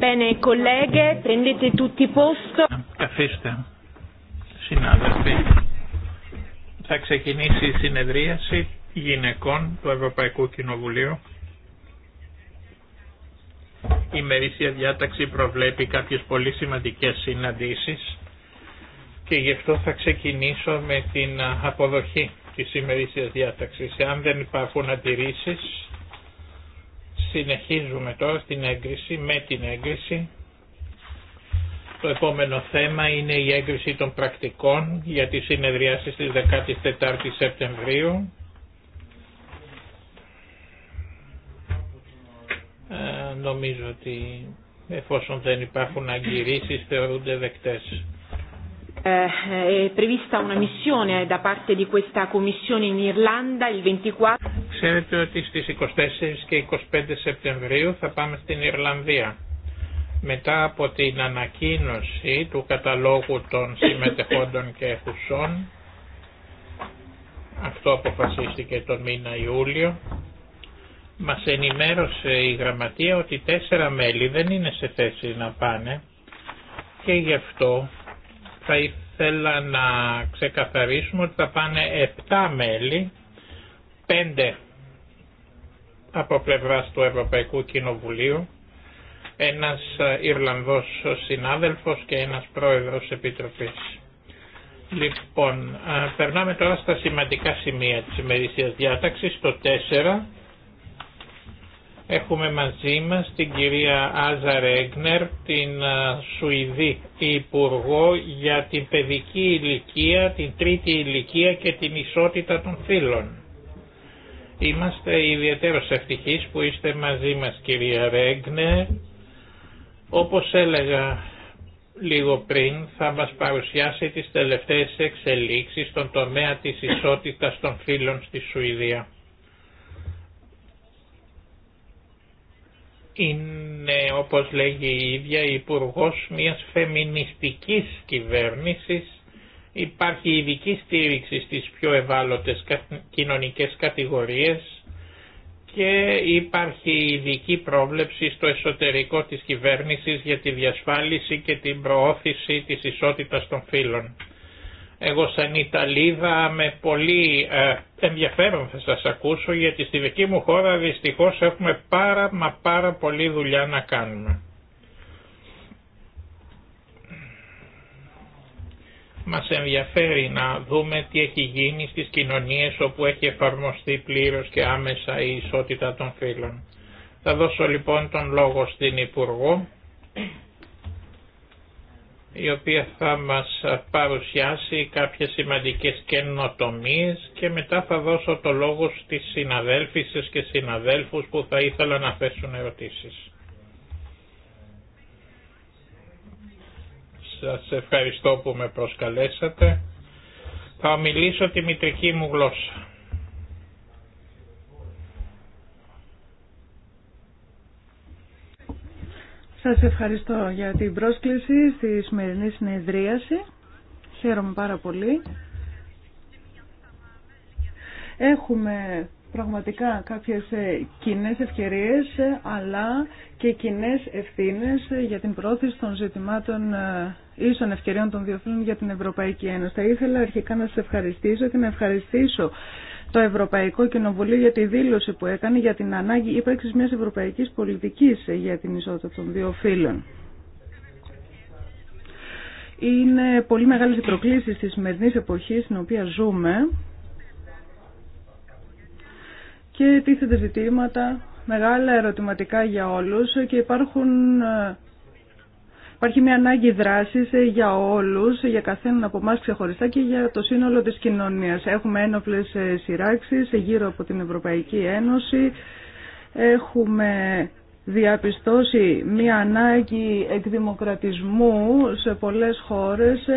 Bene, colleghe, Καθίστε, συνάδελφοι. Θα ξεκινήσει η συνεδρίαση γυναικών του Ευρωπαϊκού Κοινοβουλίου. Η μερίσια διάταξη προβλέπει κάποιες πολύ σημαντικές συναντήσεις και γι' αυτό θα ξεκινήσω με την αποδοχή της ημερήσιας διάταξης. Αν δεν υπάρχουν αντιρρήσεις, Συνεχίζουμε τώρα στην έγκριση, με την έγκριση. Το επόμενο θέμα είναι η έγκριση των πρακτικών για τις συνεδριάσεις της 14ης Σεπτεμβρίου. Ε, νομίζω ότι εφόσον δεν υπάρχουν αγκυρίσεις θεωρούνται δεκτές. Ξέρετε ότι στις 24 και 25 Σεπτεμβρίου θα πάμε στην Ιρλανδία. Μετά από την ανακοίνωση του καταλόγου των συμμετεχόντων και εχουσών, αυτό αποφασίστηκε τον μήνα Ιούλιο, μας ενημέρωσε η γραμματεία ότι τέσσερα μέλη δεν είναι σε θέση να πάνε και γι' αυτό θα Θέλω να ξεκαθαρίσουμε ότι θα πάνε 7 μέλη, 5 από πλευράς του Ευρωπαϊκού Κοινοβουλίου, ένας Ιρλανδός συνάδελφος και ένας πρόεδρος επιτροπής. Λοιπόν, περνάμε τώρα στα σημαντικά σημεία της ημερησίας διάταξης, το 4, Έχουμε μαζί μας την κυρία Άζα Ρέγνερ, την ε, Σουηδή Υπουργό για την παιδική ηλικία, την τρίτη ηλικία και την ισότητα των φύλων. Είμαστε ιδιαίτερος ευτυχείς που είστε μαζί μας κυρία Ρέγνερ. Όπως έλεγα λίγο πριν θα μας παρουσιάσει τις τελευταίες εξελίξεις στον τομέα της ισότητας των φύλων στη Σουηδία. είναι όπως λέγει η ίδια υπουργό μιας φεμινιστικής κυβέρνησης υπάρχει ειδική στήριξη στις πιο ευάλωτες κοινωνικές κατηγορίες και υπάρχει ειδική πρόβλεψη στο εσωτερικό της κυβέρνησης για τη διασφάλιση και την προώθηση της ισότητας των φύλων. Εγώ σαν Ιταλίδα με πολύ ε, ενδιαφέρον θα σας ακούσω γιατί στη δική μου χώρα δυστυχώς έχουμε πάρα μα πάρα πολύ δουλειά να κάνουμε. Μας ενδιαφέρει να δούμε τι έχει γίνει στις κοινωνίες όπου έχει εφαρμοστεί πλήρως και άμεσα η ισότητα των φύλων. Θα δώσω λοιπόν τον λόγο στην Υπουργό η οποία θα μας παρουσιάσει κάποιες σημαντικές καινοτομίες και μετά θα δώσω το λόγο στις συναδέλφισες και συναδέλφους που θα ήθελα να θέσουν ερωτήσεις. Σας ευχαριστώ που με προσκαλέσατε. Θα ομιλήσω τη μητρική μου γλώσσα. Σας ευχαριστώ για την πρόσκληση στη σημερινή συνεδρίαση. Χαίρομαι πάρα πολύ. Έχουμε πραγματικά κάποιες ε, κοινέ ευκαιρίες ε, αλλά και κοινέ ευθύνες για την πρόθεση των ζητημάτων ε, ίσων ευκαιριών των διοφύλων για την Ευρωπαϊκή Ένωση. Θα ήθελα αρχικά να σας ευχαριστήσω και να ευχαριστήσω το Ευρωπαϊκό Κοινοβουλίο για τη δήλωση που έκανε για την ανάγκη ύπαρξης μιας ευρωπαϊκής πολιτικής για την ισότητα των δύο φύλων. Είναι πολύ μεγάλες οι προκλήσεις της σημερινής εποχής στην οποία ζούμε και τίθενται ζητήματα μεγάλα ερωτηματικά για όλους και υπάρχουν ε, Υπάρχει μια ανάγκη δράση ε, για όλου, ε, για καθέναν από εμά ξεχωριστά και για το σύνολο τη κοινωνία. Έχουμε ένοπλε σειράξει ε, γύρω από την Ευρωπαϊκή Ένωση. Έχουμε διαπιστώσει μια ανάγκη εκδημοκρατισμού σε πολλές χώρες.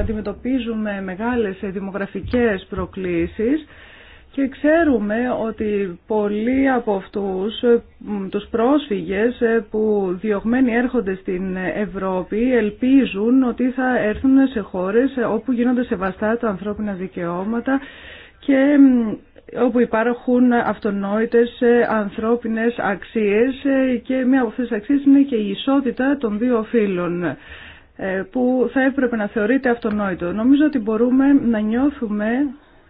Αντιμετωπίζουμε μεγάλες δημογραφικές προκλήσεις. Και ξέρουμε ότι πολλοί από αυτούς, ε, τους πρόσφυγες ε, που διωγμένοι έρχονται στην Ευρώπη, ελπίζουν ότι θα έρθουν σε χώρες όπου γίνονται σεβαστά τα ανθρώπινα δικαιώματα και όπου υπάρχουν αυτονόητες ε, ανθρώπινες αξίες και μία από αυτές τις αξίες είναι και η ισότητα των δύο φύλων που θα έπρεπε να θεωρείται αυτονόητο. Νομίζω ότι μπορούμε να νιώθουμε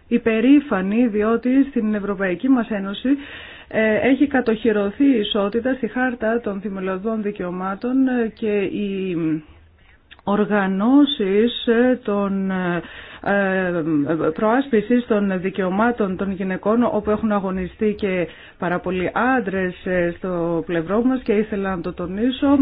υπερήφανοι διότι στην Ευρωπαϊκή μας Ένωση ε, έχει κατοχυρωθεί η ισότητα στη χάρτα των θυμελωδών δικαιωμάτων ε, και οι οργανώσεις ε, των προάσπισης των δικαιωμάτων των γυναικών όπου έχουν αγωνιστεί και πάρα πολλοί άντρες στο πλευρό μας και ήθελα να το τονίσω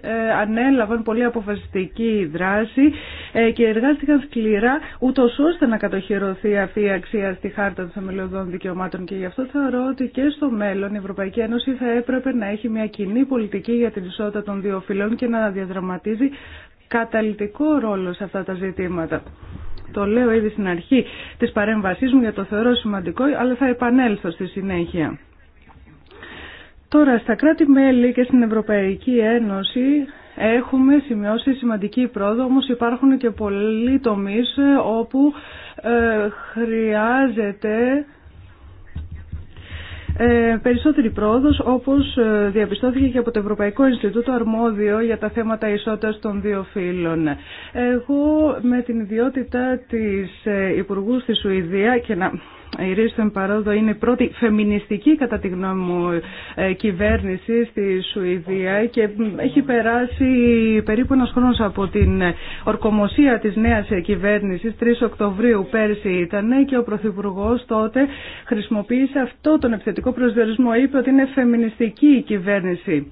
ε, ανέλαβαν πολύ αποφασιστική δράση ε, και εργάστηκαν σκληρά ούτω ώστε να κατοχυρωθεί αυτή η αξία στη χάρτα των θεμελιωδών δικαιωμάτων και γι' αυτό θεωρώ ότι και στο μέλλον η Ευρωπαϊκή Ένωση θα έπρεπε να έχει μια κοινή πολιτική για την ισότητα των δύο φυλών και να διαδραματίζει καταλητικό ρόλο σε αυτά τα ζητήματα. Το λέω ήδη στην αρχή της παρέμβασής μου για το θεωρώ σημαντικό, αλλά θα επανέλθω στη συνέχεια. Τώρα, στα κράτη-μέλη και στην Ευρωπαϊκή Ένωση έχουμε σημειώσει σημαντική πρόοδο, όμως υπάρχουν και πολλοί τομείς όπου ε, χρειάζεται ε, περισσότερη πρόοδος, όπως ε, διαπιστώθηκε και από το Ευρωπαϊκό Ινστιτούτο Αρμόδιο για τα θέματα ισότητας των δύο φύλων. Εγώ με την ιδιότητα της Υπουργού στη Σουηδία και να η Ρίστον Παρόδο είναι η πρώτη φεμινιστική κατά τη γνώμη μου ε, κυβέρνηση στη Σουηδία και έχει περάσει περίπου ένας χρόνος από την ορκομοσία της νέας κυβέρνησης 3 Οκτωβρίου πέρσι ήταν και ο Πρωθυπουργό τότε χρησιμοποίησε αυτό τον επιθετικό προσδιορισμό είπε ότι είναι φεμινιστική η κυβέρνηση.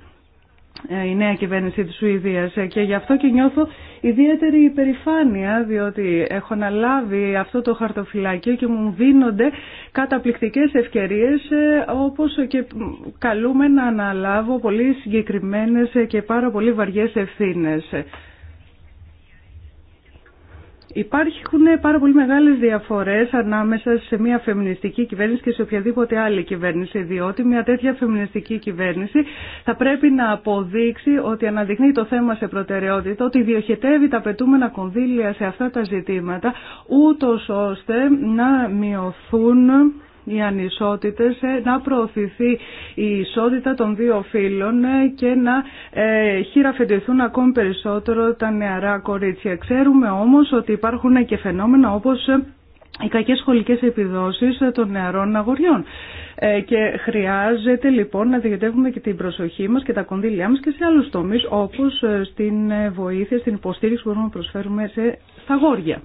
Ε, η νέα κυβέρνηση της Σουηδίας ε, και γι' αυτό και νιώθω ιδιαίτερη υπερηφάνεια διότι έχω να λάβει αυτό το χαρτοφυλάκιο και μου δίνονται καταπληκτικές ευκαιρίες ε, όπως και καλούμε να αναλάβω πολύ συγκεκριμένες και πάρα πολύ βαριές ευθύνες. Υπάρχουν πάρα πολύ μεγάλες διαφορές ανάμεσα σε μια φεμινιστική κυβέρνηση και σε οποιαδήποτε άλλη κυβέρνηση, διότι μια τέτοια φεμινιστική κυβέρνηση θα πρέπει να αποδείξει ότι αναδεικνύει το θέμα σε προτεραιότητα, ότι διοχετεύει τα πετούμενα κονδύλια σε αυτά τα ζητήματα, ούτω ώστε να μειωθούν οι ανισότητες, ε, να προωθηθεί η ισότητα των δύο φίλων ε, και να ε, χειραφετηθούν ακόμη περισσότερο τα νεαρά κορίτσια. Ξέρουμε όμως ότι υπάρχουν και φαινόμενα όπως οι κακές σχολικές επιδόσεις των νεαρών αγοριών. και χρειάζεται λοιπόν να διοικητεύουμε και την προσοχή μας και τα κονδύλια μας και σε άλλους τομεί όπως στην βοήθεια, στην υποστήριξη που μπορούμε να προσφέρουμε σε, στα γόρια.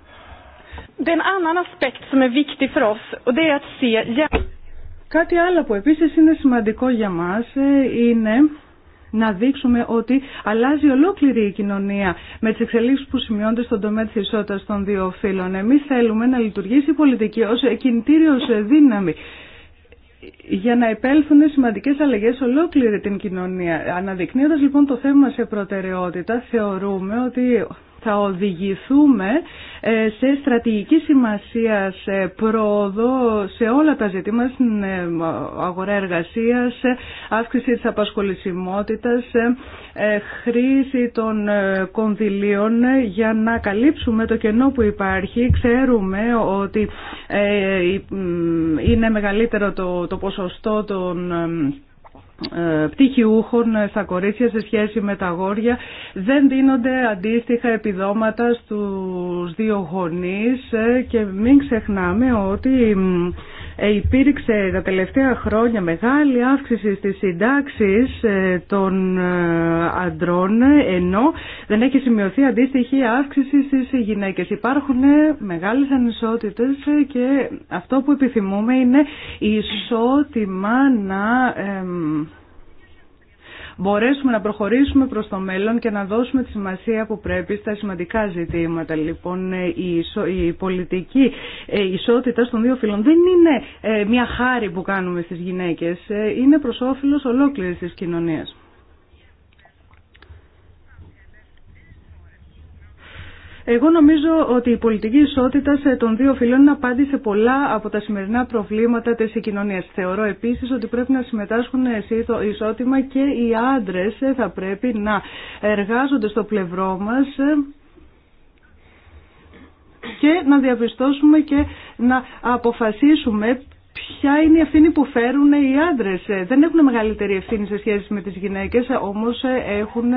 Κάτι άλλο που επίσης είναι σημαντικό για μας ε, είναι να δείξουμε ότι αλλάζει ολόκληρη η κοινωνία με τις εξελίξεις που σημειώνται στον τομέα της ισότητας των δύο φύλων. Εμείς θέλουμε να λειτουργήσει η πολιτική ως ως δύναμη για να επέλθουν σημαντικές αλλαγές ολόκληρη την κοινωνία. Αναδεικνύοντας λοιπόν το θέμα σε προτεραιότητα, θεωρούμε ότι θα οδηγηθούμε ε, σε στρατηγική σημασία σε πρόοδο σε όλα τα ζητήματα στην ε, αγορά εργασίας, αύξηση της απασχολησιμότητας, ε, χρήση των κονδυλίων για να καλύψουμε το κενό που υπάρχει. Ξέρουμε ότι είναι μεγαλύτερο το, το ποσοστό των ε, πτυχιούχων στα κορίτσια σε σχέση με τα αγόρια δεν δίνονται αντίστοιχα επιδόματα στους δύο γονείς ε, και μην ξεχνάμε ότι ε, υπήρξε τα τελευταία χρόνια μεγάλη αύξηση στις συντάξεις ε, των ε, αντρών ενώ δεν έχει σημειωθεί αντίστοιχη αύξηση στις γυναίκες. Υπάρχουν μεγάλες ανισότητες και αυτό που επιθυμούμε είναι ισότιμα να μπορέσουμε να προχωρήσουμε προς το μέλλον και να δώσουμε τη σημασία που πρέπει στα σημαντικά ζητήματα. Λοιπόν, ε, η πολιτική ε, ισότητα των δύο φύλων δεν είναι ε, μια χάρη που κάνουμε στις γυναίκες, είναι προς όφελος ολόκληρης της κοινωνίας. Εγώ νομίζω ότι η πολιτική ισότητα των δύο φυλών απάντησε πολλά από τα σημερινά προβλήματα τη κοινωνία. Θεωρώ επίση ότι πρέπει να συμμετάσχουν εσύ το ισότιμα και οι άντρε θα πρέπει να εργάζονται στο πλευρό μα και να διαπιστώσουμε και να αποφασίσουμε ποια είναι η ευθύνη που φέρουν οι άντρε Δεν έχουν μεγαλύτερη ευθύνη σε σχέση με τις γυναίκες, όμως έχουν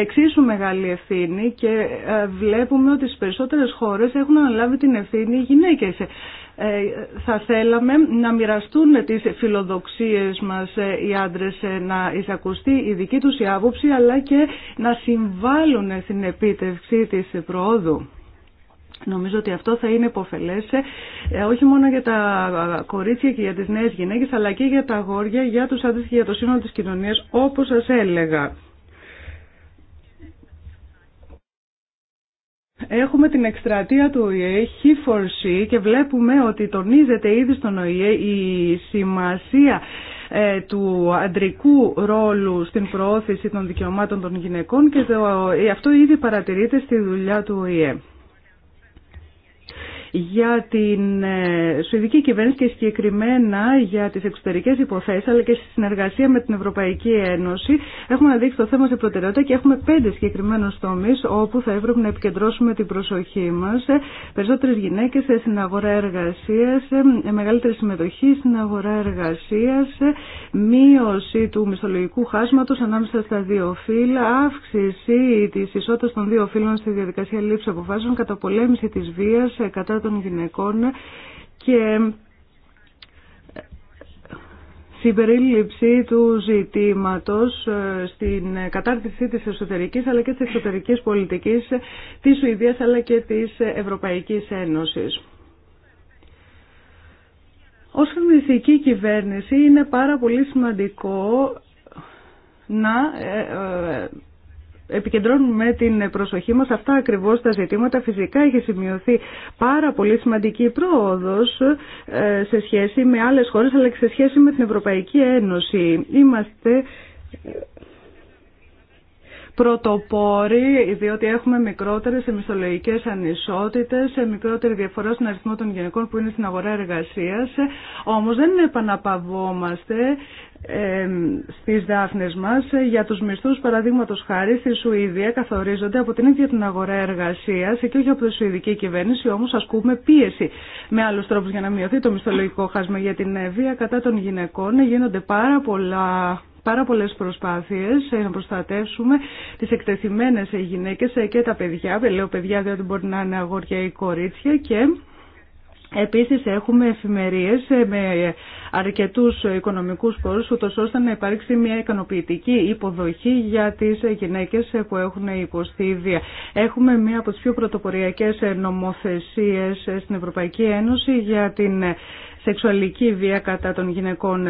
εξίσου μεγάλη ευθύνη και ε, βλέπουμε ότι στις περισσότερες χώρες έχουν αναλάβει την ευθύνη οι γυναίκες. Ε, ε, θα θέλαμε να μοιραστούν τις φιλοδοξίες μας οι άντρες, να εισακουστεί η δική τους η άποψη αλλά και να συμβάλλουν στην επίτευξη της προόδου. Νομίζω ότι αυτό θα είναι υποφελές όχι μόνο για τα κορίτσια και για τις νέες γυναίκες αλλά και για τα αγόρια, για τους άντρες και για το σύνολο της κοινωνίας όπως σας έλεγα. Έχουμε την εκστρατεία του ΟΗΕ, he 4 και βλέπουμε ότι τονίζεται ήδη στον ΟΗΕ η σημασία ε, του αντρικού ρόλου στην προώθηση των δικαιωμάτων των γυναικών και ε, αυτό ήδη παρατηρείται στη δουλειά του ΟΗΕ για την ε, Σουηδική κυβέρνηση και συγκεκριμένα για τις εξωτερικέ υποθέσεις αλλά και στη συνεργασία με την Ευρωπαϊκή Ένωση έχουμε αναδείξει το θέμα σε προτεραιότητα και έχουμε πέντε συγκεκριμένου τομεί όπου θα έπρεπε να επικεντρώσουμε την προσοχή μας ε, περισσότερες γυναίκες στην αγορά εργασίας ε, μεγαλύτερη συμμετοχή στην αγορά εργασίας μείωση του μισθολογικού χάσματος ανάμεσα στα δύο φύλλα αύξηση τη ισότητας των δύο φύλων στη διαδικασία λήψη αποφάσεων καταπολέμηση της βίας κατά των γυναικών και συμπερίληψη του ζητήματος ε, στην κατάρτιση της εσωτερικής αλλά και της εξωτερικής πολιτικής της Σουηδίας αλλά και της Ευρωπαϊκής Ένωσης. Ως χρηματική κυβέρνηση είναι πάρα πολύ σημαντικό να ε, ε, επικεντρώνουμε την προσοχή μας αυτά ακριβώς τα ζητήματα. Φυσικά έχει σημειωθεί πάρα πολύ σημαντική πρόοδος ε, σε σχέση με άλλες χώρες αλλά και σε σχέση με την Ευρωπαϊκή Ένωση. Είμαστε ε, πρωτοπόροι, διότι έχουμε μικρότερε εμισθολογικέ ανισότητε, μικρότερη διαφορά στον αριθμό των γυναικών που είναι στην αγορά εργασία. Όμω δεν επαναπαυόμαστε ε, στι δάφνε μα. Για του μισθού, παραδείγματο χάρη, στη Σουηδία καθορίζονται από την ίδια την αγορά εργασία και όχι από τη Σουηδική κυβέρνηση, όμω ασκούμε πίεση με άλλου τρόπου για να μειωθεί το μισθολογικό χάσμα για την βία κατά των γυναικών. Γίνονται πάρα πολλά πάρα πολλές προσπάθειες ε, να προστατεύσουμε τις εκτεθειμένες ε, γυναίκες ε, και τα παιδιά. Λέω παιδιά διότι μπορεί να είναι αγόρια ή κορίτσια και... Επίσης έχουμε εφημερίες με αρκετούς οικονομικούς πόρους, ούτως ώστε να υπάρξει μια ικανοποιητική υποδοχή για τις γυναίκες που έχουν υποστεί Έχουμε μια από τις πιο πρωτοποριακές νομοθεσίες στην Ευρωπαϊκή Ένωση για την σεξουαλική βία κατά των γυναικών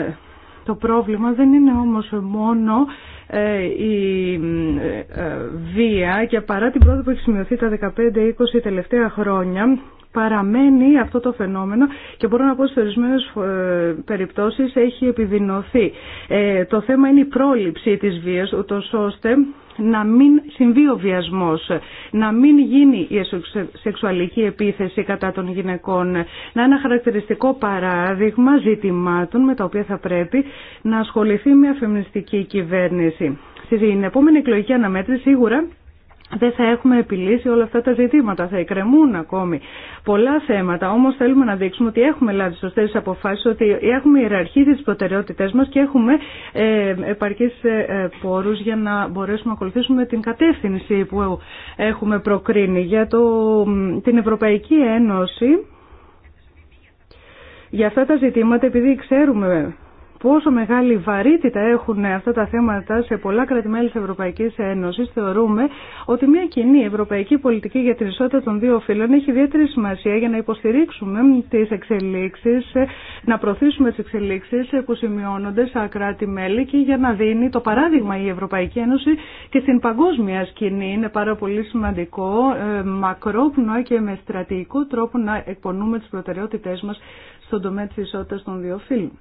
το πρόβλημα δεν είναι όμως μόνο ε, η ε, βία και παρά την πρόοδο που έχει σημειωθεί τα 15-20 τελευταία χρόνια παραμένει αυτό το φαινόμενο και μπορώ να πω σε ορισμένε ε, περιπτώσεις έχει επιδεινωθεί. το θέμα είναι η πρόληψη της βίας, ούτως ώστε να μην συμβεί ο βιασμός, να μην γίνει η σεξουαλική επίθεση κατά των γυναικών, να είναι ένα χαρακτηριστικό παράδειγμα ζητημάτων με τα οποία θα πρέπει να ασχοληθεί μια φεμινιστική κυβέρνηση. Στην επόμενη εκλογική αναμέτρηση σίγουρα δεν θα έχουμε επιλύσει όλα αυτά τα ζητήματα, θα εκκρεμούν ακόμη πολλά θέματα, όμως θέλουμε να δείξουμε ότι έχουμε λάβει σωστέ αποφάσει ότι έχουμε ιεραρχήσει τις προτεραιότητε μας και έχουμε ε, επαρκείς ε, ε, πόρους για να μπορέσουμε να ακολουθήσουμε την κατεύθυνση που έχουμε προκρίνει για το, την Ευρωπαϊκή Ένωση. Για αυτά τα ζητήματα, επειδή ξέρουμε πόσο μεγάλη βαρύτητα έχουν αυτά τα θέματα σε πολλά κράτη-μέλη της Ευρωπαϊκής Ένωσης, θεωρούμε ότι μια κοινή ευρωπαϊκή πολιτική για την ισότητα των δύο φύλων έχει ιδιαίτερη σημασία για να υποστηρίξουμε τις εξελίξεις, να προωθήσουμε τις εξελίξεις που σημειώνονται σε κράτη-μέλη και για να δίνει το παράδειγμα η Ευρωπαϊκή Ένωση και στην παγκόσμια σκηνή. Είναι πάρα πολύ σημαντικό, ε, μακρόπνο και με στρατηγικό τρόπο να εκπονούμε τις προτεραιότητές μας στον τομέα της ισότητα των δύο φύλων.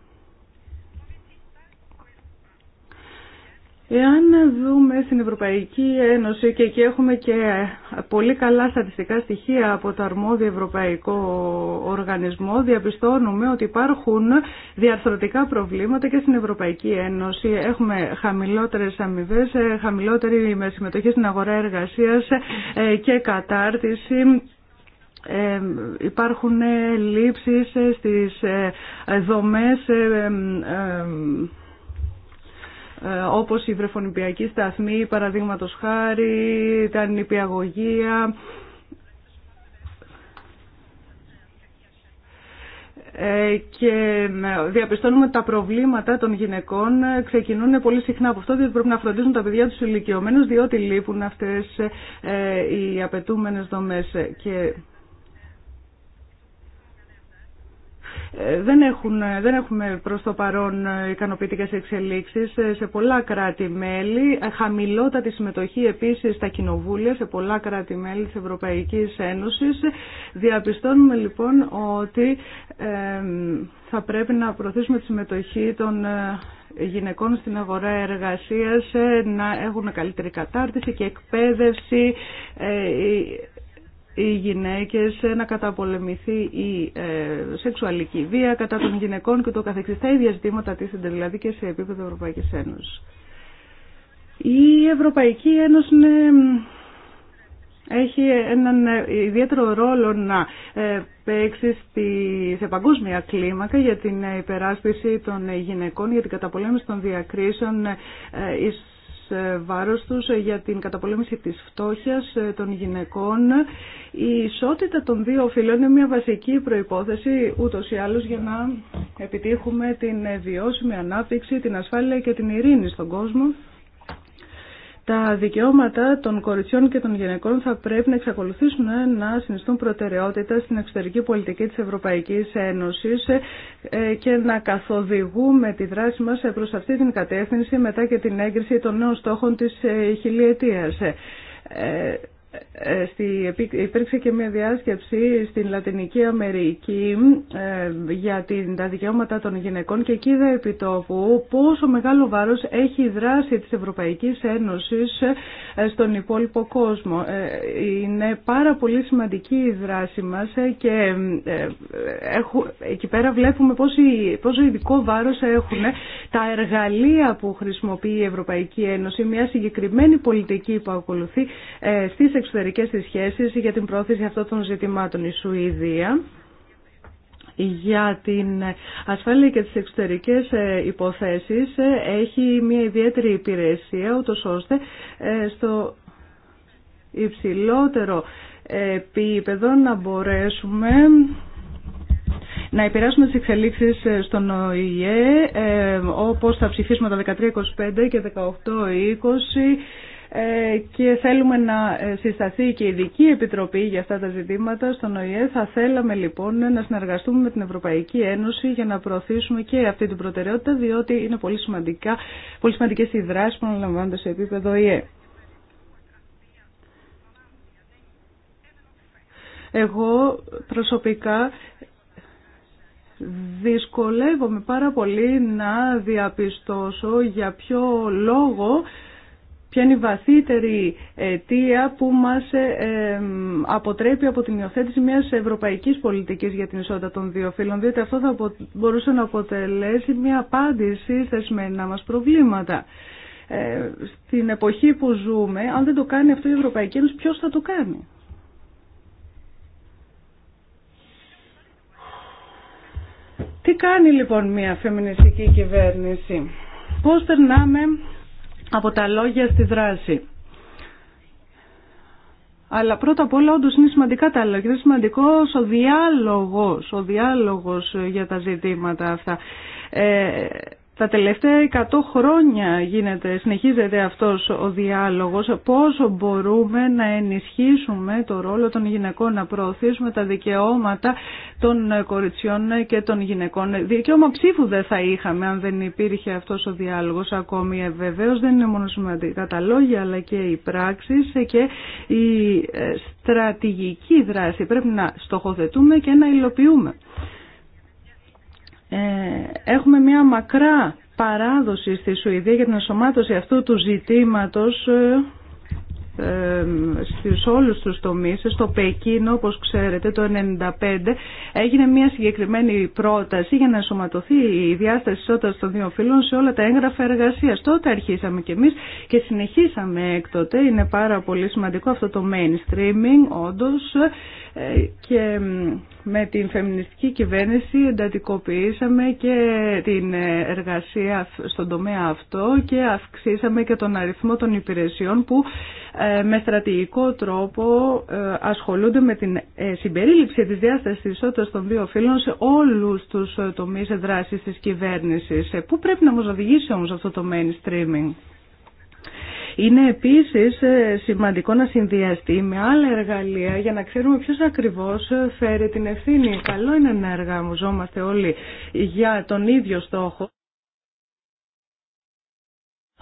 Εάν δούμε στην Ευρωπαϊκή Ένωση και εκεί έχουμε και πολύ καλά στατιστικά στοιχεία από το αρμόδιο Ευρωπαϊκό Οργανισμό, διαπιστώνουμε ότι υπάρχουν διαρθρωτικά προβλήματα και στην Ευρωπαϊκή Ένωση. Έχουμε χαμηλότερες αμοιβέ, χαμηλότερη συμμετοχή στην αγορά εργασίας ε, και κατάρτιση. Ε, υπάρχουν λήψεις στις ε, δομές ε, ε, όπως η βρεφονιπιακή σταθμή, παραδείγματος χάρη, τα νηπιαγωγεία, ε, και ε, διαπιστώνουμε τα προβλήματα των γυναικών ξεκινούν πολύ συχνά από αυτό, διότι πρέπει να φροντίζουν τα παιδιά τους ηλικιωμένους, διότι λείπουν αυτές οι απαιτούμενες δομές. Και Ε, δεν, έχουν, ε, δεν έχουμε προς το παρόν ε, ικανοποιητικές εξελίξεις σε πολλά κράτη-μέλη. Χαμηλότατη συμμετοχή επίσης στα κοινοβούλια σε πολλά κράτη-μέλη της Ευρωπαϊκής Ένωσης. Διαπιστώνουμε λοιπόν ότι θα πρέπει να προωθήσουμε τη συμμετοχή των γυναικών στην αγορά εργασίας, να έχουν καλύτερη κατάρτιση και εκπαίδευση οι γυναίκες, να καταπολεμηθεί η ε, σεξουαλική βία κατά των γυναικών και το καθεξής. Τα ίδια ζητήματα τίθενται δηλαδή και σε επίπεδο Ευρωπαϊκής Ένωσης. Η Ευρωπαϊκή Ένωση έχει έναν ιδιαίτερο ρόλο να ε, παίξει στη, σε παγκόσμια κλίμακα για την υπεράσπιση των γυναικών, για την καταπολέμηση των διακρίσεων ε, ε, βάρος τους ε, για την καταπολέμηση της φτώχειας ε, των γυναικών. Η ισότητα των δύο φύλων είναι μια βασική προϋπόθεση ούτως ή άλλως για να επιτύχουμε την βιώσιμη ανάπτυξη, την ασφάλεια και την ειρήνη στον κόσμο τα δικαιώματα των κοριτσιών και των γυναικών θα πρέπει να εξακολουθήσουν να συνιστούν προτεραιότητα στην εξωτερική πολιτική της Ευρωπαϊκής Ένωσης ε, και να καθοδηγούμε τη δράση μας προς αυτή την κατεύθυνση μετά και την έγκριση των νέων στόχων της ε, χιλιετίας. Ε, ε, στη, υπήρξε και μια διάσκεψη στην Λατινική Αμερική ε, για την, τα δικαιώματα των γυναικών και εκεί είδα επί τόπου πόσο μεγάλο βάρος έχει η δράση της Ευρωπαϊκής Ένωσης ε, στον υπόλοιπο κόσμο. είναι πάρα πολύ σημαντική η δράση μας και εκεί πέρα βλέπουμε πόσο, πόσο ειδικό βάρος έχουν τα εργαλεία που χρησιμοποιεί η Ευρωπαϊκή Ένωση, μια συγκεκριμένη πολιτική που ακολουθεί στις εξωτερικές τη για την πρόθεση αυτών των ζητημάτων. Η Σουηδία για την ασφάλεια και τις εξωτερικές ε, υποθέσεις ε, έχει μια ιδιαίτερη υπηρεσία ούτως ώστε ε, στο υψηλότερο επίπεδο να μπορέσουμε να επηρεάσουμε τις εξελίξεις στον ΟΗΕ όπως θα ψηφίσουμε τα 1325 και 1820 ε, και θέλουμε να ε, συσταθεί και η ειδική επιτροπή για αυτά τα ζητήματα στον ΟΗΕ. Θα θέλαμε λοιπόν να συνεργαστούμε με την Ευρωπαϊκή Ένωση για να προωθήσουμε και αυτή την προτεραιότητα, διότι είναι πολύ, σημαντικά, πολύ σημαντικές οι δράσεις που αναλαμβάνονται σε επίπεδο ΟΗΕ. Εγώ προσωπικά δυσκολεύομαι πάρα πολύ να διαπιστώσω για ποιο λόγο Ποια είναι η βαθύτερη αιτία που μας ε, ε, αποτρέπει από την υιοθέτηση μιας ευρωπαϊκής πολιτικής για την ισότητα των δύο φύλων, διότι αυτό θα μπορούσε να αποτελέσει μια απάντηση στα σημερινά μας προβλήματα. Ε, στην εποχή που ζούμε, αν δεν το κάνει αυτό η Ευρωπαϊκή Ένωση, ποιος θα το κάνει. Τι κάνει λοιπόν μια φεμινιστική κυβέρνηση. Πώς περνάμε από τα λόγια στη δράση. Αλλά πρώτα απ' όλα όντως είναι σημαντικά τα λόγια. Είναι σημαντικός ο διάλογος, ο διάλογος για τα ζητήματα αυτά. Ε, τα τελευταία 100 χρόνια γίνεται, συνεχίζεται αυτός ο διάλογος, πόσο μπορούμε να ενισχύσουμε το ρόλο των γυναικών, να προωθήσουμε τα δικαιώματα των κοριτσιών και των γυναικών. Δικαίωμα ψήφου δεν θα είχαμε αν δεν υπήρχε αυτός ο διάλογος ακόμη. Ε, Βεβαίω δεν είναι μόνο σημαντικά τα λόγια αλλά και οι πράξεις και η ε, στρατηγική δράση. Πρέπει να στοχοθετούμε και να υλοποιούμε. Ε, έχουμε μια μακρά παράδοση στη Σουηδία για την ενσωμάτωση αυτού του ζητήματος ε, ε στους όλους τους τομείς. Στο Πεκίνο, όπως ξέρετε, το 1995 έγινε μια συγκεκριμένη πρόταση για να ενσωματωθεί η διάσταση ισότητας των δύο φύλων σε όλα τα έγγραφα εργασίας. Τότε αρχίσαμε κι εμείς και συνεχίσαμε έκτοτε. Είναι πάρα πολύ σημαντικό αυτό το mainstreaming, όντως, ε, και με την φεμινιστική κυβέρνηση εντατικοποιήσαμε και την εργασία στον τομέα αυτό και αυξήσαμε και τον αριθμό των υπηρεσιών που ε, με στρατηγικό τρόπο ε, ασχολούνται με την ε, συμπερίληψη της διάστασης της ισότητας των δύο φύλων σε όλους τους τομείς δράσης της κυβέρνησης. Πού πρέπει να μας οδηγήσει όμως αυτό το mainstreaming. Είναι επίσης ε, σημαντικό να συνδυαστεί με άλλα εργαλεία για να ξέρουμε ποιος ακριβώς ε, φέρει την ευθύνη. Καλό είναι να εργαζόμαστε όλοι για τον ίδιο στόχο.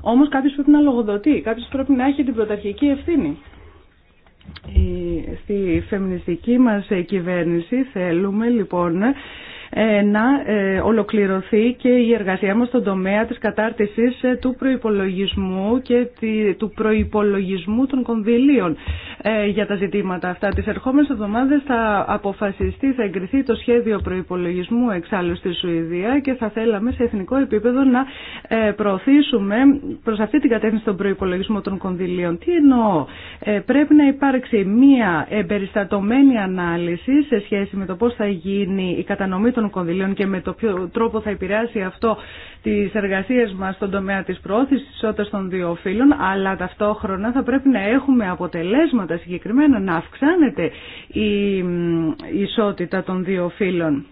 Όμως κάποιος πρέπει να λογοδοτεί, κάποιος πρέπει να έχει την πρωταρχική ευθύνη. Στη φεμινιστική μας ε, κυβέρνηση θέλουμε λοιπόν ε, να ε, ολοκληρωθεί και η εργασία μας στον τομέα της κατάρτισης ε, του προϋπολογισμού και του προϋπολογισμού των κονδυλίων για τα ζητήματα αυτά. Τις ερχόμενες εβδομάδες θα αποφασιστεί, θα εγκριθεί το σχέδιο προϋπολογισμού εξάλλου στη Σουηδία και θα θέλαμε σε εθνικό επίπεδο να προωθήσουμε προς αυτή την κατεύθυνση τον προϋπολογισμό των κονδυλίων. Τι εννοώ. Πρέπει να υπάρξει μία εμπεριστατωμένη ανάλυση σε σχέση με το πώς θα γίνει η κατανομή των των κονδυλίων και με το ποιο τρόπο θα επηρεάσει αυτό τι εργασίε μα στον τομέα τη προώθησης τη ισότητα των δύο φύλων, αλλά ταυτόχρονα θα πρέπει να έχουμε αποτελέσματα συγκεκριμένα, να αυξάνεται η ισότητα των δύο φύλων.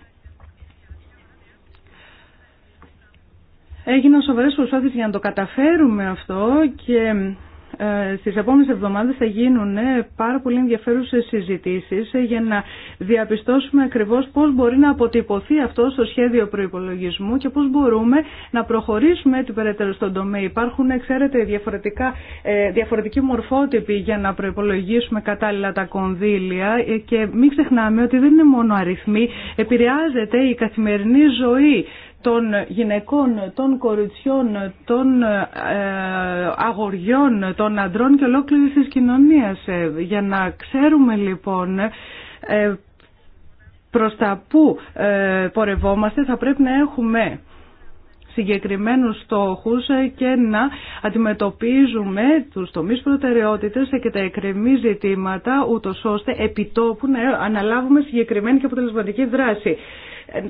Έγιναν σοβαρές προσπάθειες για να το καταφέρουμε αυτό και ε, στις επόμενες εβδομάδες θα γίνουν ε, πάρα πολύ ενδιαφέρουσες συζητήσεις ε, για να διαπιστώσουμε ακριβώς πώς μπορεί να αποτυπωθεί αυτό στο σχέδιο προϋπολογισμού και πώς μπορούμε να προχωρήσουμε την περαιτέρω στον τομέα. Υπάρχουν, ξέρετε, διαφορετικά, διαφορετικοί μορφότυποι για να προϋπολογίσουμε κατάλληλα τα κονδύλια και μην ξεχνάμε ότι δεν είναι μόνο αριθμοί, επηρεάζεται η καθημερινή ζωή των γυναικών, των κοριτσιών, των ε, αγοριών, των αντρών και ολόκληρης της κοινωνίας. Ε, για να ξέρουμε λοιπόν ε, προς τα που πορευόμαστε θα πρέπει να έχουμε συγκεκριμένους στόχους και να αντιμετωπίζουμε τους τομείς προτεραιότητες και τα εκκρεμή ζητήματα ούτως ώστε επιτόπου να αναλάβουμε συγκεκριμένη και αποτελεσματική δράση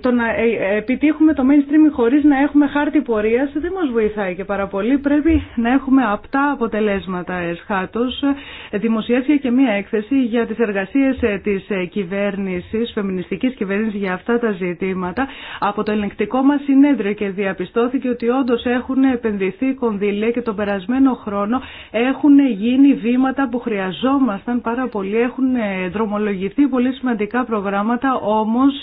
το να ε, επιτύχουμε το mainstream χωρίς να έχουμε χάρτη πορείας δεν μας βοηθάει και πάρα πολύ. Πρέπει να έχουμε απτά αποτελέσματα εσχάτως. δημοσιεύθηκε και μία έκθεση για τις εργασίες ε, της ε, κυβέρνησης, φεμινιστικής κυβέρνησης για αυτά τα ζητήματα. Από το ελεγκτικό μας συνέδριο και διαπιστώθηκε ότι όντω έχουν επενδυθεί κονδύλια και τον περασμένο χρόνο έχουν γίνει βήματα που χρειαζόμασταν πάρα πολύ. Έχουν δρομολογηθεί πολύ σημαντικά προγράμματα, όμως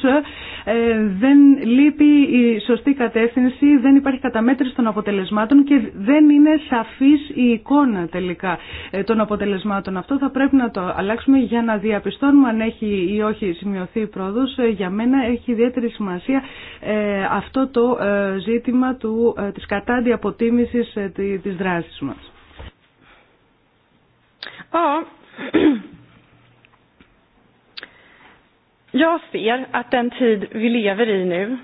δεν λείπει η σωστή κατεύθυνση, δεν υπάρχει καταμέτρηση των αποτελεσμάτων και δεν είναι σαφής η εικόνα τελικά ε, των αποτελεσμάτων. Αυτό θα πρέπει να το αλλάξουμε για να διαπιστώνουμε αν έχει ή όχι σημειωθεί η οχι σημειωθει η Για μένα έχει ιδιαίτερη σημασία ε, αυτό το ε, ζήτημα του, της κατάντια αποτίμησης της δράσης μας. Oh. Jag ser att den tid vi lever i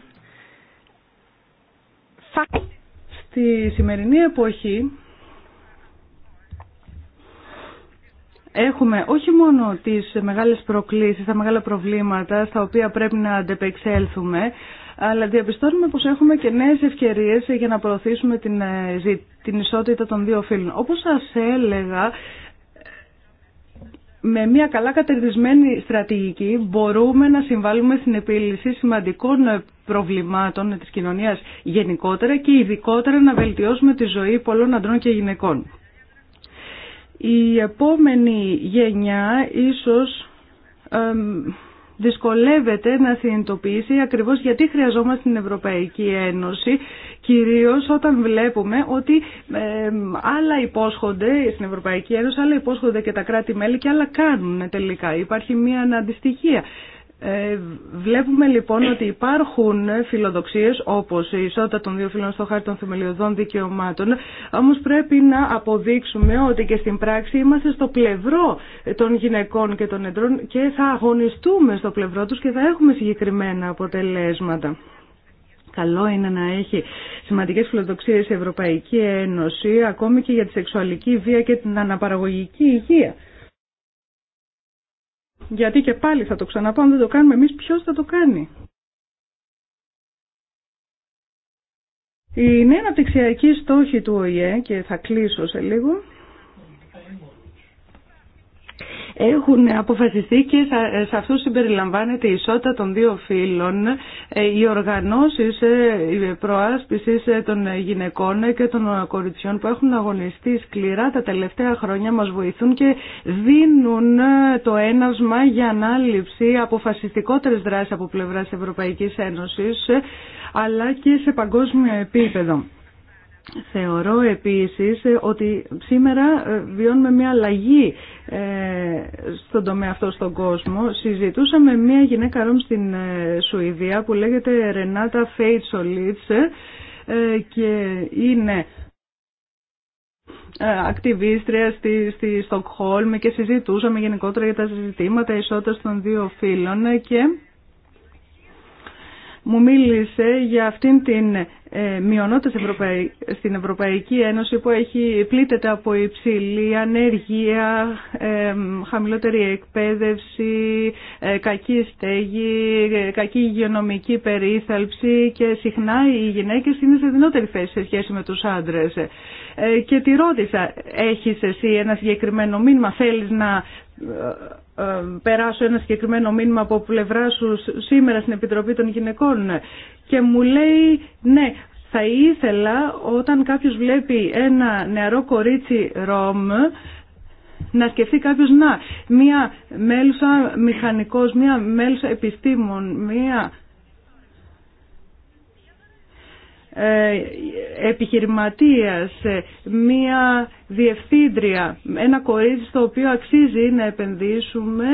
Στη σημερινή εποχή έχουμε όχι μόνο τις μεγάλες προκλήσεις, τα μεγάλα προβλήματα στα οποία πρέπει να αντεπεξέλθουμε, αλλά διαπιστώνουμε πως έχουμε και νέες ευκαιρίες για να προωθήσουμε την, ε, την ισότητα των δύο φύλων. Όπως σας έλεγα, με μια καλά κατερδισμένη στρατηγική μπορούμε να συμβάλλουμε στην επίλυση σημαντικών προβλημάτων της κοινωνίας γενικότερα και ειδικότερα να βελτιώσουμε τη ζωή πολλών αντρών και γυναικών. Η επόμενη γενιά ίσως δυσκολεύεται να συνειδητοποιήσει ακριβώς γιατί χρειαζόμαστε την Ευρωπαϊκή Ένωση, κυρίως όταν βλέπουμε ότι άλλα υπόσχονται στην Ευρωπαϊκή Ένωση, άλλα υπόσχονται και τα κράτη-μέλη και άλλα κάνουν τελικά. Υπάρχει μια αντιστοιχία. Ε, βλέπουμε λοιπόν ότι υπάρχουν φιλοδοξίες όπως η ισότητα των δύο φιλών στο χάρτη των θεμελιωδών δικαιωμάτων όμως πρέπει να αποδείξουμε ότι και στην πράξη είμαστε στο πλευρό των γυναικών και των εντρών και θα αγωνιστούμε στο πλευρό τους και θα έχουμε συγκεκριμένα αποτελέσματα. Καλό είναι να έχει σημαντικέ φιλοδοξίε η Ευρωπαϊκή Ένωση, ακόμη και για τη σεξουαλική βία και την αναπαραγωγική υγεία. Γιατί και πάλι θα το ξαναπώ, αν δεν το κάνουμε εμείς, ποιος θα το κάνει. Η νέα αναπτυξιακή στόχη του ΟΗΕ, και θα κλείσω σε λίγο, έχουν αποφασιστεί και σε αυτούς συμπεριλαμβάνεται η ισότητα των δύο φύλων, ε, οι οργανώσεις ε, προάσπισης ε, των γυναικών και των κοριτσιών που έχουν αγωνιστεί σκληρά τα τελευταία χρόνια μας βοηθούν και δίνουν το ένασμα για ανάληψη αποφασιστικότερες δράσεις από πλευράς Ευρωπαϊκής Ένωσης αλλά και σε παγκόσμιο επίπεδο. Θεωρώ επίσης ότι σήμερα ε, βιώνουμε μια αλλαγή ε, στον τομέα αυτό στον κόσμο. Συζητούσαμε μια γυναίκα ρόμ στην ε, Σουηδία που λέγεται Ρενάτα Φέιτσολίτς και είναι ακτιβίστρια στη, στη Στοκχόλμη και συζητούσαμε γενικότερα για τα συζητήματα ισότητας των δύο φίλων και μου μίλησε για αυτήν την ε, μειονότητες στην Ευρωπαϊκή Ένωση που έχει πλήττεται από υψηλή ανεργία, ε, χαμηλότερη εκπαίδευση, ε, κακή στέγη, κακή υγειονομική περίθαλψη και συχνά οι γυναίκες είναι σε δυνότερη θέση σε σχέση με τους άντρες. Και τη ρώτησα, έχεις εσύ ένα συγκεκριμένο μήνυμα, θέλεις να περάσω ένα συγκεκριμένο μήνυμα από πλευρά σου σήμερα στην Επιτροπή των Γυναικών και μου λέει ναι θα ήθελα όταν κάποιος βλέπει ένα νεαρό κορίτσι ρομ να σκεφτεί κάποιος να μία μέλουσα μηχανικός, μία μέλουσα επιστήμων, μία ε, επιχειρηματίας, μία διευθύντρια, ένα κορίτσι στο οποίο αξίζει να επενδύσουμε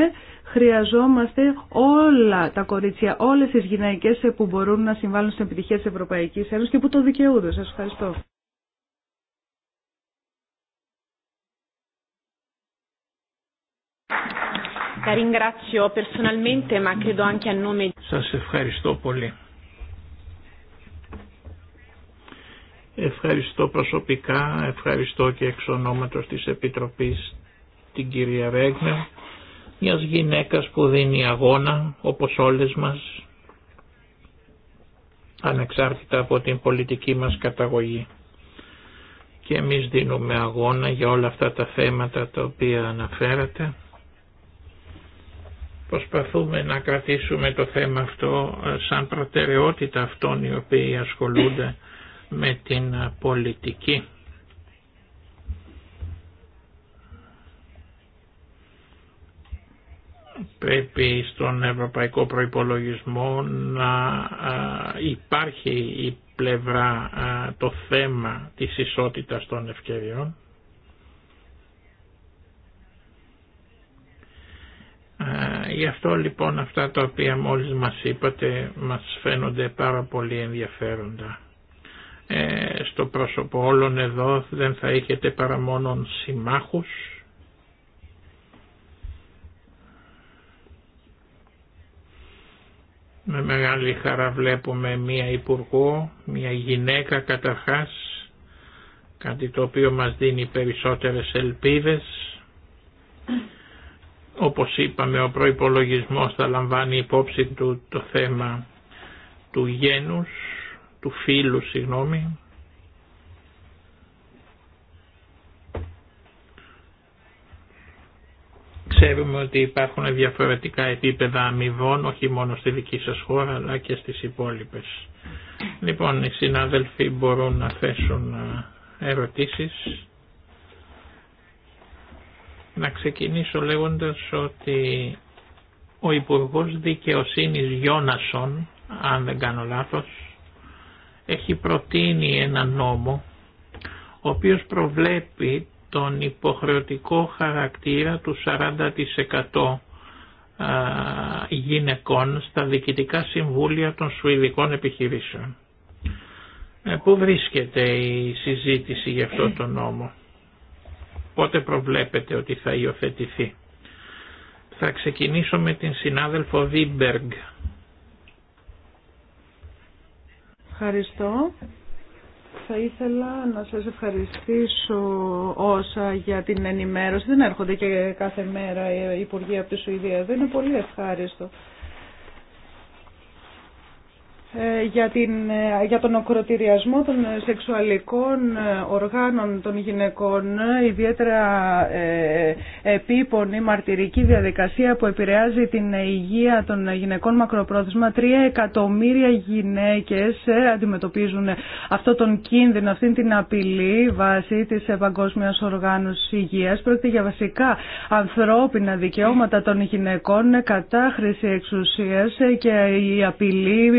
Χρειαζόμαστε όλα τα κορίτσια, όλες τις γυναίκες που μπορούν να συμβάλλουν στην επιτυχία της Ευρωπαϊκής Ένωσης και που το δικαιούνται. Σας ευχαριστώ. Σας ευχαριστώ πολύ. Ευχαριστώ προσωπικά, ευχαριστώ και εξ ονόματος της Επιτροπής την κυρία Ρέγνερ μιας γυναίκας που δίνει αγώνα όπως όλες μας ανεξάρτητα από την πολιτική μας καταγωγή. Και εμείς δίνουμε αγώνα για όλα αυτά τα θέματα τα οποία αναφέρατε. Προσπαθούμε να κρατήσουμε το θέμα αυτό ε, σαν προτεραιότητα αυτών οι οποίοι ασχολούνται με την πολιτική. πρέπει στον ευρωπαϊκό προϋπολογισμό να υπάρχει η πλευρά, το θέμα της ισότητας των ευκαιριών. Γι' αυτό λοιπόν αυτά τα οποία μόλις μας είπατε μας φαίνονται πάρα πολύ ενδιαφέροντα. Ε, στο πρόσωπο όλων εδώ δεν θα έχετε παρά μόνο συμμάχους Με μεγάλη χαρά βλέπουμε μία υπουργό, μία γυναίκα καταρχάς, κάτι το οποίο μας δίνει περισσότερες ελπίδες. Όπως είπαμε ο προϋπολογισμός θα λαμβάνει υπόψη του το θέμα του γένους, του φίλου συγγνώμη, Ξέρουμε ότι υπάρχουν διαφορετικά επίπεδα αμοιβών, όχι μόνο στη δική σας χώρα, αλλά και στις υπόλοιπες. Λοιπόν, οι συνάδελφοι μπορούν να θέσουν ε, ερωτήσεις. Να ξεκινήσω λέγοντας ότι ο Υπουργός Δικαιοσύνης Γιώνασον, αν δεν κάνω λάθος, έχει προτείνει ένα νόμο ο οποίος προβλέπει τον υποχρεωτικό χαρακτήρα του 40% γυναικών στα διοικητικά συμβούλια των σουηδικών επιχειρήσεων. Ε, πού βρίσκεται η συζήτηση για αυτό το νόμο. Πότε προβλέπετε ότι θα υιοθετηθεί. Θα ξεκινήσω με την συνάδελφο Βίμπεργκ. Ευχαριστώ. Θα ήθελα να σας ευχαριστήσω όσα για την ενημέρωση. Δεν έρχονται και κάθε μέρα οι υπουργοί από τη Σουηδία. Δεν είναι πολύ ευχάριστο ε, για, την, ε, για τον οκροτηριασμό των σεξουαλικών ε, οργάνων των γυναικών, ιδιαίτερα ε, επίπονη μαρτυρική διαδικασία που επηρεάζει την υγεία των γυναικών μακροπρόθεσμα. Τρία εκατομμύρια γυναίκες αντιμετωπίζουν αυτό τον κίνδυνο, αυτήν την απειλή βάσει της Παγκόσμιας Οργάνωσης Υγείας. Πρόκειται για βασικά ανθρώπινα δικαιώματα των γυναικών, κατάχρηση εξουσίας και η απειλή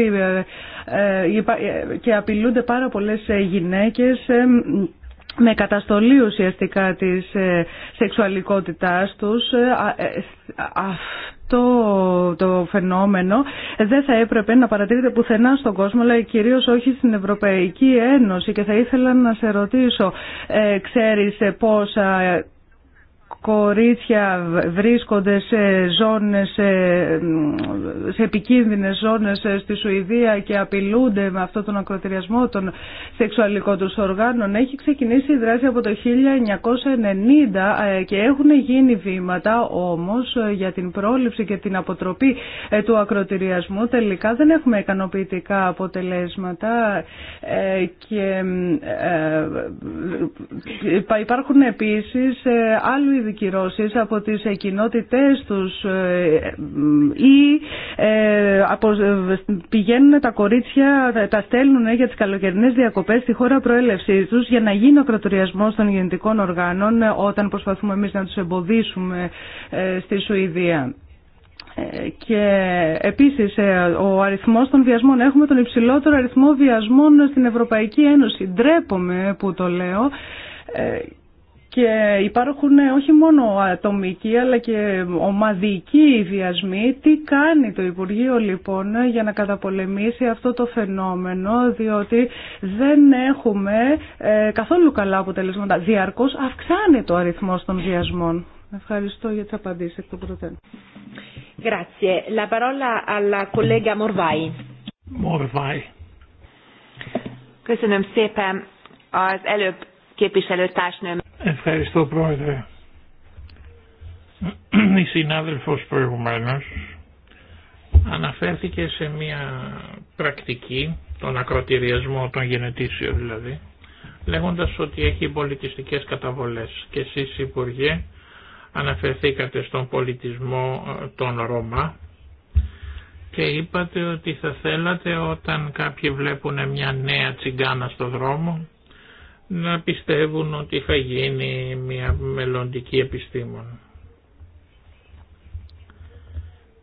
ε, ε, και απειλούνται πάρα πολλές ε, γυναίκες με καταστολή ουσιαστικά της σεξουαλικότητάς τους αυτό το φαινόμενο δεν θα έπρεπε να παρατηρείται πουθενά στον κόσμο αλλά κυρίως όχι στην Ευρωπαϊκή Ένωση και θα ήθελα να σε ρωτήσω ξέρεις πόσα κορίτσια βρίσκονται σε ζώνες, σε, επικίνδυνες ζώνες στη Σουηδία και απειλούνται με αυτόν τον ακροτηριασμό των σεξουαλικών τους οργάνων. Έχει ξεκινήσει η δράση από το 1990 ε, και έχουν γίνει βήματα όμως ε, για την πρόληψη και την αποτροπή ε, του ακροτηριασμού. Τελικά δεν έχουμε ικανοποιητικά αποτελέσματα και υπάρχουν επίσης άλλου κυρώσεις από τις κοινότητές τους ε, ε, ή ε, πηγαίνουν τα κορίτσια, τα στέλνουν για τις καλοκαιρινές διακοπές στη χώρα προέλευση τους για να γίνει ο των γεννητικών οργάνων όταν προσπαθούμε εμείς να τους εμποδίσουμε στη Σουηδία. Και επίσης ο αριθμός των βιασμών, έχουμε τον υψηλότερο αριθμό βιασμών στην Ευρωπαϊκή Ένωση, ντρέπομαι που το λέω και υπάρχουν ε, όχι μόνο ατομικοί αλλά και ομαδικοί βιασμοί. Τι κάνει το Υπουργείο λοιπόν για να καταπολεμήσει αυτό το φαινόμενο διότι δεν έχουμε ε, καθόλου καλά αποτελέσματα. Διαρκώς αυξάνει το αριθμό των βιασμών. Ευχαριστώ για τις απαντήσεις εκ των Grazie. La parola alla collega Morvai. Morvai. Köszönöm szépen. Az előbb Ευχαριστώ πρόεδρε. Η συνάδελφος προηγουμένως αναφέρθηκε σε μια πρακτική, τον ακροτηριασμό των γενετήσεων δηλαδή, λέγοντας ότι έχει πολιτιστικές καταβολές. Και εσείς Υπουργέ αναφερθήκατε στον πολιτισμό ε, των Ρώμα και είπατε ότι θα θέλατε όταν κάποιοι βλέπουν μια νέα τσιγκάνα στο δρόμο να πιστεύουν ότι θα γίνει μια μελλοντική επιστήμον.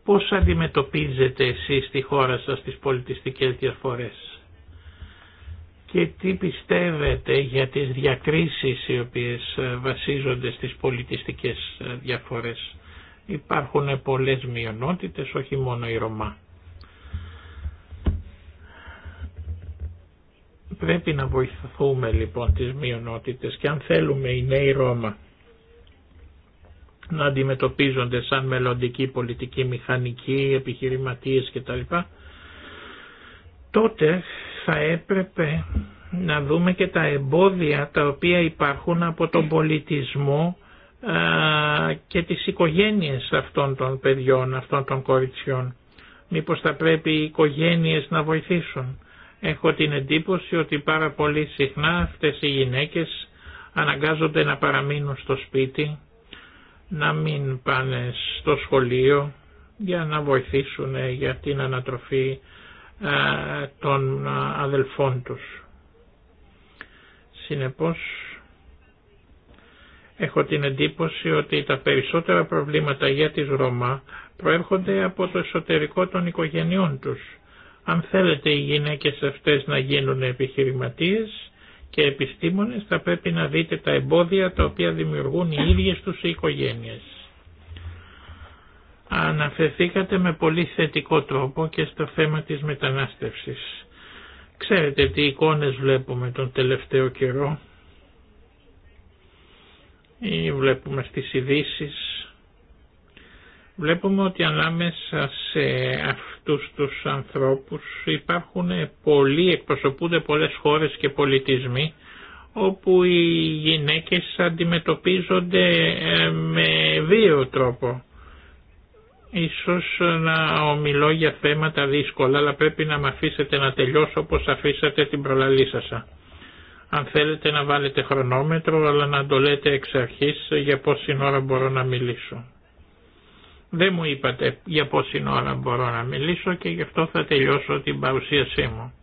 Πώς αντιμετωπίζετε εσείς στη χώρα σας τις πολιτιστικές διαφορές και τι πιστεύετε για τις διακρίσεις οι οποίες ε, βασίζονται στις πολιτιστικές ε, διαφορές. Υπάρχουν πολλές μειονότητες, όχι μόνο η Ρωμά. Πρέπει να βοηθούμε λοιπόν τις μειονότητες και αν θέλουμε οι νέοι Ρώμα να αντιμετωπίζονται σαν μελλοντικοί πολιτικοί, μηχανικοί, επιχειρηματίες κτλ. Τότε θα έπρεπε να δούμε και τα εμπόδια τα οποία υπάρχουν από τον πολιτισμό και τις οικογένειες αυτών των παιδιών, αυτών των κοριτσιών. Μήπως θα πρέπει οι οικογένειες να βοηθήσουν έχω την εντύπωση ότι πάρα πολύ συχνά αυτές οι γυναίκες αναγκάζονται να παραμείνουν στο σπίτι, να μην πάνε στο σχολείο για να βοηθήσουν για την ανατροφή των αδελφών τους. Συνεπώς, έχω την εντύπωση ότι τα περισσότερα προβλήματα για τις Ρώμα προέρχονται από το εσωτερικό των οικογενειών τους αν θέλετε οι γυναίκες αυτές να γίνουν επιχειρηματίες και επιστήμονες θα πρέπει να δείτε τα εμπόδια τα οποία δημιουργούν οι ίδιες τους οι οικογένειες. Αναφερθήκατε με πολύ θετικό τρόπο και στο θέμα της μετανάστευσης. Ξέρετε τι εικόνες βλέπουμε τον τελευταίο καιρό ή βλέπουμε στις ειδήσει Βλέπουμε ότι ανάμεσα σε αυτούς τους ανθρώπους υπάρχουν πολλοί, εκπροσωπούνται πολλές χώρες και πολιτισμοί όπου οι γυναίκες αντιμετωπίζονται ε, με βίαιο τρόπο. Ίσως να ομιλώ για θέματα δύσκολα, αλλά πρέπει να με αφήσετε να τελειώσω όπως αφήσατε την προλαλή Αν θέλετε να βάλετε χρονόμετρο, αλλά να το λέτε εξ αρχής για πόση ώρα μπορώ να μιλήσω. Δεν μου είπατε για πόση ώρα μπορώ να μιλήσω και γι' αυτό θα τελειώσω την παρουσίασή μου.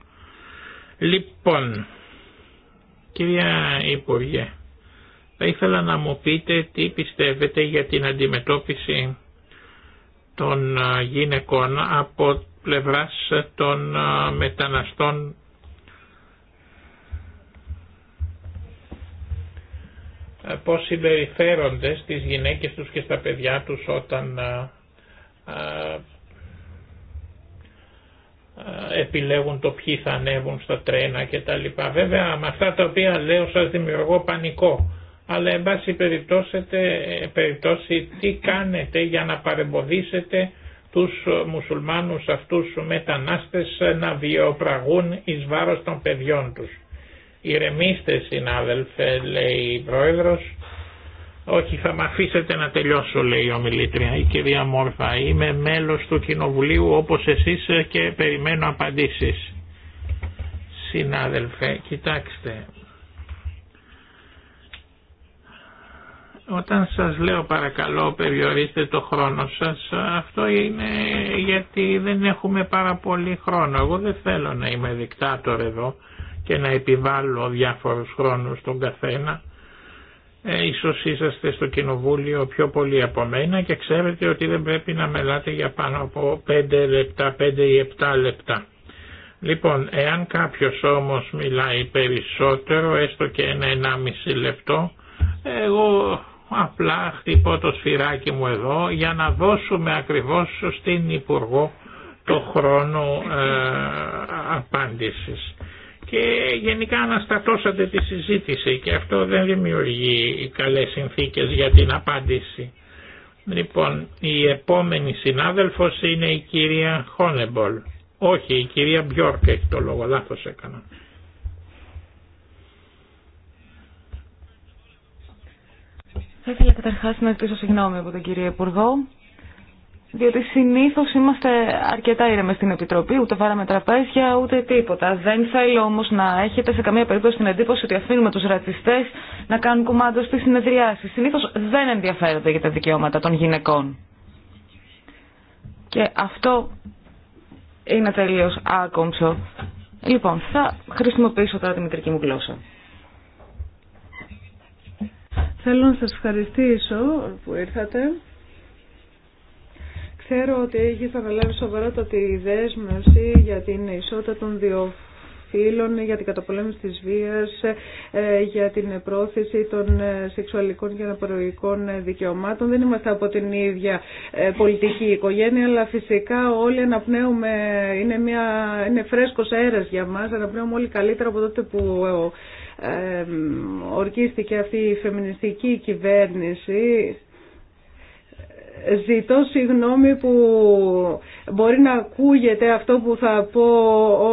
Λοιπόν, κυρία Υπουργέ, θα ήθελα να μου πείτε τι πιστεύετε για την αντιμετώπιση των γυναικών από πλευράς των μεταναστών Ε, πώς συμπεριφέρονται στις γυναίκες τους και στα παιδιά τους όταν ε, ε, επιλέγουν το ποιοι θα ανέβουν στα τρένα λοιπά. Βέβαια με αυτά τα οποία λέω σας δημιουργώ πανικό. Αλλά εν πάση περιπτώσει τι κάνετε για να παρεμποδίσετε τους μουσουλμάνους αυτούς μετανάστες να βιοπραγούν εις βάρος των παιδιών τους. Ηρεμήστε συνάδελφε λέει η πρόεδρος. Όχι θα με αφήσετε να τελειώσω λέει η ομιλήτρια. Η κυρία Μόρφα είμαι μέλος του κοινοβουλίου όπως εσείς και περιμένω απαντήσεις. Συνάδελφε κοιτάξτε. Όταν σας λέω παρακαλώ περιορίστε το χρόνο σας, αυτό είναι γιατί δεν έχουμε πάρα πολύ χρόνο. Εγώ δεν θέλω να είμαι δικτάτορ εδώ και να επιβάλλω διάφορους χρόνους στον καθένα. Ε, ίσως είσαστε στο κοινοβούλιο πιο πολύ από μένα και ξέρετε ότι δεν πρέπει να μελάτε για πάνω από 5 λεπτά, 5 ή 7 λεπτά. Λοιπόν, εάν κάποιος όμως μιλάει περισσότερο, έστω και ένα 1,5 λεπτό, εγώ απλά χτυπώ το σφυράκι μου εδώ για να δώσουμε ακριβώς στην Υπουργό το χρόνο ε, απάντησης και γενικά αναστατώσατε τη συζήτηση και αυτό δεν δημιουργεί καλές συνθήκες για την απάντηση. Λοιπόν, η επόμενη συνάδελφος είναι η κυρία Χόνεμπολ. Όχι, η κυρία Μπιόρκ έχει το λόγο, λάθος έκανα. Θα ήθελα καταρχάς να ζητήσω συγγνώμη από τον κύριο Υπουργό διότι συνήθω είμαστε αρκετά ήρεμε στην Επιτροπή, ούτε βάραμε τραπέζια, ούτε τίποτα. Δεν θέλω όμω να έχετε σε καμία περίπτωση την εντύπωση ότι αφήνουμε του ρατσιστέ να κάνουν κουμάντο στι συνεδριάσει. Συνήθω δεν ενδιαφέρονται για τα δικαιώματα των γυναικών. Και αυτό είναι τελείω άκομψο. Λοιπόν, θα χρησιμοποιήσω τώρα τη μητρική μου γλώσσα. Θέλω να σας ευχαριστήσω που ήρθατε. Ξέρω ότι έχει αναλάβει σοβαρότατη δέσμευση για την ισότητα των δύο φύλων, για την καταπολέμηση της βίας, ε, για την πρόθεση των ε, σεξουαλικών και αναπαραγωγικών ε, δικαιωμάτων. Δεν είμαστε από την ίδια πολιτική οικογένεια, αλλά φυσικά όλοι αναπνέουμε, είναι, μια, είναι φρέσκος αέρας για μας, αναπνέουμε όλοι καλύτερα από τότε που ορκίστηκε αυτή η φεμινιστική κυβέρνηση Ζητώ συγγνώμη που μπορεί να ακούγεται αυτό που θα πω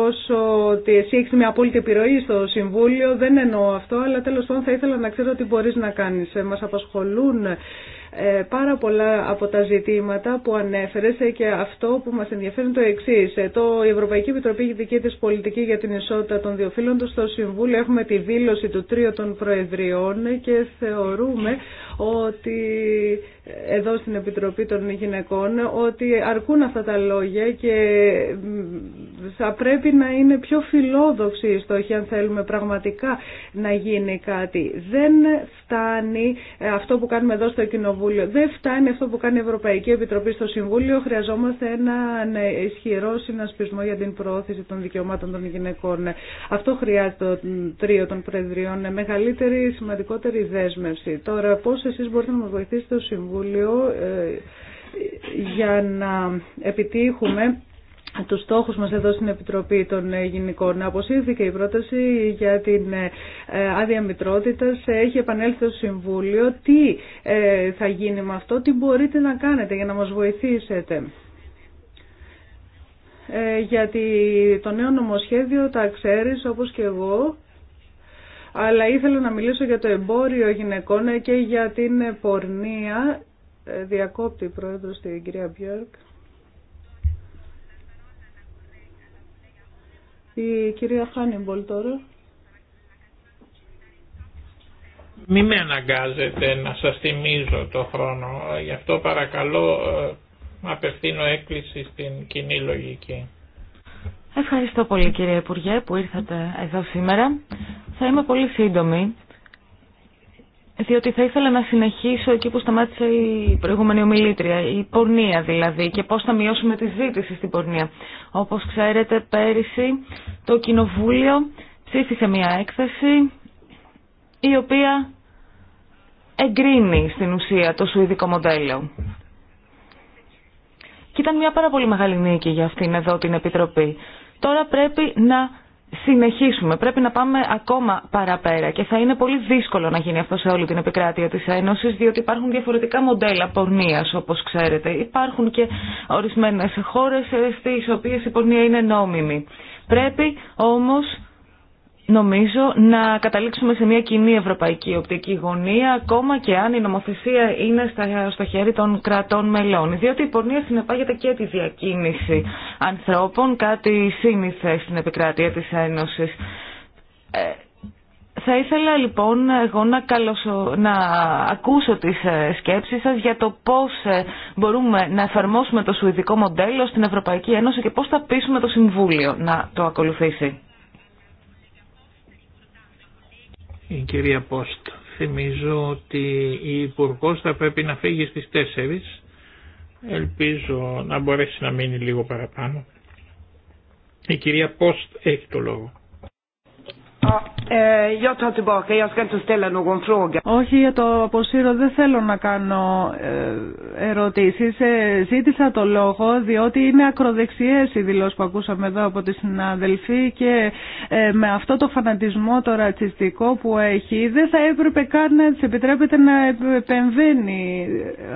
όσο ότι εσύ έχεις μια απόλυτη επιρροή στο Συμβούλιο. Δεν εννοώ αυτό, αλλά τέλος πάντων θα ήθελα να ξέρω τι μπορείς να κάνεις. Ε, μας απασχολούν ε, πάρα πολλά από τα ζητήματα που ανέφερες ε, και αυτό που μας ενδιαφέρει είναι το εξή. το, η Ευρωπαϊκή Επιτροπή έχει δική της πολιτική για την ισότητα των διοφύλων του. Στο Συμβούλιο έχουμε τη δήλωση του τρίου των Προεδριών και θεωρούμε ότι εδώ στην Επιτροπή των Γυναικών ότι αρκούν αυτά τα λόγια και θα πρέπει να είναι πιο φιλόδοξη η στόχη αν θέλουμε πραγματικά να γίνει κάτι. Δεν φτάνει αυτό που κάνουμε εδώ στο Κοινοβούλιο, δεν φτάνει αυτό που κάνει η Ευρωπαϊκή Επιτροπή στο Συμβούλιο. Χρειαζόμαστε ένα ισχυρό συνασπισμό για την προώθηση των δικαιωμάτων των γυναικών. Αυτό χρειάζεται το τρίο των Προεδριών, μεγαλύτερη, σημαντικότερη δέσμευση. Τώρα πώ εσεί μπορείτε να μας βοηθήσετε στο Συμβούλιο Συμβούλιο ε, για να επιτύχουμε τους στόχους μας εδώ στην Επιτροπή των ε, Γυναικών. Αποσύρθηκε η πρόταση για την ε, άδεια μητρότητας. Έχει επανέλθει στο Συμβούλιο. Τι θα γίνει με αυτό, τι μπορείτε να κάνετε για να μας βοηθήσετε γιατί το νέο νομοσχέδιο τα ξέρεις όπως και εγώ αλλά ήθελα να μιλήσω για το εμπόριο γυναικών και για την πορνεία. Ε, διακόπτη η πρόεδρος την κυρία Μπιόρκ. Η κυρία Χάνιμπολ τώρα. Μη με αναγκάζετε να σας θυμίζω το χρόνο, γι' αυτό παρακαλώ ε, απευθύνω έκκληση στην κοινή λογική. Ευχαριστώ πολύ κύριε Υπουργέ που ήρθατε εδώ σήμερα. Θα είμαι πολύ σύντομη, διότι θα ήθελα να συνεχίσω εκεί που σταμάτησε η προηγούμενη ομιλήτρια, η πορνεία δηλαδή, και πώς θα μειώσουμε τη ζήτηση στην πορνεία. Όπως ξέρετε, πέρυσι το Κοινοβούλιο ψήφισε μια έκθεση η οποία εγκρίνει στην ουσία το σουηδικό μοντέλο. Και ήταν μια πάρα πολύ μεγάλη νίκη για αυτήν εδώ την Επιτροπή. Τώρα πρέπει να συνεχίσουμε. Πρέπει να πάμε ακόμα παραπέρα και θα είναι πολύ δύσκολο να γίνει αυτό σε όλη την επικράτεια της Ένωσης διότι υπάρχουν διαφορετικά μοντέλα πορνείας όπως ξέρετε. Υπάρχουν και ορισμένες χώρες στις οποίες η πορνεία είναι νόμιμη. Πρέπει όμως νομίζω να καταλήξουμε σε μια κοινή ευρωπαϊκή οπτική γωνία ακόμα και αν η νομοθεσία είναι στο χέρι των κρατών μελών διότι η πορνεία συνεπάγεται και τη διακίνηση ανθρώπων κάτι σύνηθε στην επικράτεια της Ένωσης ε, θα ήθελα λοιπόν εγώ να, να ακούσω τις ε, σκέψεις σας για το πώς ε, μπορούμε να εφαρμόσουμε το σουηδικό μοντέλο στην Ευρωπαϊκή Ένωση και πώς θα πείσουμε το Συμβούλιο να το ακολουθήσει. η κυρία Πόστ. Θυμίζω ότι η Υπουργό θα πρέπει να φύγει στις 4. Ελπίζω να μπορέσει να μείνει λίγο παραπάνω. Η κυρία Πόστ έχει το λόγο. Όχι, για το αποσύρω δεν θέλω να κάνω ε, ερωτήσεις. Ε, ζήτησα το λόγο διότι είναι ακροδεξιές οι δηλώσεις που ακούσαμε εδώ από τη συναδελφή και ε, με αυτό το φανατισμό το ρατσιστικό που έχει δεν θα έπρεπε καν να της επιτρέπεται να επεμβαίνει.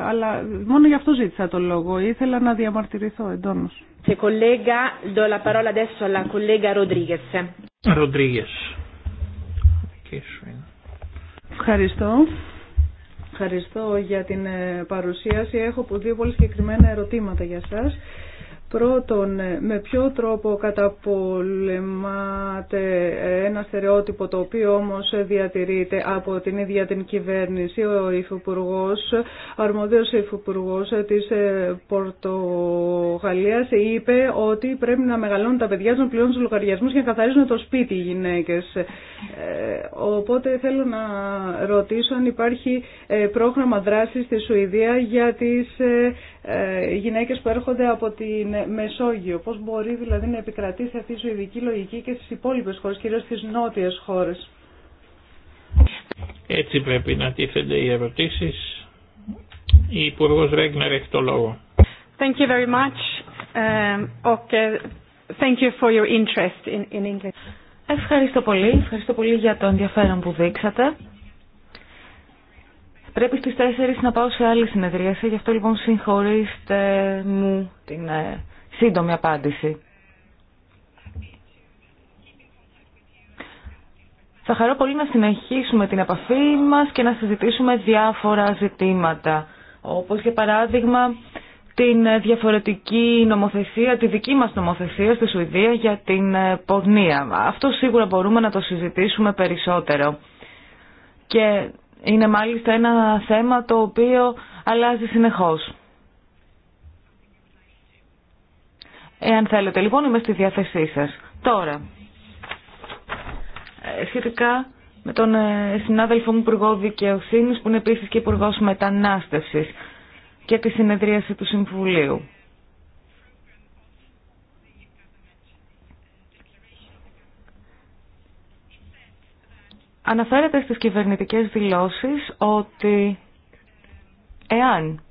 Αλλά μόνο γι' αυτό ζήτησα το λόγο. Ήθελα να διαμαρτυρηθώ εντόνως. Rodríguez. Ευχαριστώ. Ευχαριστώ για την ε, παρουσίαση. Έχω δύο πολύ συγκεκριμένα ερωτήματα για σας. Πρώτον, με ποιο τρόπο καταπολεμάται ένα στερεότυπο το οποίο όμως διατηρείται από την ίδια την κυβέρνηση, ο Υφυπουργός, ο αρμοδίος Υφυπουργός της ε, Πορτογαλίας είπε ότι πρέπει να μεγαλώνουν τα παιδιά να πληρώνουν τους λογαριασμούς και να καθαρίζουν το σπίτι οι γυναίκες. Ε, οπότε θέλω να ρωτήσω αν υπάρχει ε, πρόγραμμα δράσης στη Σουηδία για τις ε, γυναίκες που έρχονται από τη Μεσόγειο. Πώς μπορεί δηλαδή να επικρατήσει αυτή η σουηδική λογική και στις υπόλοιπες χώρες, κυρίως στις νότιες χώρες. Έτσι πρέπει να τίθενται οι ερωτήσεις. Η Υπουργός Ρέγνερ έχει το λόγο. Thank you very much. Um, okay. Thank you for your interest in, in English. Ευχαριστώ πολύ. Ευχαριστώ πολύ για το ενδιαφέρον που δείξατε. Πρέπει στις 4 να πάω σε άλλη συνεδρίαση, γι' αυτό λοιπόν συγχωρήστε μου την ε, σύντομη απάντηση. Θα χαρώ πολύ να συνεχίσουμε την επαφή μας και να συζητήσουμε διάφορα ζητήματα, όπως για παράδειγμα την ε, διαφορετική νομοθεσία, τη δική μας νομοθεσία στη Σουηδία για την ε, πορνεία. Αυτό σίγουρα μπορούμε να το συζητήσουμε περισσότερο. Και είναι μάλιστα ένα θέμα το οποίο αλλάζει συνεχώς. Εάν θέλετε λοιπόν είμαι στη διάθεσή σας. Τώρα, ε, σχετικά με τον ε, συνάδελφο μου Υπουργό Δικαιοσύνη που είναι επίσης και Υπουργό Μετανάστευσης και τη συνεδρίαση του Συμβουλίου. Αναφέρεται στις κυβερνητικές δηλώσεις ότι εάν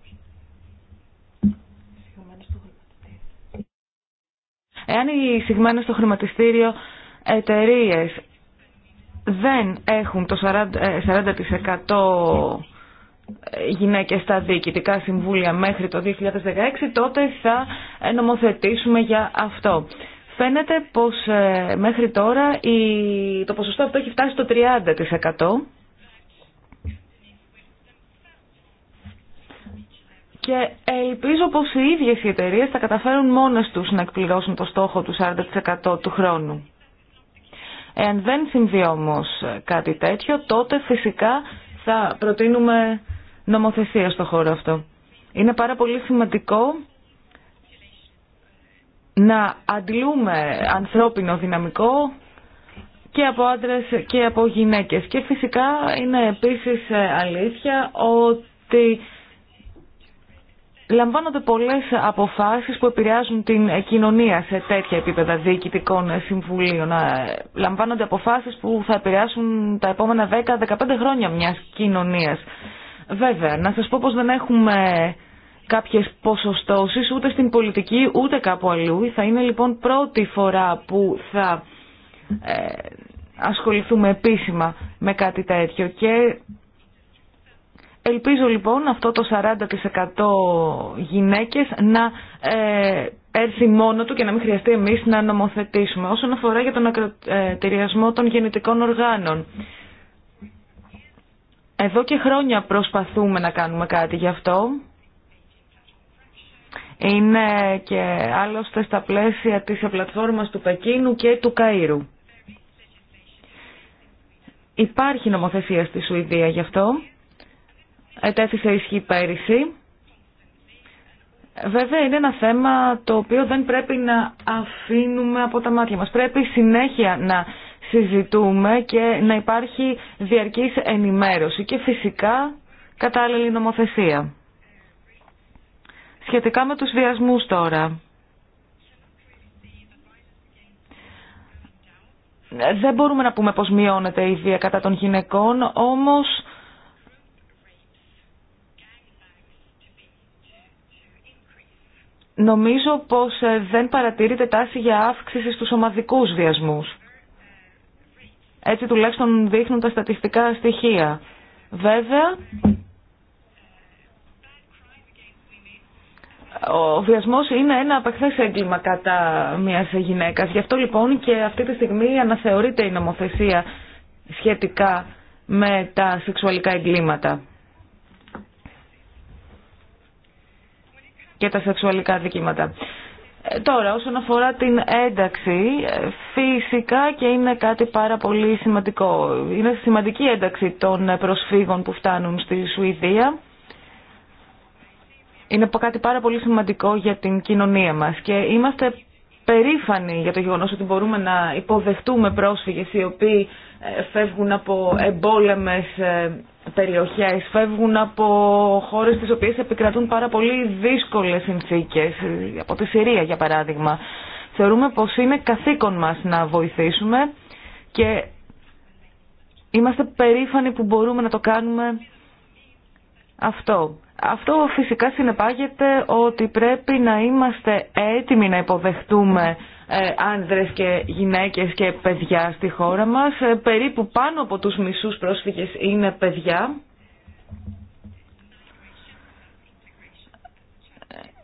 εάν οι συγμένες στο χρηματιστήριο εταιρείε δεν έχουν το 40%, 40 ε, γυναίκες στα διοικητικά συμβούλια μέχρι το 2016, τότε θα νομοθετήσουμε για αυτό. Φαίνεται πως ε, μέχρι τώρα το ποσοστό αυτό έχει φτάσει στο 30%. Και ελπίζω πως οι ίδιες οι εταιρείες θα καταφέρουν μόνες τους να εκπληρώσουν το στόχο του 40% του χρόνου. Εάν δεν συμβεί όμως κάτι τέτοιο, τότε φυσικά θα προτείνουμε νομοθεσία στο χώρο αυτό. Είναι πάρα πολύ σημαντικό να αντλούμε ανθρώπινο δυναμικό και από άντρες και από γυναίκες. Και φυσικά είναι επίσης ε, αλήθεια ότι λαμβάνονται πολλές αποφάσεις που επηρεάζουν την κοινωνία σε τέτοια επίπεδα διοικητικών συμβουλίων. Ε, λαμβάνονται αποφάσεις που θα επηρεάσουν τα επόμενα 10-15 χρόνια μιας κοινωνίας. Βέβαια, να σας πω πως δεν έχουμε κάποιες ποσοστώσεις ούτε στην πολιτική ούτε κάπου αλλού. Θα είναι λοιπόν πρώτη φορά που θα ε, ασχοληθούμε επίσημα με κάτι τέτοιο και ελπίζω λοιπόν αυτό το 40% γυναίκες να ε, έρθει μόνο του και να μην χρειαστεί εμεί να νομοθετήσουμε. Όσον αφορά για τον ακροτηριασμό των γεννητικών οργάνων, εδώ και χρόνια προσπαθούμε να κάνουμε κάτι γι' αυτό είναι και άλλωστε στα πλαίσια της πλατφόρμας του Πεκίνου και του Καΐρου. Υπάρχει νομοθεσία στη Σουηδία γι' αυτό. Ετέθησε ισχύ πέρυσι. Βέβαια είναι ένα θέμα το οποίο δεν πρέπει να αφήνουμε από τα μάτια μας. Πρέπει συνέχεια να συζητούμε και να υπάρχει διαρκής ενημέρωση και φυσικά κατάλληλη νομοθεσία. Σχετικά με τους βιασμούς τώρα. Δεν μπορούμε να πούμε πως μειώνεται η βία κατά των γυναικών, όμως νομίζω πως ε, δεν παρατηρείται τάση για αύξηση στους ομαδικούς βιασμούς. Έτσι τουλάχιστον δείχνουν τα στατιστικά στοιχεία. Βέβαια, Ο βιασμός είναι ένα απεχθές έγκλημα κατά μιας γυναίκας. Γι' αυτό λοιπόν και αυτή τη στιγμή αναθεωρείται η νομοθεσία σχετικά με τα σεξουαλικά εγκλήματα και τα σεξουαλικά δικήματα. Ε, τώρα, όσον αφορά την ένταξη, φυσικά και είναι κάτι πάρα πολύ σημαντικό. Είναι σημαντική ένταξη των προσφύγων που φτάνουν στη Σουηδία είναι κάτι πάρα πολύ σημαντικό για την κοινωνία μας και είμαστε περήφανοι για το γεγονός ότι μπορούμε να υποδεχτούμε πρόσφυγες οι οποίοι ε, φεύγουν από εμπόλεμες ε, περιοχές, φεύγουν από χώρες τις οποίες επικρατούν πάρα πολύ δύσκολες συνθήκες, ε, από τη Συρία για παράδειγμα. Θεωρούμε πως είναι καθήκον μας να βοηθήσουμε και είμαστε περήφανοι που μπορούμε να το κάνουμε αυτό. Αυτό φυσικά συνεπάγεται ότι πρέπει να είμαστε έτοιμοι να υποδεχτούμε ε, άνδρες και γυναίκες και παιδιά στη χώρα μας. Ε, περίπου πάνω από τους μισούς πρόσφυγες είναι παιδιά.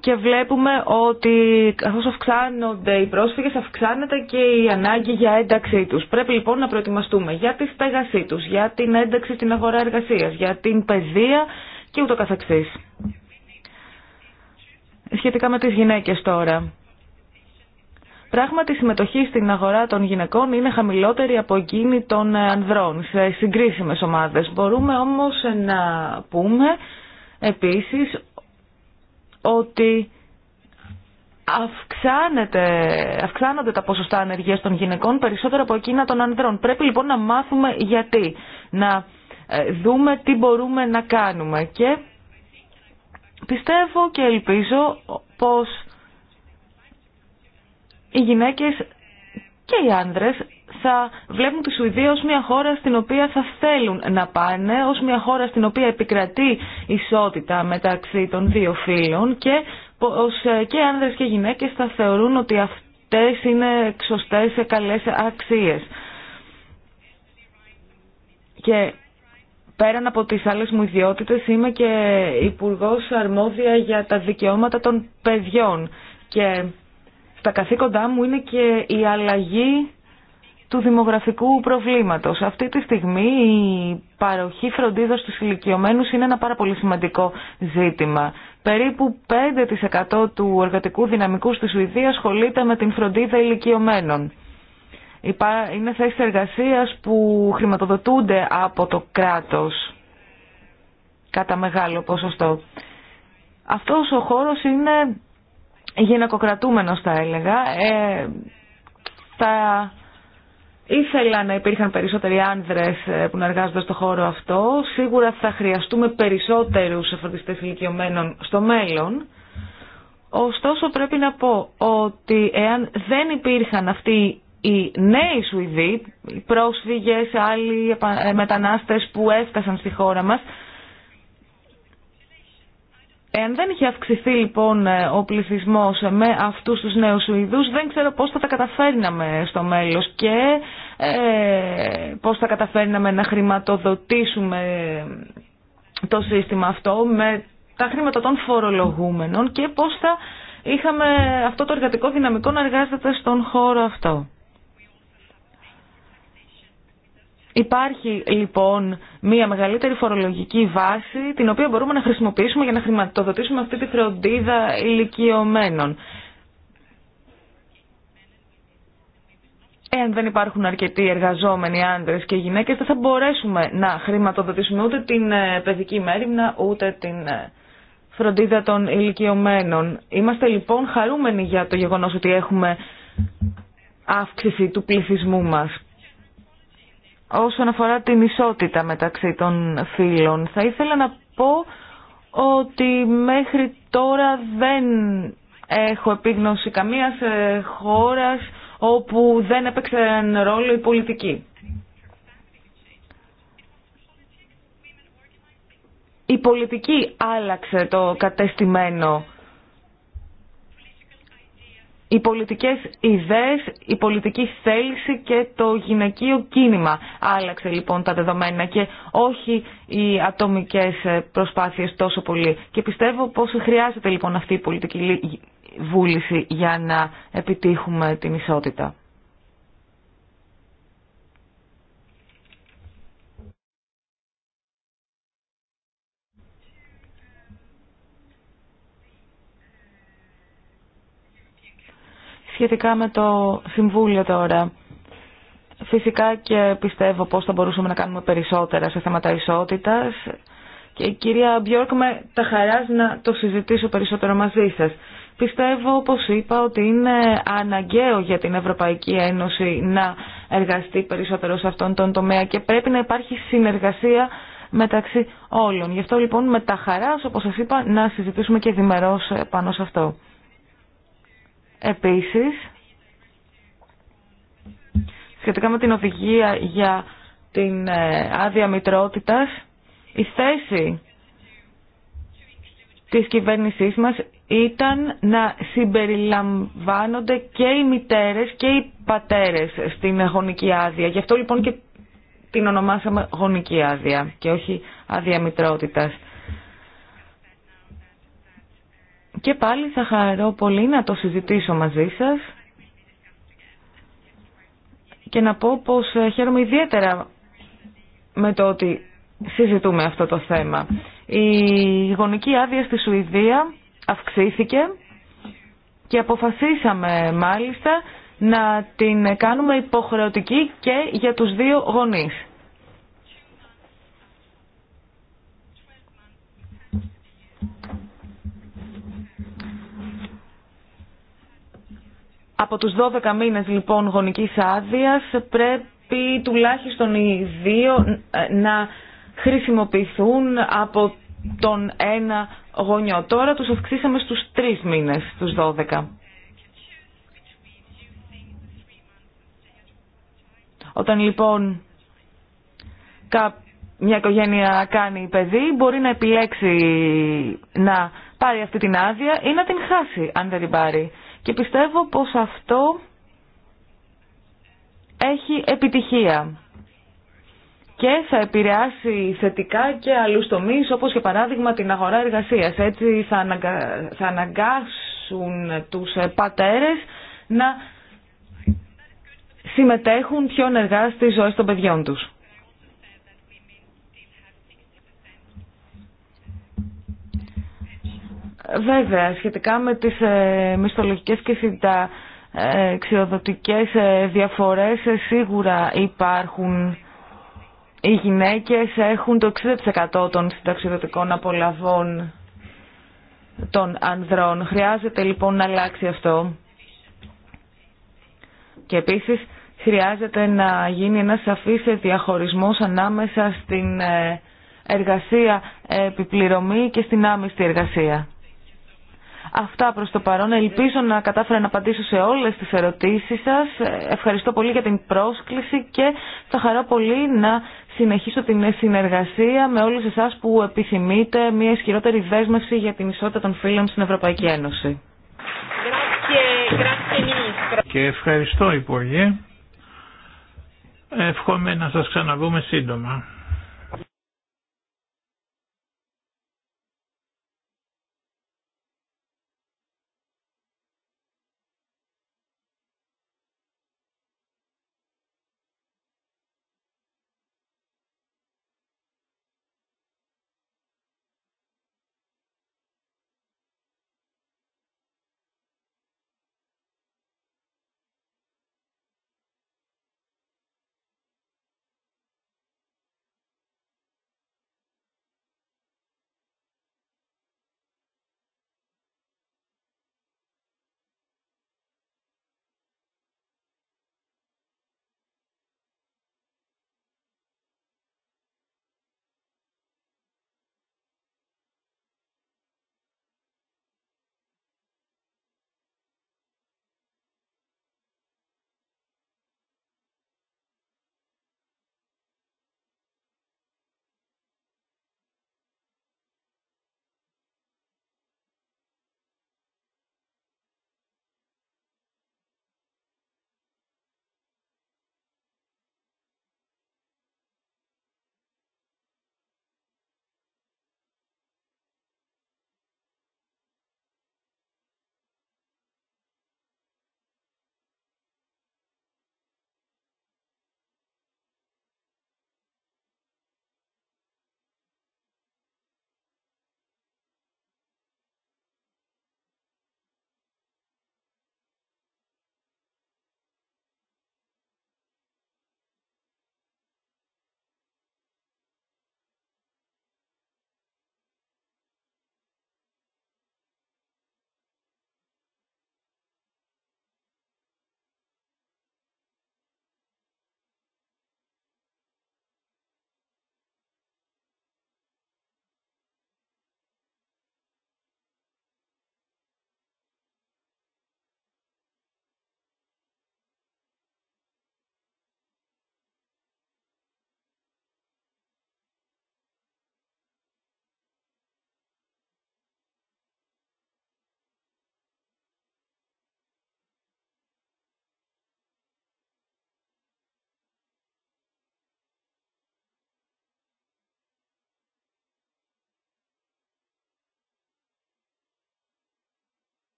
Και βλέπουμε ότι καθώς αυξάνονται οι πρόσφυγες, αυξάνεται και η ανάγκη για ένταξή τους. Πρέπει λοιπόν να προετοιμαστούμε για τη στέγασή τους, για την ένταξη στην αγορά εργασίας, για την παιδεία και ούτω καθεξής. Σχετικά με τις γυναίκες τώρα. Πράγματι, η συμμετοχή στην αγορά των γυναικών είναι χαμηλότερη από εκείνη των ε, ανδρών, σε συγκρίσιμες ομάδες. Μπορούμε όμως να πούμε επίσης ότι αυξάνονται τα ποσοστά ανεργίας των γυναικών περισσότερο από εκείνα των ανδρών. Πρέπει λοιπόν να μάθουμε γιατί. Να ε, δούμε τι μπορούμε να κάνουμε και πιστεύω και ελπίζω πως οι γυναίκες και οι άνδρες θα βλέπουν τη Σουηδία ως μια χώρα στην οποία θα θέλουν να πάνε, ως μια χώρα στην οποία επικρατεί ισότητα μεταξύ των δύο φύλων και πως ε, και οι άνδρες και οι γυναίκες θα θεωρούν ότι αυτές είναι σωστές, καλές αξίες. Και πέραν από τις άλλες μου ιδιότητες είμαι και υπουργό αρμόδια για τα δικαιώματα των παιδιών και στα καθήκοντά μου είναι και η αλλαγή του δημογραφικού προβλήματος. Αυτή τη στιγμή η παροχή φροντίδας στους ηλικιωμένους είναι ένα πάρα πολύ σημαντικό ζήτημα. Περίπου 5% του εργατικού δυναμικού στη Σουηδία ασχολείται με την φροντίδα ηλικιωμένων. Είναι θέσεις εργασίας που χρηματοδοτούνται από το κράτος κατά μεγάλο ποσοστό. Αυτός ο χώρος είναι γυναικοκρατούμενος θα έλεγα. Ε, θα ήθελα να υπήρχαν περισσότεροι άνδρες ε, που να εργάζονται στο χώρο αυτό. Σίγουρα θα χρειαστούμε περισσότερους φροντιστέ ηλικιωμένων στο μέλλον. Ωστόσο πρέπει να πω ότι εάν δεν υπήρχαν αυτοί οι νέοι Σουηδοί, οι πρόσφυγες, άλλοι ε, μετανάστες που έφτασαν στη χώρα μας. Εάν δεν είχε αυξηθεί λοιπόν ε, ο πληθυσμός με αυτούς τους νέους Σουηδούς, δεν ξέρω πώς θα τα καταφέρναμε στο μέλλον και ε, πώς θα καταφέρναμε να χρηματοδοτήσουμε το σύστημα αυτό με τα χρήματα των φορολογούμενων και πώς θα είχαμε αυτό το εργατικό δυναμικό να εργάζεται στον χώρο αυτό. Υπάρχει λοιπόν μια μεγαλύτερη φορολογική βάση την οποία μπορούμε να χρησιμοποιήσουμε για να χρηματοδοτήσουμε αυτή τη φροντίδα ηλικιωμένων. Εάν δεν υπάρχουν αρκετοί εργαζόμενοι άντρες και γυναίκες δεν θα μπορέσουμε να χρηματοδοτήσουμε ούτε την ε, παιδική μέρημνα ούτε την ε, φροντίδα των ηλικιωμένων. Είμαστε λοιπόν χαρούμενοι για το γεγονός ότι έχουμε αύξηση του πληθυσμού μας όσον αφορά την ισότητα μεταξύ των φίλων. Θα ήθελα να πω ότι μέχρι τώρα δεν έχω επίγνωση καμίας ε, χώρας όπου δεν έπαιξε ρόλο η πολιτική. Η πολιτική άλλαξε το κατεστημένο οι πολιτικές ιδέες, η πολιτική θέληση και το γυναικείο κίνημα. Άλλαξε λοιπόν τα δεδομένα και όχι οι ατομικές ε, προσπάθειες τόσο πολύ. Και πιστεύω πως χρειάζεται λοιπόν αυτή η πολιτική βούληση για να επιτύχουμε την ισότητα. σχετικά με το Συμβούλιο τώρα. Φυσικά και πιστεύω πώς θα μπορούσαμε να κάνουμε περισσότερα σε θέματα ισότητας. Και κυρία Μπιόρκ, με τα χαρά να το συζητήσω περισσότερο μαζί σας. Πιστεύω, όπως είπα, ότι είναι αναγκαίο για την Ευρωπαϊκή Ένωση να εργαστεί περισσότερο σε αυτόν τον τομέα και πρέπει να υπάρχει συνεργασία μεταξύ όλων. Γι' αυτό λοιπόν με τα χαράς, όπως σας είπα, να συζητήσουμε και διμερώς πάνω σε αυτό. Επίσης, σχετικά με την οδηγία για την ε, άδεια μητρότητας, η θέση της κυβέρνησής μας ήταν να συμπεριλαμβάνονται και οι μητέρες και οι πατέρες στην γονική άδεια. Γι' αυτό λοιπόν και την ονομάσαμε γονική άδεια και όχι άδεια μητρότητας. Και πάλι θα χαρώ πολύ να το συζητήσω μαζί σας και να πω πως ε, χαίρομαι ιδιαίτερα με το ότι συζητούμε αυτό το θέμα. Η γονική άδεια στη Σουηδία αυξήθηκε και αποφασίσαμε μάλιστα να την κάνουμε υποχρεωτική και για τους δύο γονείς. Από τους 12 μήνες λοιπόν γονικής άδειας πρέπει τουλάχιστον οι δύο ε, να χρησιμοποιηθούν από τον ένα γονιό. Τώρα τους αυξήσαμε στους 3 μήνες, στους 12. Όταν λοιπόν μια οικογένεια κάνει παιδί, μπορεί να επιλέξει να πάρει αυτή την άδεια ή να την χάσει αν δεν την πάρει και πιστεύω πως αυτό έχει επιτυχία και θα επηρεάσει θετικά και αλλού τομεί, όπως και παράδειγμα την αγορά εργασίας. Έτσι θα, θα αναγκάσουν τους πατέρες να συμμετέχουν πιο ενεργά στις ζωές των παιδιών τους. Βέβαια, σχετικά με τις ε, μισθολογικές και συνταξιοδοτικές ε, ε, διαφορές, ε, σίγουρα υπάρχουν οι γυναίκες έχουν το 60% των συνταξιοδοτικών απολαβών των ανδρών. Χρειάζεται λοιπόν να αλλάξει αυτό. Και επίσης χρειάζεται να γίνει ένα σαφής διαχωρισμός ανάμεσα στην εργασία επιπληρωμή και στην άμεση εργασία. Αυτά προς το παρόν. Ελπίζω να κατάφερα να απαντήσω σε όλες τις ερωτήσεις σας. Ευχαριστώ πολύ για την πρόσκληση και θα χαρώ πολύ να συνεχίσω την συνεργασία με όλους εσάς που επιθυμείτε μια ισχυρότερη δέσμευση για την ισότητα των φίλων στην Ευρωπαϊκή Ένωση. Και ευχαριστώ Υπουργέ. Εύχομαι να σας ξαναβούμε σύντομα.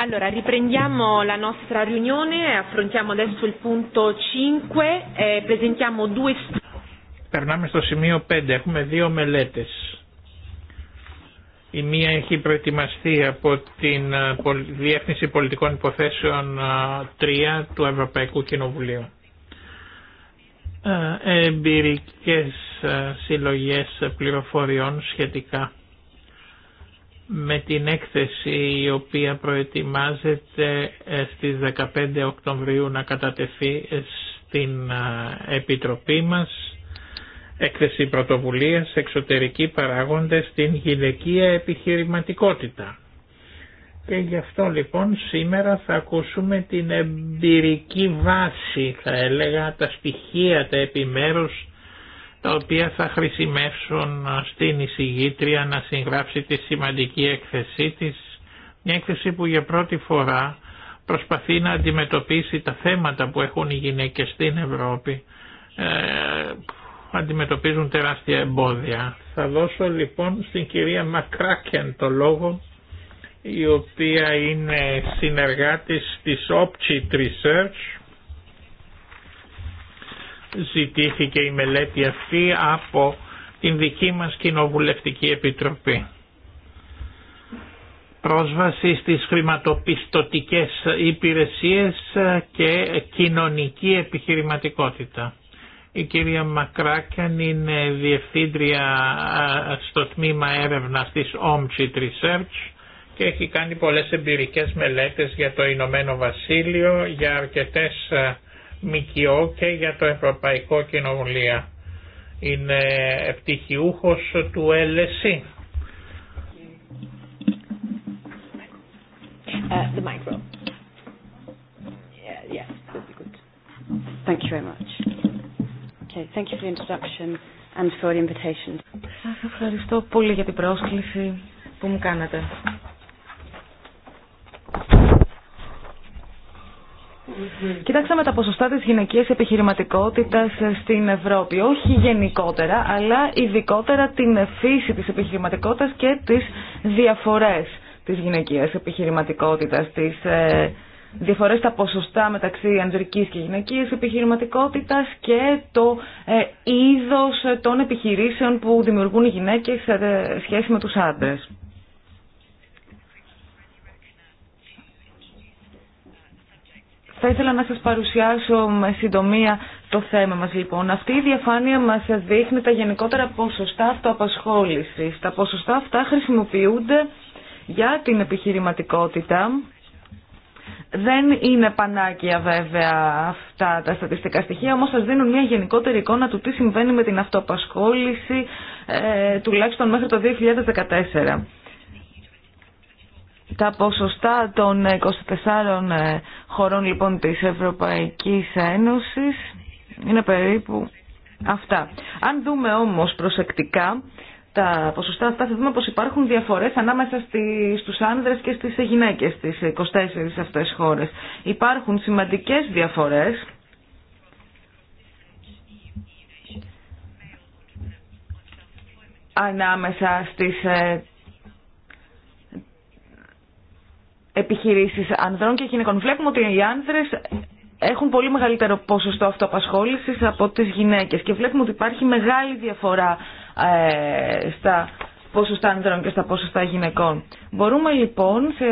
Allora, riprendiamo la nostra riunione, affrontiamo adesso il punto 5, eh, presentiamo due studi. Περνάμε στο σημείο 5, έχουμε δύο μελέτες. Η μία έχει προετοιμαστεί από την ε, Διεύθυνση Πολιτικών Υποθέσεων 3 ε, του Ευρωπαϊκού Κοινοβουλίου. Ε, εμπειρικές συλλογές πληροφοριών σχετικά με την έκθεση η οποία προετοιμάζεται ε, στις 15 Οκτωβρίου να κατατεθεί ε, στην ε, Επιτροπή μας έκθεση πρωτοβουλίας εξωτερικοί παράγοντες στην γυναικεία επιχειρηματικότητα. Και γι' αυτό λοιπόν σήμερα θα ακούσουμε την εμπειρική βάση θα έλεγα τα στοιχεία τα επιμέρους τα οποία θα χρησιμεύσουν στην εισηγήτρια να συγγράψει τη σημαντική έκθεσή της, μια έκθεση που για πρώτη φορά προσπαθεί να αντιμετωπίσει τα θέματα που έχουν οι γυναίκες στην Ευρώπη, ε, αντιμετωπίζουν τεράστια εμπόδια. Θα δώσω λοιπόν στην κυρία Μακράκεν το λόγο, η οποία είναι συνεργάτης της Opchit Research, ζητήθηκε η μελέτη αυτή από την δική μας Κοινοβουλευτική Επιτροπή. Πρόσβαση στις χρηματοπιστωτικές υπηρεσίες και κοινωνική επιχειρηματικότητα. Η κυρία Μακράκιαν είναι διευθύντρια στο τμήμα έρευνας της Omchit Research και έχει κάνει πολλές εμπειρικές μελέτες για το Ηνωμένο Βασίλειο, για αρκετές ΜΚΟ και για το Ευρωπαϊκό Κοινοβουλίο. Είναι ευτυχιούχος του lc e. ε, the micro. Yeah, yes, that'd be good. Thank you very much. Okay, thank you for the introduction and for the invitation. Σας ευχαριστώ πολύ για την πρόσκληση που μου κάνατε. Κοιτάξαμε τα ποσοστά της γυναικείας επιχειρηματικότητας ε, στην Ευρώπη, όχι γενικότερα, αλλά ειδικότερα την φύση της επιχειρηματικότητας και τις διαφορές της γυναικείας επιχειρηματικότητας, τις ε, διαφορές τα ποσοστά μεταξύ ανδρικής και γυναικείας επιχειρηματικότητας και το ε, είδος των επιχειρήσεων που δημιουργούν οι γυναίκες σε σχέση με τους άντρες. Θα ήθελα να σας παρουσιάσω με συντομία το θέμα μας λοιπόν. Αυτή η διαφάνεια μας δείχνει τα γενικότερα ποσοστά αυτοαπασχόλησης. Τα ποσοστά αυτά χρησιμοποιούνται για την επιχειρηματικότητα. Δεν είναι πανάκια βέβαια αυτά τα στατιστικά στοιχεία, όμως σας δίνουν μια γενικότερη εικόνα του τι συμβαίνει με την αυτοαπασχόληση, ε, τουλάχιστον μέχρι το 2014. Τα ποσοστά των 24 ε, χωρών λοιπόν της Ευρωπαϊκής Ένωσης είναι περίπου αυτά. Αν δούμε όμως προσεκτικά τα ποσοστά αυτά θα δούμε πως υπάρχουν διαφορές ανάμεσα στους άνδρες και στις γυναίκες στις 24 αυτές χώρες. Υπάρχουν σημαντικές διαφορές ανάμεσα στις ε, επιχειρήσει ανδρών και γυναικών. Βλέπουμε ότι οι άνδρε έχουν πολύ μεγαλύτερο ποσοστό αυτοαπασχόληση από τι γυναίκε. και βλέπουμε ότι υπάρχει μεγάλη διαφορά ε, στα ποσοστά ανδρών και στα ποσοστά γυναικών. Μπορούμε λοιπόν, σε...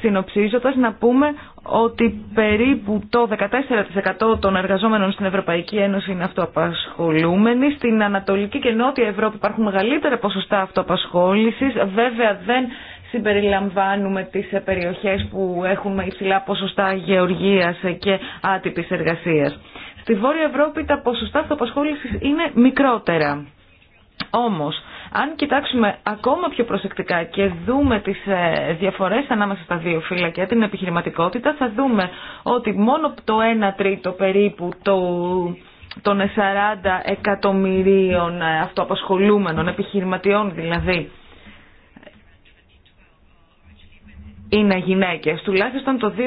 συνοψίζοντας, να πούμε ότι περίπου το 14% των εργαζόμενων στην Ευρωπαϊκή Ένωση είναι αυτοαπασχολούμενοι. Στην Ανατολική και Νότια Ευρώπη υπάρχουν μεγαλύτερα ποσοστά αυτοαπασχόλησης. Βέβαια δεν συμπεριλαμβάνουμε τις περιοχές που έχουν υψηλά ποσοστά γεωργίας και άτυπης εργασίας. Στη Βόρεια Ευρώπη τα ποσοστά αυτοπασχόλησης είναι μικρότερα. Όμως, αν κοιτάξουμε ακόμα πιο προσεκτικά και δούμε τις ε, διαφορές ανάμεσα στα δύο φύλλα και την επιχειρηματικότητα, θα δούμε ότι μόνο το 1 τρίτο περίπου το, των 40 εκατομμυρίων ε, αυτοαπασχολούμενων επιχειρηματιών δηλαδή, είναι γυναίκε, τουλάχιστον το 2012.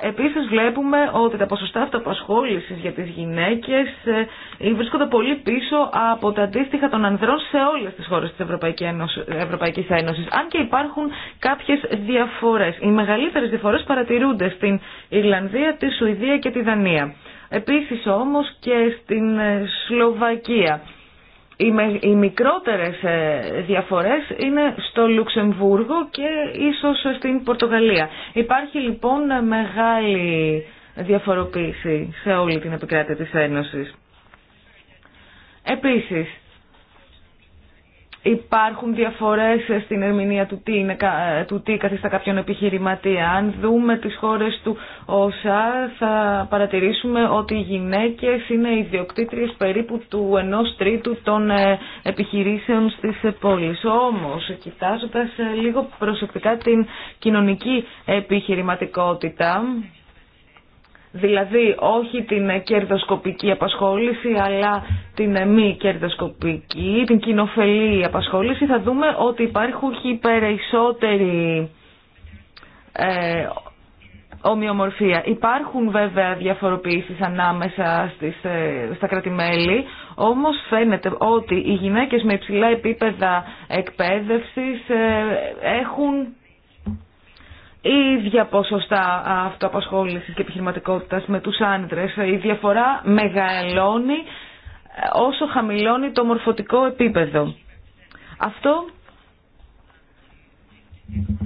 Επίση, βλέπουμε ότι τα ποσοστά αυτοαπασχόληση για τις γυναίκες ε, βρίσκονται πολύ πίσω από τα αντίστοιχα των ανδρών σε όλε τι χώρε τη Ευρωπαϊκή Ένωση. Αν και υπάρχουν κάποιε διαφορέ. Οι μεγαλύτερε διαφορέ παρατηρούνται στην Ιρλανδία, τη Σουηδία και τη Δανία. Επίση, όμω και στην ε, Σλοβακία οι, με, οι μικρότερες ε, διαφορές είναι στο Λουξεμβούργο και ίσως στην Πορτογαλία. Υπάρχει λοιπόν μεγάλη διαφοροποίηση σε όλη την επικράτεια της Ένωσης. Επίσης, Υπάρχουν διαφορές στην ερμηνεία του τι, είναι, του τι καθιστά κάποιον επιχειρηματία. Αν δούμε τις χώρες του ΩΣΑ θα παρατηρήσουμε ότι οι γυναίκες είναι ιδιοκτήτριες περίπου του 1 τρίτου των ε, επιχειρήσεων στις πόλεις. Όμως, κοιτάζοντας ε, λίγο προσεκτικά την κοινωνική επιχειρηματικότητα, Δηλαδή όχι την κερδοσκοπική απασχόληση αλλά την μη κερδοσκοπική, την κοινοφελή απασχόληση θα δούμε ότι υπάρχουν περισσότερη ε, ομοιομορφία. Υπάρχουν βέβαια διαφοροποιήσεις ανάμεσα στις, ε, στα κρατημέλη, όμως φαίνεται ότι οι γυναίκες με υψηλά επίπεδα εκπαίδευσης ε, έχουν ίδια ποσοστά αυτοαπασχόλησης και επιχειρηματικότητας με τους άντρες. Η διαφορά μεγαλώνει ε, όσο χαμηλώνει το μορφωτικό επίπεδο. Αυτό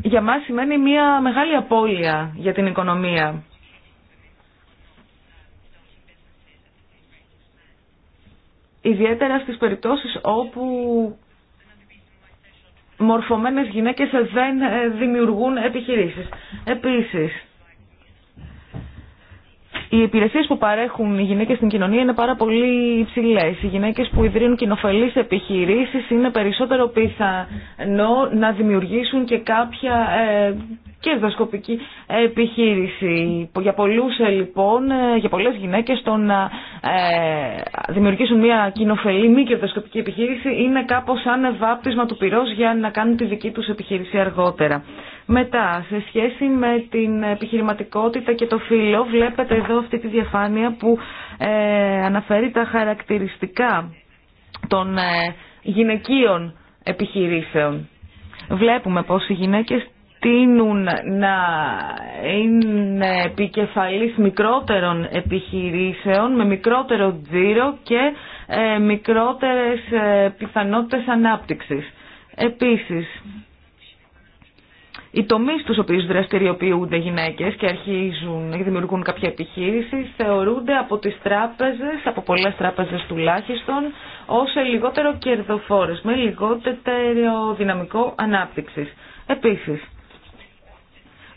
για μας σημαίνει μια μεγάλη απώλεια για την οικονομία. Ιδιαίτερα στις περιπτώσεις όπου μορφωμένες γυναίκες δεν ε, δημιουργούν επιχειρήσεις. Επίσης, οι υπηρεσίε που παρέχουν οι γυναίκε στην κοινωνία είναι πάρα πολύ υψηλέ. Οι γυναίκε που ιδρύουν κοινοφελεί επιχειρήσει είναι περισσότερο πιθανό να δημιουργήσουν και κάποια ε, κερδοσκοπική επιχείρηση. Για, πολλούς, ε, λοιπόν, ε, για πολλές γυναίκες το να ε, δημιουργήσουν μια κοινοφελή μη κερδοσκοπική επιχείρηση είναι κάπως σαν βάπτισμα του πυρός για να κάνουν τη δική τους επιχείρηση αργότερα. Μετά, σε σχέση με την επιχειρηματικότητα και το φύλλο, βλέπετε εδώ αυτή τη διαφάνεια που ε, αναφέρει τα χαρακτηριστικά των ε, γυναικείων επιχειρήσεων. Βλέπουμε πως οι γυναίκες τείνουν να είναι επικεφαλής μικρότερων επιχειρήσεων με μικρότερο τζίρο και ε, μικρότερες ε, πιθανότητες ανάπτυξης. Επίσης, οι τομεί στους οποίους δραστηριοποιούνται γυναίκες και αρχίζουν και δημιουργούν κάποια επιχείρηση θεωρούνται από τις τράπεζες, από πολλές τράπεζες τουλάχιστον, ως λιγότερο κερδοφόρες, με λιγότερο δυναμικό ανάπτυξης. Επίσης,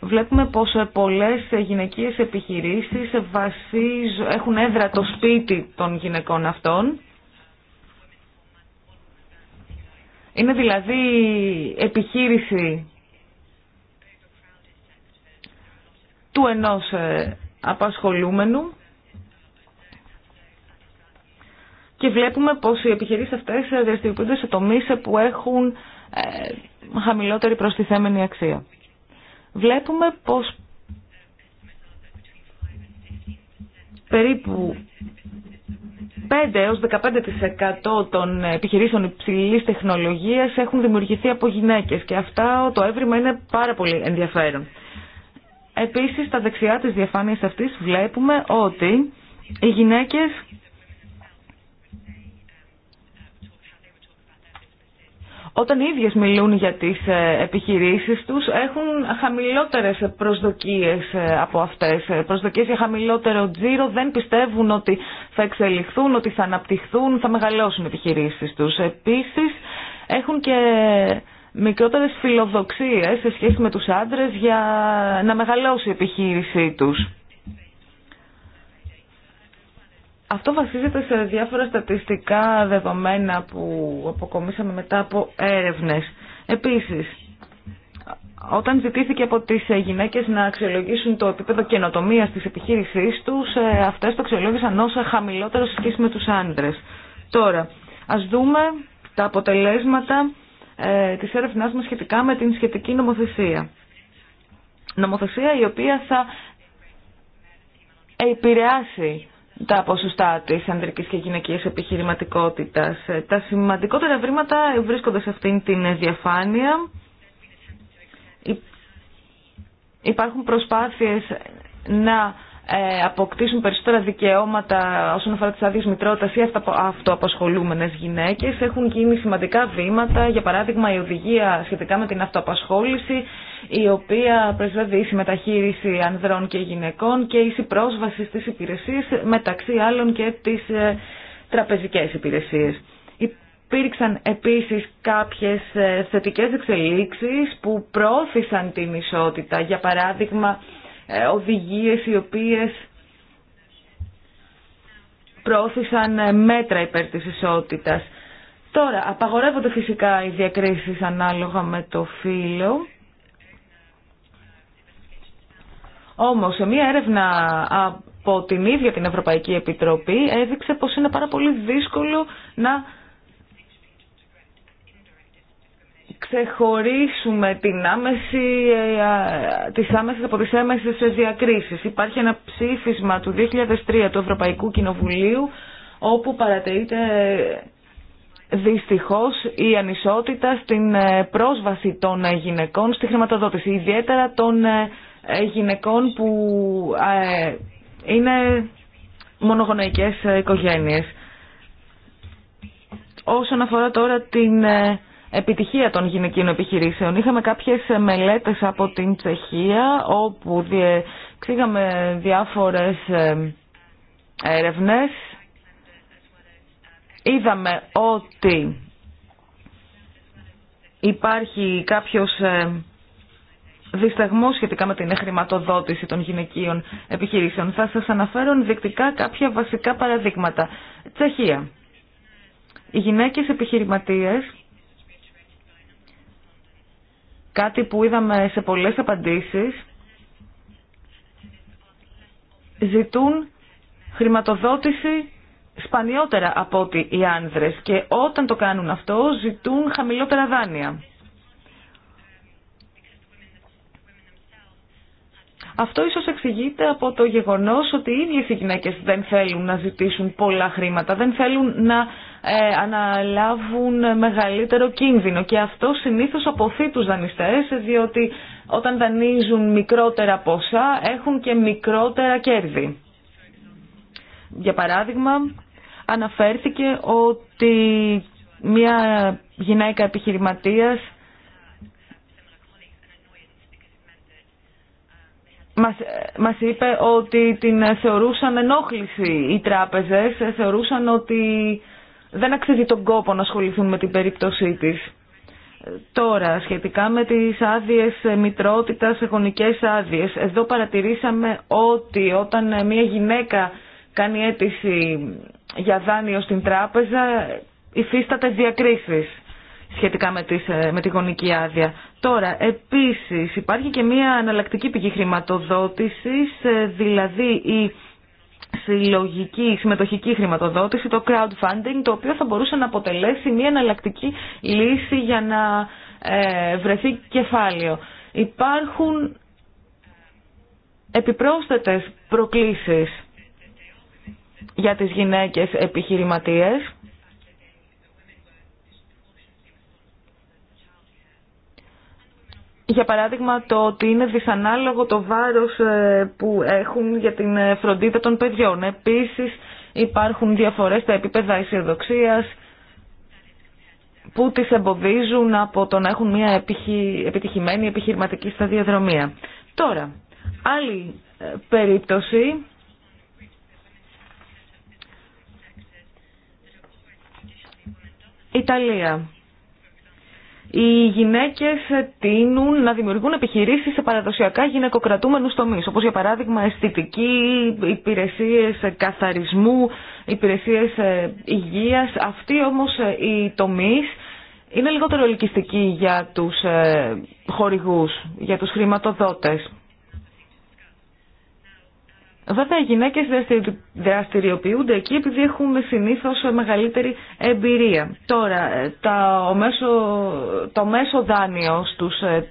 βλέπουμε πόσο πολλές γυναικείες επιχειρήσεις βασίζουν, έχουν έδρα το σπίτι των γυναικών αυτών Είναι δηλαδή επιχείρηση του ενός ε, απασχολούμενου και βλέπουμε πως οι επιχειρήσεις αυτές ε, διαστηριοποιούνται σε τομείς που έχουν ε, χαμηλότερη προστιθέμενη αξία. Βλέπουμε πως περίπου 5 έως 15% των επιχειρήσεων υψηλής τεχνολογίας έχουν δημιουργηθεί από γυναίκες και αυτά το έβριμα είναι πάρα πολύ ενδιαφέρον. Επίσης, στα δεξιά της διαφάνειας αυτής βλέπουμε ότι οι γυναίκες όταν οι ίδιες μιλούν για τις ε, επιχειρήσεις τους έχουν χαμηλότερες προσδοκίες ε, από αυτές. Ε, προσδοκίες για χαμηλότερο τζίρο δεν πιστεύουν ότι θα εξελιχθούν, ότι θα αναπτυχθούν, θα μεγαλώσουν οι επιχειρήσεις τους. Επίσης έχουν και μικρότερες φιλοδοξίες σε σχέση με τους άντρες για να μεγαλώσει η επιχείρησή τους. Αυτό βασίζεται σε διάφορα στατιστικά δεδομένα που αποκομίσαμε μετά από έρευνες. Επίσης, όταν ζητήθηκε από τις γυναίκες να αξιολογήσουν το επίπεδο καινοτομίας της επιχείρησής τους, ε, αυτές το αξιολόγησαν όσο χαμηλότερο σε σχέση με τους άντρες. Τώρα, ας δούμε τα αποτελέσματα ε, της έρευνάς μας σχετικά με την σχετική νομοθεσία. Νομοθεσία η οποία θα επηρεάσει τα ποσοστά της ανδρικής και γυναικείας επιχειρηματικότητας. Ε, τα σημαντικότερα βρήματα βρίσκονται σε αυτήν την διαφάνεια. Υπάρχουν προσπάθειες να ε, αποκτήσουν περισσότερα δικαιώματα όσον αφορά τι άδειε μητρότητα ή αυτοαπασχολούμενε γυναίκε. Έχουν γίνει σημαντικά βήματα, για παράδειγμα η αυτοαπασχολουμενε γυναικε εχουν γινει σημαντικα βηματα σχετικά με την αυτοαπασχόληση, η οποία πρεσβεύει η συμμεταχείριση ανδρών και γυναικών και η συμπρόσβαση στις υπηρεσίες, μεταξύ άλλων και τις ε, τραπεζικές υπηρεσίε. Υπήρξαν επίσης κάποιες ε, θετικές εξελίξεις που προώθησαν την ισότητα, για παράδειγμα ε, οδηγίες οι οποίες προώθησαν ε, μέτρα υπέρ της ισότητας. Τώρα, απαγορεύονται φυσικά οι διακρίσεις ανάλογα με το φύλλο. Όμως, σε μία έρευνα από την ίδια την Ευρωπαϊκή Επιτροπή έδειξε πως είναι πάρα πολύ δύσκολο να ξεχωρίσουμε την άμεση, ε, τις άμεσες από τις σε διακρίσεις. Υπάρχει ένα ψήφισμα του 2003 του Ευρωπαϊκού Κοινοβουλίου όπου παρατηρείται ε, δυστυχώς η ανισότητα στην ε, πρόσβαση των γυναικών στη χρηματοδότηση, ιδιαίτερα των γυναικών που είναι μονογονεϊκές οικογένειες. Όσον αφορά τώρα την επιτυχία των γυναικείων επιχειρήσεων. Είχαμε κάποιες μελέτες από την Τσεχία όπου διεξήγαμε διάφορες ε, έρευνες. Είδαμε ότι υπάρχει κάποιος ε, δισταγμό σχετικά με την χρηματοδότηση των γυναικείων επιχειρήσεων. Θα σας αναφέρω ενδεικτικά κάποια βασικά παραδείγματα. Τσεχία. Οι γυναίκες επιχειρηματίες Κάτι που είδαμε σε πολλές απαντήσεις, ζητούν χρηματοδότηση σπανιότερα από ότι οι άνδρες και όταν το κάνουν αυτό ζητούν χαμηλότερα δάνεια. Αυτό ίσως εξηγείται από το γεγονός ότι οι ίδιες οι γυναίκε δεν θέλουν να ζητήσουν πολλά χρήματα, δεν θέλουν να ε, αναλάβουν μεγαλύτερο κίνδυνο και αυτό συνήθως αποθεί τους δανειστές διότι όταν δανείζουν μικρότερα ποσά έχουν και μικρότερα κέρδη. Για παράδειγμα, αναφέρθηκε ότι μια γυναίκα επιχειρηματίας μας, είπε ότι την θεωρούσαν ενόχληση οι τράπεζες, θεωρούσαν ότι δεν αξίζει τον κόπο να ασχοληθούν με την περίπτωσή της. Τώρα, σχετικά με τις άδειες μητρότητας, γονικές άδειες, εδώ παρατηρήσαμε ότι όταν μια γυναίκα κάνει αίτηση για δάνειο στην τράπεζα, υφίσταται διακρίσεις σχετικά ε, με, τη γονική άδεια. Τώρα, επίσης, υπάρχει και μία αναλλακτική πηγή χρηματοδότησης, ε, δηλαδή η συλλογική, συμμετοχική χρηματοδότηση, το crowdfunding, το οποίο θα μπορούσε να αποτελέσει μία αναλλακτική λύση για να ε, βρεθεί κεφάλαιο. Υπάρχουν επιπρόσθετες προκλήσεις για τις γυναίκες επιχειρηματίες για παράδειγμα το ότι είναι δυσανάλογο το βάρος ε, που έχουν για την ε, φροντίδα των παιδιών. Επίσης υπάρχουν διαφορές στα επίπεδα αισιοδοξία που τις εμποδίζουν από το να έχουν μια επιτυχημένη επιχειρηματική σταδιοδρομία. Τώρα, άλλη ε, περίπτωση Ιταλία οι γυναίκες τείνουν να δημιουργούν επιχειρήσεις σε παραδοσιακά γυναικοκρατούμενους τομεί, όπως για παράδειγμα αισθητική, υπηρεσίες καθαρισμού, υπηρεσίες ε, υγείας. Αυτοί όμως ε, οι τομέί είναι λιγότερο ελκυστικοί για τους ε, χορηγούς, για τους χρηματοδότες. Βέβαια, οι γυναίκε δραστηριοποιούνται εκεί επειδή έχουν συνήθω μεγαλύτερη εμπειρία. Τώρα, ε, τα, μέσο, το μέσο δάνειο στους, ε,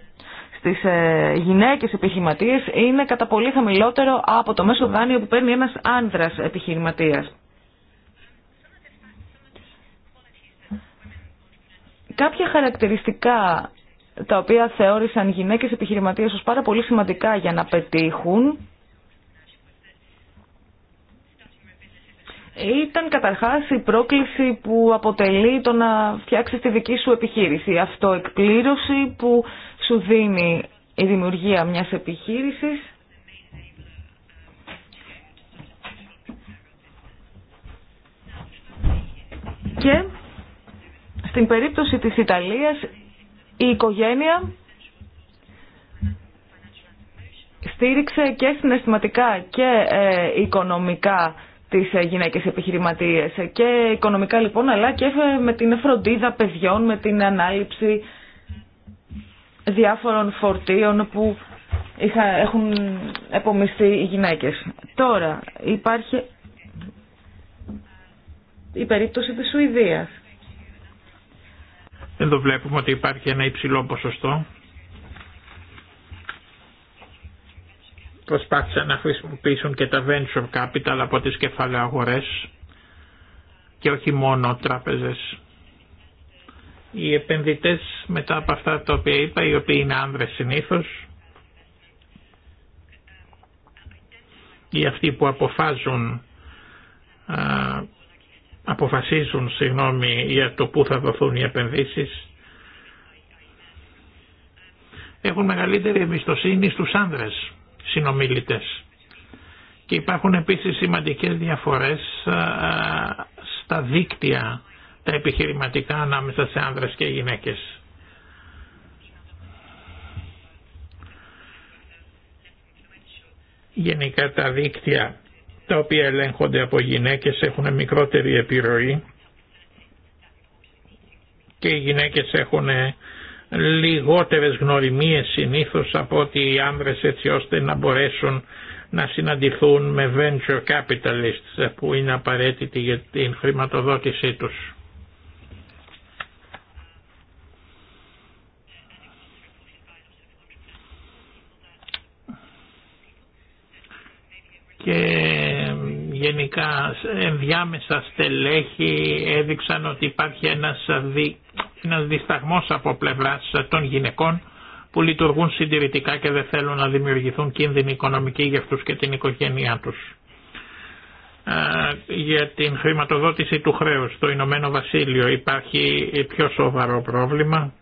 στις ε, γυναίκες επιχειρηματίες είναι κατά πολύ χαμηλότερο από το μέσο δάνειο που παίρνει ένας άνδρας επιχειρηματίας. Κάποια χαρακτηριστικά τα οποία θεώρησαν γυναίκες επιχειρηματίες ως πάρα πολύ σημαντικά για να πετύχουν ήταν καταρχάς η πρόκληση που αποτελεί το να φτιάξεις τη δική σου επιχείρηση. Αυτό εκπλήρωση που σου δίνει η δημιουργία μιας επιχείρησης. Και στην περίπτωση της Ιταλίας η οικογένεια στήριξε και συναισθηματικά και ε, οικονομικά τις ε, γυναίκες επιχειρηματίες και οικονομικά λοιπόν αλλά και ε, με την φροντίδα παιδιών, με την ανάληψη διάφορων φορτίων που είχα, έχουν επομιστεί οι γυναίκες. Τώρα υπάρχει η περίπτωση της Σουηδίας. Εδώ βλέπουμε ότι υπάρχει ένα υψηλό ποσοστό προσπάθησαν να χρησιμοποιήσουν και τα venture capital από τις κεφαλαιαγορές και όχι μόνο τράπεζες. Οι επενδυτές μετά από αυτά τα οποία είπα, οι οποίοι είναι άνδρες συνήθως, ή αυτοί που αποφάζουν, αποφασίζουν συγγνώμη, για το πού θα δοθούν οι επενδύσεις, έχουν μεγαλύτερη εμπιστοσύνη στους άνδρες συνομιλητές. Και υπάρχουν επίσης σημαντικές διαφορές ε, ε, στα δίκτυα τα επιχειρηματικά ανάμεσα σε άνδρες και γυναίκες. Γενικά τα δίκτυα τα οποία ελέγχονται από γυναίκες έχουν μικρότερη επιρροή και οι γυναίκες έχουν ε, λιγότερες γνωριμίες συνήθως από ότι οι άνδρες έτσι ώστε να μπορέσουν να συναντηθούν με venture capitalists που είναι απαραίτητοι για την χρηματοδότησή τους. και γενικά ενδιάμεσα στελέχη έδειξαν ότι υπάρχει ένας δι... Ένα δισταγμός από πλευράς των γυναικών που λειτουργούν συντηρητικά και δεν θέλουν να δημιουργηθούν κίνδυνοι οικονομικοί για αυτούς και την οικογένειά τους. Ε, για την χρηματοδότηση του χρέους στο Ηνωμένο Βασίλειο υπάρχει πιο σοβαρό πρόβλημα.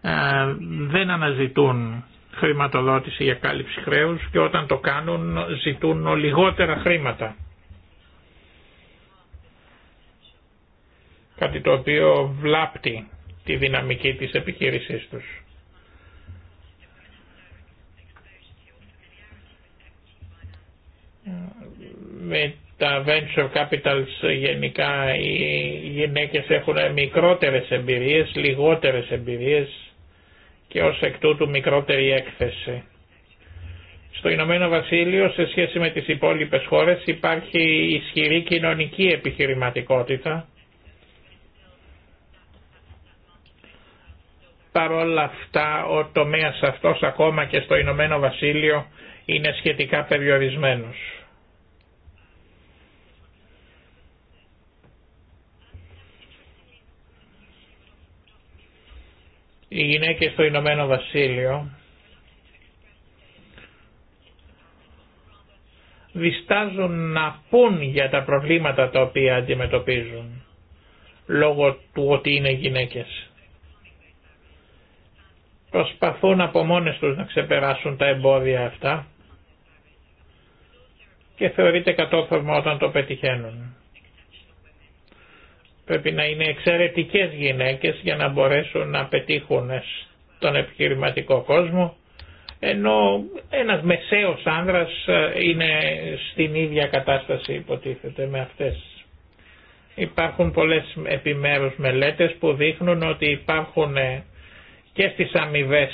Ε, δεν αναζητούν χρηματοδότηση για κάλυψη χρέους και όταν το κάνουν ζητούν λιγότερα χρήματα. κάτι το οποίο βλάπτει τη δυναμική της επιχείρησής τους. Με τα venture capitals γενικά οι γυναίκες έχουν μικρότερες εμπειρίες, λιγότερες εμπειρίες και ως εκ τούτου μικρότερη έκθεση. Στο Ηνωμένο Βασίλειο σε σχέση με τις υπόλοιπες χώρες υπάρχει ισχυρή κοινωνική επιχειρηματικότητα Παρ' όλα αυτά ο τομέας αυτός ακόμα και στο Ηνωμένο Βασίλειο είναι σχετικά περιορισμένος. Οι γυναίκες στο Ηνωμένο Βασίλειο διστάζουν να πούν για τα προβλήματα τα οποία αντιμετωπίζουν λόγω του ότι είναι γυναίκες προσπαθούν από μόνες τους να ξεπεράσουν τα εμπόδια αυτά και θεωρείται κατόρθωμα όταν το πετυχαίνουν. Πρέπει να είναι εξαιρετικές γυναίκες για να μπορέσουν να πετύχουν στον επιχειρηματικό κόσμο ενώ ένας μεσαίος άνδρας ε, είναι στην ίδια κατάσταση υποτίθεται με αυτές. Υπάρχουν πολλές επιμέρους μελέτες που δείχνουν ότι υπάρχουν ε, και στις αμοιβέ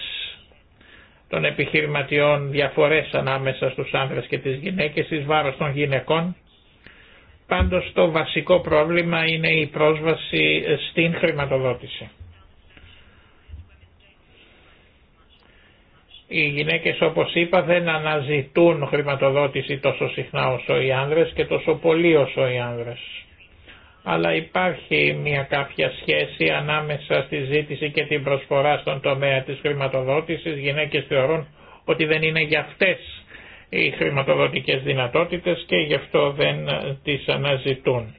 των επιχειρηματιών διαφορές ανάμεσα στους άνδρες και τις γυναίκες εις βάρος των γυναικών. Πάντως το βασικό πρόβλημα είναι η πρόσβαση στην χρηματοδότηση. Οι γυναίκες όπως είπα δεν αναζητούν χρηματοδότηση τόσο συχνά όσο οι άνδρες και τόσο πολύ όσο οι άνδρες αλλά υπάρχει μια κάποια σχέση ανάμεσα στη ζήτηση και την προσφορά στον τομέα της χρηματοδότησης. Γυναίκες θεωρούν ότι δεν είναι για αυτές οι χρηματοδοτικές δυνατότητες και γι' αυτό δεν τις αναζητούν.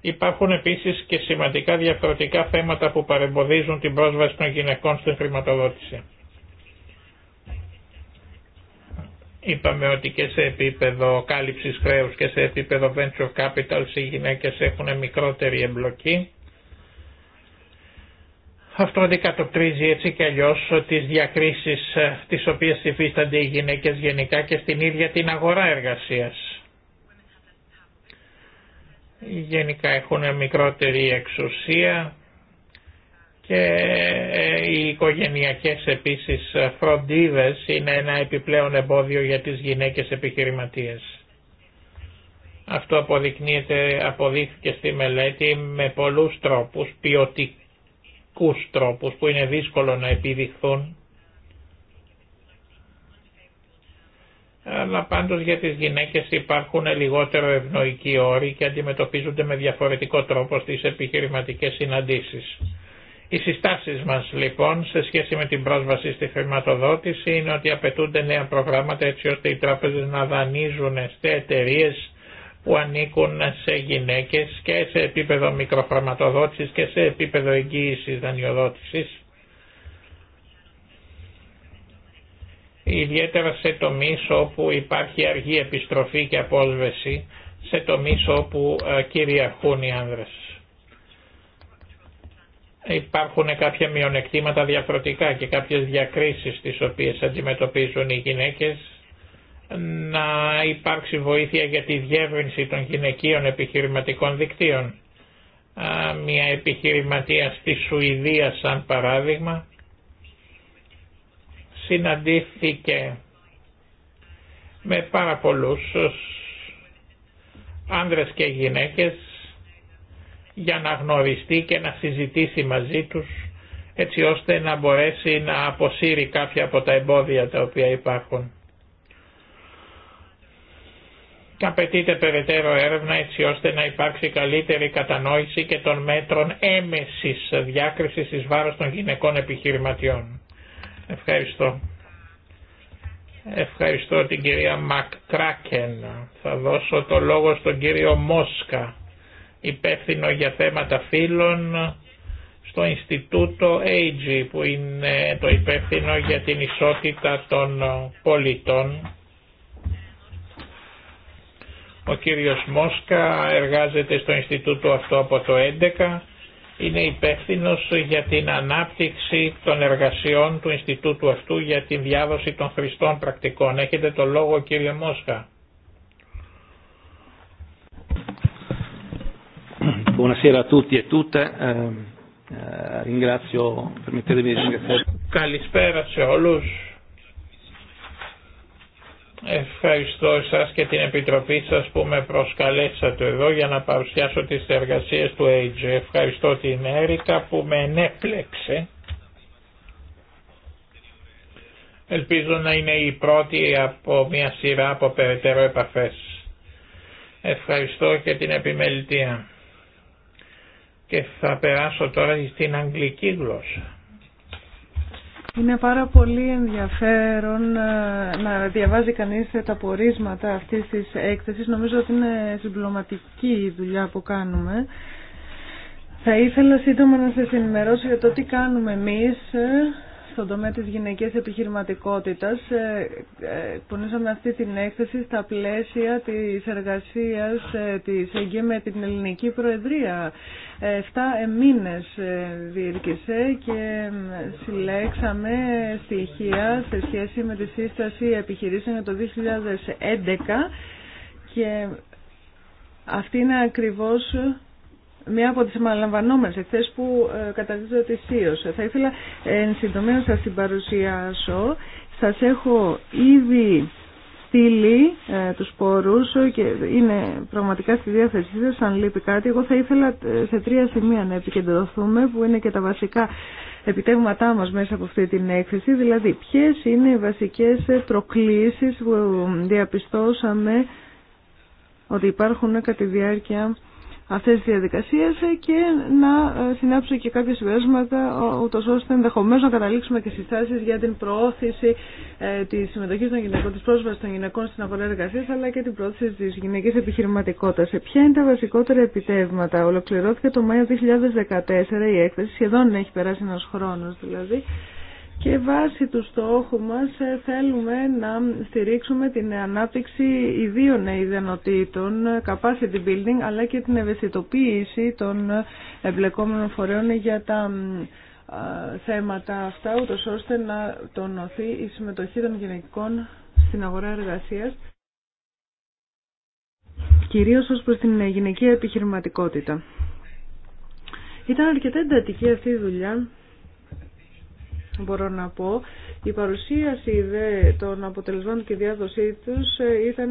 Υπάρχουν επίσης και σημαντικά διαφορετικά θέματα που παρεμποδίζουν την πρόσβαση των γυναικών στην χρηματοδότηση. Είπαμε ότι και σε επίπεδο κάλυψης χρέους και σε επίπεδο venture capital οι γυναίκες έχουν μικρότερη εμπλοκή. Αυτό αντικατοπτρίζει έτσι και αλλιώ τις διακρίσεις ε, τις οποίες υφίστανται οι γυναίκες γενικά και στην ίδια την αγορά εργασίας. Γενικά έχουν μικρότερη εξουσία, και ε, οι οικογενειακές επίσης φροντίδες είναι ένα επιπλέον εμπόδιο για τις γυναίκες επιχειρηματίες. Αυτό αποδεικνύεται, αποδείχθηκε στη μελέτη με πολλούς τρόπους, ποιοτικούς τρόπους που είναι δύσκολο να επιδειχθούν. Αλλά πάντως για τις γυναίκες υπάρχουν λιγότερο ευνοϊκοί όροι και αντιμετωπίζονται με διαφορετικό τρόπο στις επιχειρηματικές συναντήσεις. Οι συστάσεις μας λοιπόν σε σχέση με την πρόσβαση στη χρηματοδότηση είναι ότι απαιτούνται νέα προγράμματα έτσι ώστε οι τράπεζες να δανείζουν σε εταιρείε που ανήκουν σε γυναίκες και σε επίπεδο μικροχρηματοδότησης και σε επίπεδο εγγύησης δανειοδότησης. Ιδιαίτερα σε τομείς όπου υπάρχει αργή επιστροφή και απόσβεση, σε τομείς όπου ε, κυριαρχούν οι άνδρες υπάρχουν κάποια μειονεκτήματα διαφορετικά και κάποιες διακρίσεις τις οποίες αντιμετωπίζουν οι γυναίκες να υπάρξει βοήθεια για τη διεύρυνση των γυναικείων επιχειρηματικών δικτύων. Μια επιχειρηματία στη Σουηδία σαν παράδειγμα συναντήθηκε με πάρα πολλούς άνδρες και γυναίκες για να γνωριστεί και να συζητήσει μαζί τους έτσι ώστε να μπορέσει να αποσύρει κάποια από τα εμπόδια τα οποία υπάρχουν. Και απαιτείται περαιτέρω έρευνα έτσι ώστε να υπάρξει καλύτερη κατανόηση και των μέτρων έμεσης διάκρισης της βάρος των γυναικών επιχειρηματιών. Ευχαριστώ. Ευχαριστώ την κυρία Μακκράκεν. Θα δώσω το λόγο στον κύριο Μόσκα υπεύθυνο για θέματα φύλων στο Ινστιτούτο AG που είναι το υπεύθυνο για την ισότητα των πολιτών. Ο κύριος Μόσκα εργάζεται στο Ινστιτούτο αυτό από το 2011, είναι υπεύθυνο για την ανάπτυξη των εργασιών του Ινστιτούτου αυτού για τη διάδοση των χρηστών πρακτικών. Έχετε το λόγο κύριε Μόσκα. Καλησπέρα σε όλου. Ευχαριστώ εσάς και την Επιτροπή σα που με προσκαλέσατε εδώ για να παρουσιάσω τι εργασίε του Age. Ευχαριστώ την Έρικα που με ενέπλεξε. Ελπίζω να είναι η πρώτη από μια σειρά από περαιτέρω επαφές. Ευχαριστώ και την επιμελητία και θα περάσω τώρα στην αγγλική γλώσσα. Είναι πάρα πολύ ενδιαφέρον ε, να διαβάζει κανείς τα πορίσματα αυτής της έκθεσης. Νομίζω ότι είναι συμπληρωματική η δουλειά που κάνουμε. Θα ήθελα σύντομα να σας ενημερώσω για το τι κάνουμε εμείς ε, στον τομέα της γυναικείας επιχειρηματικότητας. Ε, ε, πονήσαμε αυτή την έκθεση στα πλαίσια της εργασίας ε, της ΕΓΚΕ με την ελληνική προεδρία. Εφτά μήνες διήρκησε και συλλέξαμε στοιχεία σε σχέση με τη σύσταση επιχειρήσεων το 2011 και αυτή είναι ακριβώς μία από τις μαλαμβανόμενες εκθέσεις που ε, τη ΣΥΟΣ. Θα ήθελα εν συντομία να σας την παρουσιάσω. Σας έχω ήδη στείλει ε, τους πόρους και είναι πραγματικά στη διάθεσή σας αν λείπει κάτι. Εγώ θα ήθελα ε, σε τρία σημεία να επικεντρωθούμε που είναι και τα βασικά επιτεύγματά μας μέσα από αυτή την έκθεση. Δηλαδή ποιες είναι οι βασικές προκλήσεις που διαπιστώσαμε ότι υπάρχουν κατά τη διάρκεια αυτές τις διαδικασίες και να ε, συνάψω και κάποια συμπεράσματα ούτως ώστε ενδεχομένω να καταλήξουμε και συστάσεις για την προώθηση ε, της συμμετοχής των γυναικών, της πρόσβασης των γυναικών στην αγορά εργασίας αλλά και την προώθηση της γυναικής επιχειρηματικότητας. Ποια είναι τα βασικότερα επιτεύγματα. Ολοκληρώθηκε το Μάιο 2014 η έκθεση, σχεδόν έχει περάσει ένας χρόνος δηλαδή. Και βάσει του στόχου μας ε, θέλουμε να στηρίξουμε την ανάπτυξη ιδίων ιδενοτήτων, capacity building, αλλά και την ευαισθητοποίηση των εμπλεκόμενων φορέων για τα θέματα αυτά, ούτως ώστε να τονωθεί η συμμετοχή των γυναικών στην αγορά εργασίας, κυρίως ως προς την γυναική επιχειρηματικότητα. Ήταν αρκετά εντατική αυτή η δουλειά μπορώ να πω. Η παρουσίαση δε των αποτελεσμάτων και διάδοσή τους ε, ήταν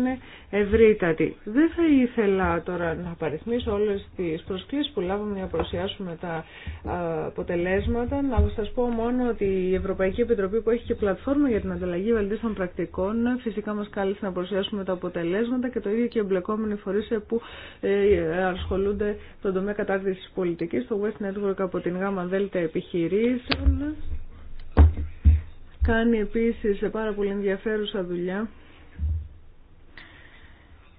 ευρύτατη. Δεν θα ήθελα τώρα να παριθμίσω όλες τις προσκλήσεις που λάβαμε για να παρουσιάσουμε τα ε, αποτελέσματα. Να σας πω μόνο ότι η Ευρωπαϊκή Επιτροπή που έχει και πλατφόρμα για την ανταλλαγή βαλτίστων πρακτικών φυσικά μας κάλεσε να παρουσιάσουμε τα αποτελέσματα και το ίδιο και εμπλεκόμενοι φορείς ε, που ασχολούνται στον τομέα κατάρτισης πολιτικής, το West Network από την ΓΑΜΑ ΔΕΛΤΑ επιχειρήσεων κάνει επίσης σε πάρα πολύ ενδιαφέρουσα δουλειά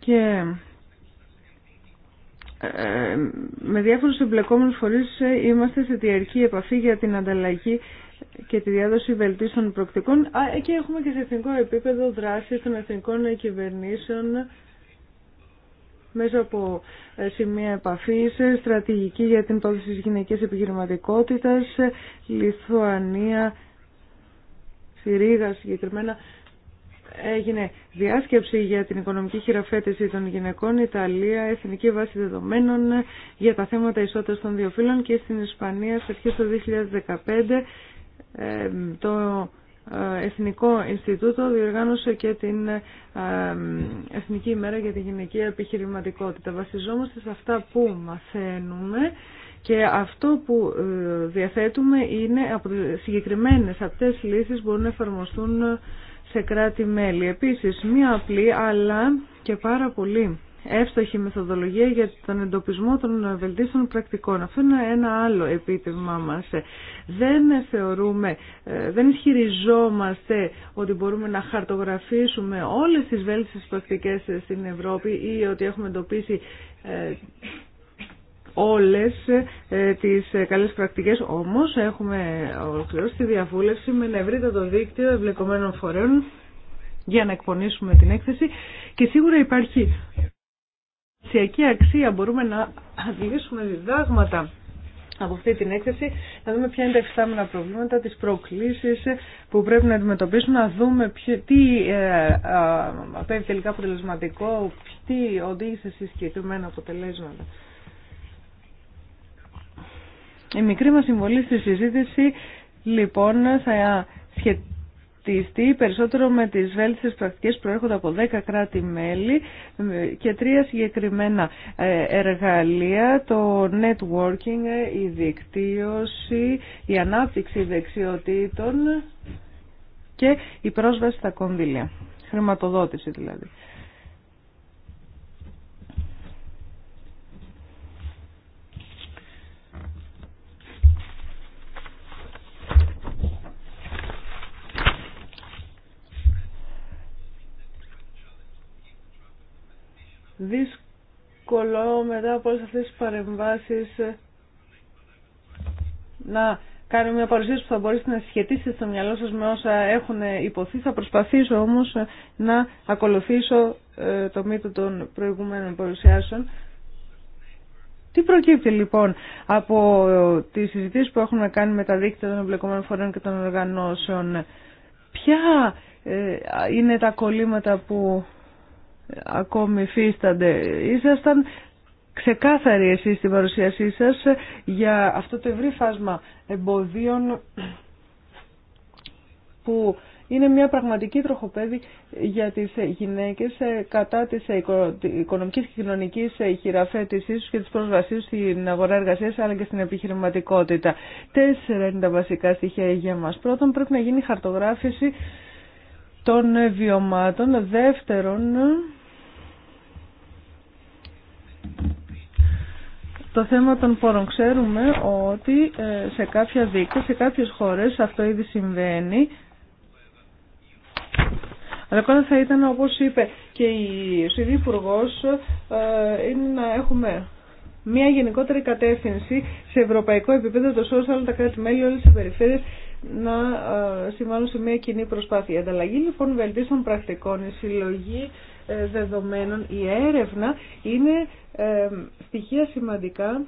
και ε, με διάφορους εμπλεκόμενους φορείς ε, είμαστε σε διαρκή επαφή για την ανταλλαγή και τη διάδοση βελτίστων προκτικών ε, και έχουμε και σε εθνικό επίπεδο δράση των εθνικών κυβερνήσεων μέσα από σημεία επαφής, στρατηγική για την πρόθεση της γυναικής επιχειρηματικότητας, Λιθουανία, στη Ρήγα συγκεκριμένα έγινε διάσκεψη για την οικονομική χειραφέτηση των γυναικών, Ιταλία, Εθνική Βάση Δεδομένων για τα θέματα ισότητας των δύο φύλων και στην Ισπανία σε αρχές του 2015 ε, το ε, Εθνικό Ινστιτούτο διοργάνωσε και την ε, Εθνική μέρα για τη γυναική επιχειρηματικότητα. Βασιζόμαστε σε αυτά που μαθαίνουμε και αυτό που ε, διαθέτουμε είναι από συγκεκριμένες αυτές λύσεις μπορούν να εφαρμοστούν ε, σε κράτη-μέλη. Επίσης, μία απλή αλλά και πάρα πολύ εύστοχη μεθοδολογία για τον εντοπισμό των βελτίστων πρακτικών. Αυτό είναι ένα άλλο επίτευγμά μας. Δεν θεωρούμε, ε, δεν ισχυριζόμαστε ότι μπορούμε να χαρτογραφήσουμε όλες τις βέλτιστες πρακτικές στην Ευρώπη ή ότι έχουμε εντοπίσει όλες ε, τις ε, καλές πρακτικές. Όμως έχουμε ολοκληρώσει τη διαβούλευση με ευρύτατο το δίκτυο εμπλεκομένων φορέων για να εκπονήσουμε την έκθεση και σίγουρα υπάρχει αξιακή αξία. Μπορούμε να αντιλησουμε διδάγματα από αυτή την έκθεση, να δούμε ποια είναι τα εφιστάμενα προβλήματα, τις προκλήσεις που πρέπει να αντιμετωπίσουμε, να δούμε τι ε, τελικά αποτελεσματικό, τι οδήγησε σε συγκεκριμένα αποτελέσματα. Η μικρή μας συμβολή στη συζήτηση λοιπόν θα σχετιστεί περισσότερο με τις βέλτιστες πρακτικές που προέρχονται από 10 κράτη-μέλη και τρία συγκεκριμένα ε, εργαλεία, το networking, η δικτύωση, η ανάπτυξη δεξιοτήτων και η πρόσβαση στα κονδύλια, χρηματοδότηση δηλαδή. δύσκολο μετά από όλες αυτές τις παρεμβάσεις ε, να κάνω μια παρουσίαση που θα μπορέσετε να σχετίσετε στο μυαλό σας με όσα έχουν υποθεί. Θα προσπαθήσω όμως ε, να ακολουθήσω ε, το μύτο των προηγούμενων παρουσιάσεων. Τι προκύπτει λοιπόν από τις συζητήσεις που έχουμε κάνει με τα δίκτυα των εμπλεκομένων φορέων και των οργανώσεων. Ποια είναι τα κολλήματα που ακόμη φύστανται. Ήσασταν ξεκάθαροι εσείς στην παρουσίασή σας για αυτό το ευρύ φάσμα εμποδίων που είναι μια πραγματική τροχοπέδη για τις γυναίκες κατά της οικονομικής και κοινωνικής χειραφέτησης και της πρόσβασής στην αγορά εργασίας αλλά και στην επιχειρηματικότητα. Τέσσερα είναι τα βασικά στοιχεία για μας. Πρώτον πρέπει να γίνει χαρτογράφηση των βιωμάτων. Δεύτερον, Το θέμα των πόρων ξέρουμε ότι ε, σε κάποια δίκτυα, σε κάποιες χώρες αυτό ήδη συμβαίνει. Αλλά ακόμα θα ήταν όπως είπε και η Σουηδή Υπουργός ε, είναι να έχουμε μια γενικότερη κατεύθυνση σε ευρωπαϊκό επίπεδο, το ώστε όλα τα κράτη-μέλη, όλε τι περιφέρειες να ε, συμβάλλουν σε μια κοινή προσπάθεια. Η ανταλλαγή λοιπόν βελτίστων πρακτικών, η συλλογή ε, δεδομένων, η έρευνα είναι ε, στοιχεία σημαντικά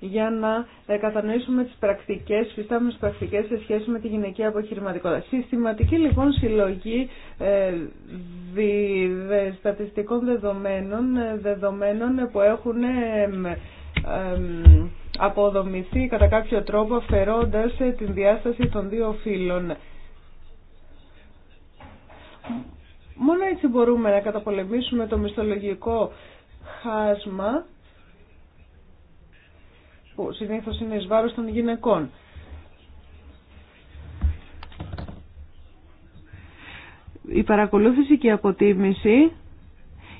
για να ε, κατανοήσουμε τις πρακτικές, φυστάμενες πρακτικές σε σχέση με τη γυναική αποχειρηματικότητα. Συστηματική λοιπόν συλλογή στατιστικών δεδομένων, δεδομένων που έχουν αποδομηθεί κατά κάποιο τρόπο αφαιρώντας την διάσταση των δύο φύλων. Μόνο έτσι μπορούμε να καταπολεμήσουμε το μισθολογικό χάσμα που συνήθως είναι εις βάρος των γυναικών. Η παρακολούθηση και η αποτίμηση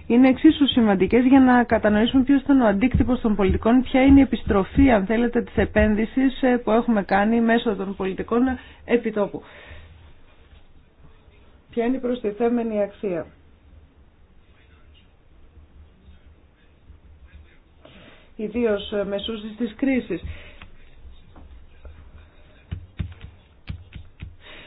είναι εξίσου σημαντικές για να κατανοήσουμε ποιος ήταν ο αντίκτυπος των πολιτικών, ποια είναι η επιστροφή, αν θέλετε, της επένδυσης ε, που έχουμε κάνει μέσω των πολιτικών επιτόπου. Ποια είναι η προστιθέμενη αξία. Ιδίως μεσού τη κρίση.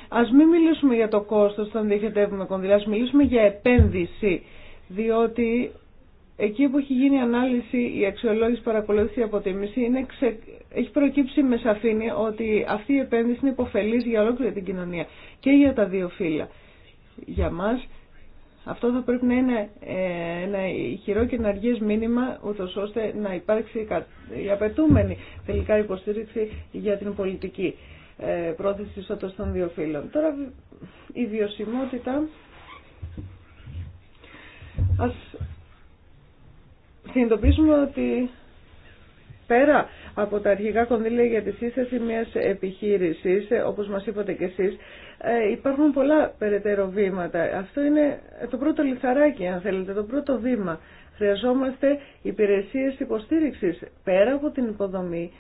Ας μην μιλήσουμε για το κόστος των διοχετεύουμε κονδυλά, μιλήσουμε για επένδυση, διότι εκεί που έχει γίνει η ανάλυση, η αξιολόγηση, παρακολούθηση, η αποτίμηση, είναι έχει προκύψει με σαφήνεια ότι αυτή η επένδυση είναι υποφελής για ολόκληρη την κοινωνία και για τα δύο φύλλα για μας. Αυτό θα πρέπει να είναι ε, ένα χειρό και εναργές μήνυμα, ούτως ώστε να υπάρξει η απαιτούμενη τελικά υποστήριξη για την πολιτική ε, πρόθεση ισότητας των δύο φύλων. Τώρα η βιωσιμότητα ας συνειδητοποιήσουμε ότι πέρα από τα αρχικά κονδύλια για τη σύσταση μιας επιχείρησης, ε, όπως μας είπατε και εσείς, ε, υπάρχουν πολλά περαιτέρω βήματα. Αυτό είναι το πρώτο λιθαράκι, αν θέλετε, το πρώτο βήμα. Χρειαζόμαστε υπηρεσίες υποστήριξης πέρα από την υποδομή,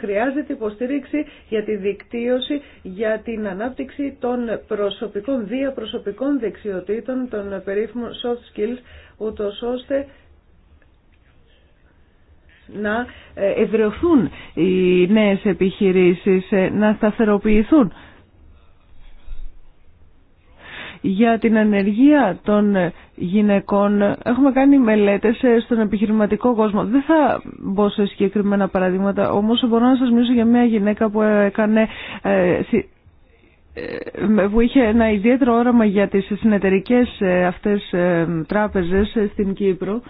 χρειάζεται υποστήριξη για τη δικτύωση, για την ανάπτυξη των προσωπικών, διαπροσωπικών δεξιοτήτων, των περίφημων soft skills, ούτως ώστε να ευρεωθούν οι νέες επιχειρήσεις, ε, να σταθεροποιηθούν. Για την ανεργία των ε, γυναικών ε, έχουμε κάνει μελέτες στον επιχειρηματικό κόσμο. Δεν θα μπω σε συγκεκριμένα παραδείγματα, όμως μπορώ να σας μιλήσω για μια γυναίκα που έκανε που είχε ένα ιδιαίτερο όραμα για τις συνεταιρικές αυτές τράπεζες στην Κύπρο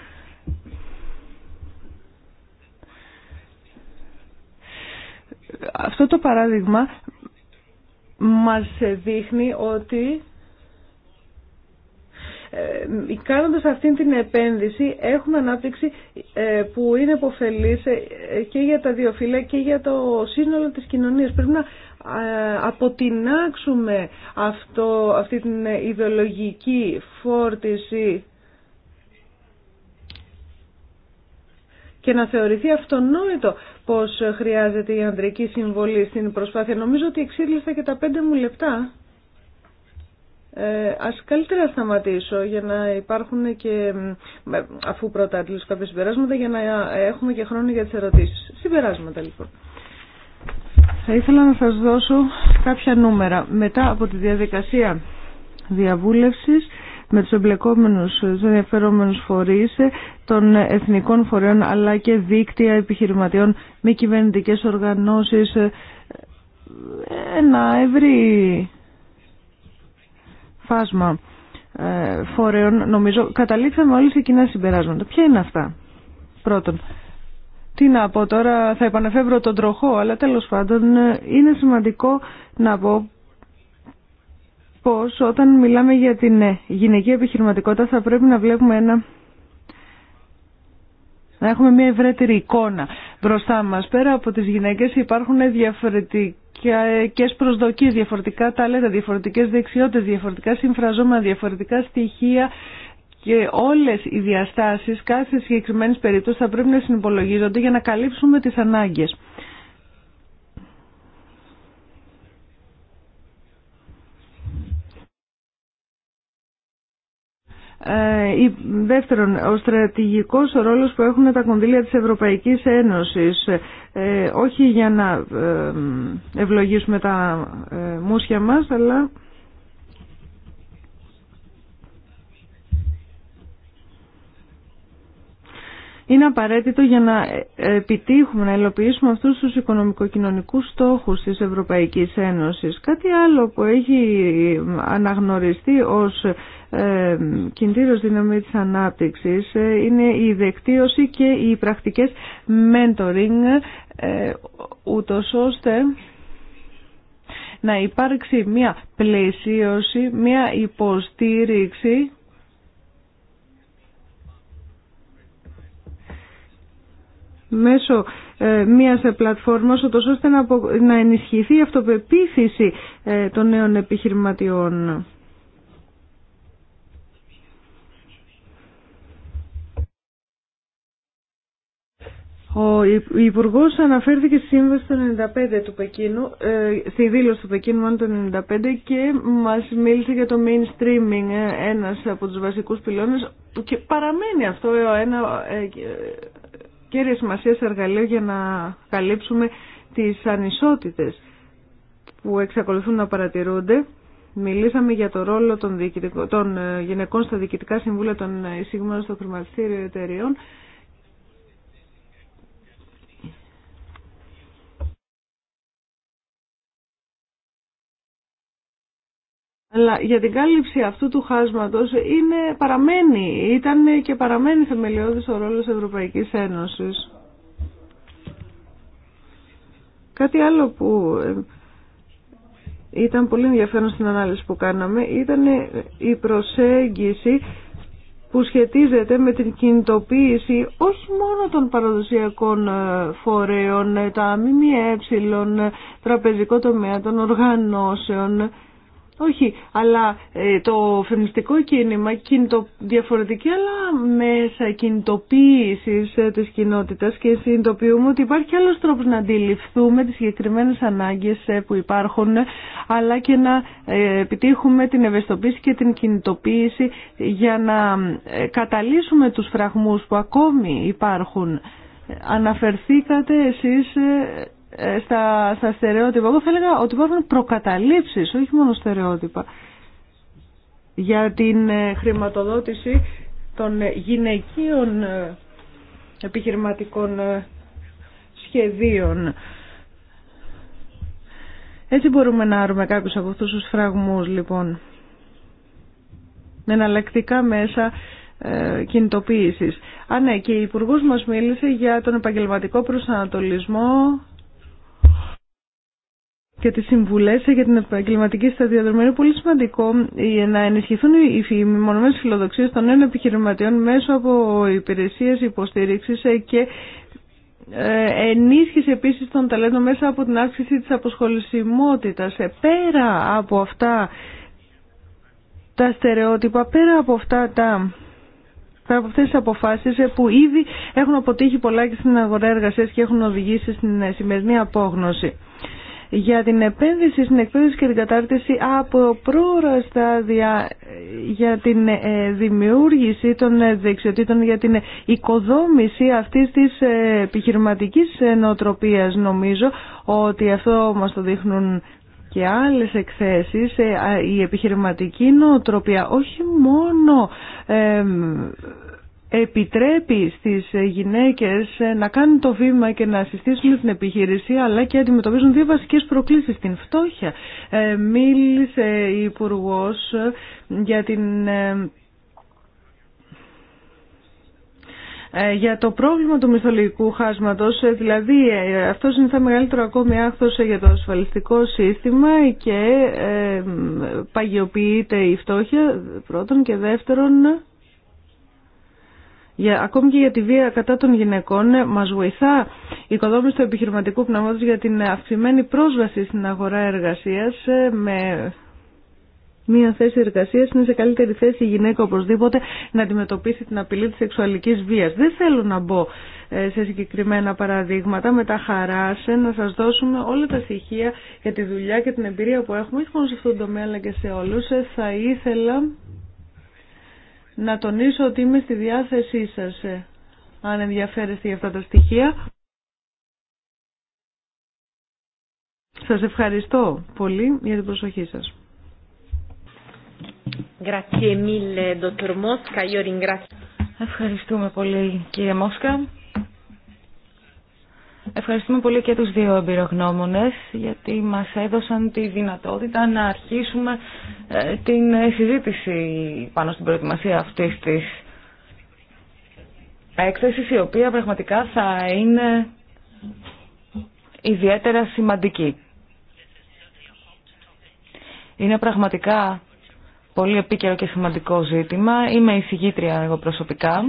Αυτό το παράδειγμα μας δείχνει ότι ε, κάνοντας αυτή την επένδυση έχουμε ανάπτυξη ε, που είναι υποφελής ε, και για τα δύο φύλλα και για το σύνολο της κοινωνίας. Πρέπει να αποτινάξουμε αυτό, αυτή την ιδεολογική φόρτιση και να θεωρηθεί αυτονόητο πως χρειάζεται η ανδρική συμβολή στην προσπάθεια. Νομίζω ότι εξήγησα και τα πέντε μου λεπτά. Ε, ας καλύτερα σταματήσω για να υπάρχουν και, αφού πρώτα αντλήσω κάποια συμπεράσματα, για να ε, έχουμε και χρόνο για τις ερωτήσεις. Συμπεράσματα λοιπόν. Θα ήθελα να σας δώσω κάποια νούμερα. Μετά από τη διαδικασία διαβούλευσης, με τους εμπλεκόμενους, τους ενδιαφερόμενους φορείς των εθνικών φορέων αλλά και δίκτυα επιχειρηματιών, μη κυβερνητικέ οργανώσεις, ε, ένα ευρύ φάσμα ε, φορέων, νομίζω, καταλήξαμε όλοι σε κοινά συμπεράσματα. Ποια είναι αυτά, πρώτον. Τι να πω τώρα, θα επανεφεύρω τον τροχό, αλλά τέλος πάντων ε, είναι σημαντικό να πω πως όταν μιλάμε για την ε, γυναική επιχειρηματικότητα θα πρέπει να βλέπουμε ένα να έχουμε μια ευρέτερη εικόνα μπροστά μας. Πέρα από τις γυναίκες υπάρχουν διαφορετικές προσδοκίες, διαφορετικά ταλέντα, διαφορετικές δεξιότητες, διαφορετικά συμφραζόμενα, διαφορετικά στοιχεία και όλες οι διαστάσεις κάθε συγκεκριμένη περίπτωση θα πρέπει να συνυπολογίζονται για να καλύψουμε τις ανάγκες. Ε, δεύτερον, ο στρατηγικός ρόλος που έχουν τα κονδύλια της Ευρωπαϊκής Ένωσης ε, όχι για να ε, ευλογήσουμε τα ε, μουσια μας αλλά είναι απαραίτητο για να επιτύχουμε, να υλοποιήσουμε αυτούς τους οικονομικοκοινωνικούς στόχους της Ευρωπαϊκής Ένωσης. Κάτι άλλο που έχει αναγνωριστεί ως ε, κινητήριος δύναμη της ανάπτυξης ε, είναι η δεκτήωση και οι πρακτικές mentoring, ε, ώστε να υπάρξει μια πλαισίωση, μια υποστήριξη μέσω ε, μιας ε, πλατφόρμας ώστε να ενισχυθεί η αυτοπεποίθηση ε, των νέων επιχειρηματιών. Ο Υπουργό αναφέρθηκε στη σύμβαση του 95 του Πεκίνου, στη δήλωση του Πεκίνου μάλλον του 95 και μας μίλησε για το mainstreaming, ένας από τους βασικούς πυλώνες και παραμένει αυτό ένα Κύριε σημασία εργαλείο για να καλύψουμε τις ανισότητες που εξακολουθούν να παρατηρούνται. Μιλήσαμε για το ρόλο των, των ε, γυναικών στα διοικητικά συμβούλια των ε, εισηγμένων στο χρηματιστήριο εταιρεών Αλλά για την κάλυψη αυτού του χάσματος είναι, παραμένει, ήταν και παραμένει θεμελιώδης ο ρόλος Ευρωπαϊκής Ένωσης. Κάτι άλλο που ε, ήταν πολύ ενδιαφέρον στην ανάλυση που κάναμε ήταν ε, η προσέγγιση που σχετίζεται με την κινητοποίηση όχι μόνο των παραδοσιακών ε, φορέων, τα ΜΜΕ, τραπεζικό τομέα των οργανώσεων, όχι, αλλά ε, το φεμινιστικό κίνημα κινητο, διαφορετική αλλά μέσα κινητοποίηση ε, της κοινότητας και συνειδητοποιούμε ότι υπάρχει άλλος τρόπος να αντιληφθούμε τις συγκεκριμένες ανάγκες ε, που υπάρχουν αλλά και να ε, επιτύχουμε την ευαισθητοποίηση και την κινητοποίηση για να καταλύσουμε τους φραγμούς που ακόμη υπάρχουν. Αναφερθήκατε εσείς ε, στα, στα στερεότυπα. Εγώ θα έλεγα ότι υπάρχουν προκαταλήψεις, όχι μόνο στερεότυπα, για την ε, χρηματοδότηση των ε, γυναικείων επιχειρηματικών σχεδίων. Έτσι μπορούμε να άρουμε κάποιους από αυτούς τους φραγμούς, λοιπόν. Με εναλλακτικά μέσα ε, κινητοποίησης. Α, ναι, και ο υπουργό μας μίλησε για τον επαγγελματικό προσανατολισμό και τις συμβουλές για την επαγγελματική σταδιοδρομία. Είναι πολύ σημαντικό να ενισχυθούν οι μονομένες φιλοδοξίες των νέων επιχειρηματιών μέσω από υπηρεσίες υποστήριξης ε, και ε, ενίσχυση επίσης των ταλέντων μέσα από την αύξηση της αποσχολησιμότητας. Ε, πέρα από αυτά τα στερεότυπα, πέρα από αυτά τα από αυτές τις αποφάσεις που ήδη έχουν αποτύχει πολλά και στην αγορά εργασίας και έχουν οδηγήσει στην σημερινή απόγνωση για την επένδυση στην εκπαίδευση και την κατάρτιση από πρόωρα στάδια για την ε, δημιούργηση των ε, δεξιοτήτων, για την οικοδόμηση αυτής της ε, επιχειρηματικής νοοτροπίας νομίζω ότι αυτό μας το δείχνουν και άλλες εκθέσεις, η επιχειρηματική νοοτροπία όχι μόνο επιτρέπει στις γυναίκες ε, να κάνουν το βήμα και να συστήσουν την επιχείρηση αλλά και αντιμετωπίζουν δύο βασικές προκλήσεις, την φτώχεια. Ε, μίλησε η υπουργό ε, για την... για το πρόβλημα του μυθολογικού χάσματος, δηλαδή αυτό είναι θα μεγαλύτερο ακόμη άχθος για το ασφαλιστικό σύστημα και παγιοποιείται η φτώχεια πρώτον και δεύτερον για, ακόμη και για τη βία κατά των γυναικών ε, μας βοηθά η οικοδόμηση του επιχειρηματικού πνεύματος για την αυξημένη πρόσβαση στην αγορά εργασίας ε, με μία θέση εργασία είναι σε καλύτερη θέση η γυναίκα οπωσδήποτε να αντιμετωπίσει την απειλή τη σεξουαλική βία. Δεν θέλω να μπω ε, σε συγκεκριμένα παραδείγματα, με τα χαρά σε να σα δώσουμε όλα τα στοιχεία για τη δουλειά και την εμπειρία που έχουμε, όχι μόνο σε αυτόν τον τομέα αλλά και σε όλου. Θα ήθελα να τονίσω ότι είμαι στη διάθεσή σας ε, αν ενδιαφέρεστε για αυτά τα στοιχεία. Σας ευχαριστώ πολύ για την προσοχή σας. Ευχαριστούμε πολύ κύριε Μόσκα. Ευχαριστούμε πολύ και τους δύο εμπειρογνώμονες γιατί μας έδωσαν τη δυνατότητα να αρχίσουμε ε, την ε, συζήτηση πάνω στην προετοιμασία αυτής της έκθεσης η οποία πραγματικά θα είναι ιδιαίτερα σημαντική. Είναι πραγματικά πολύ επίκαιρο και σημαντικό ζήτημα. Είμαι η εγώ προσωπικά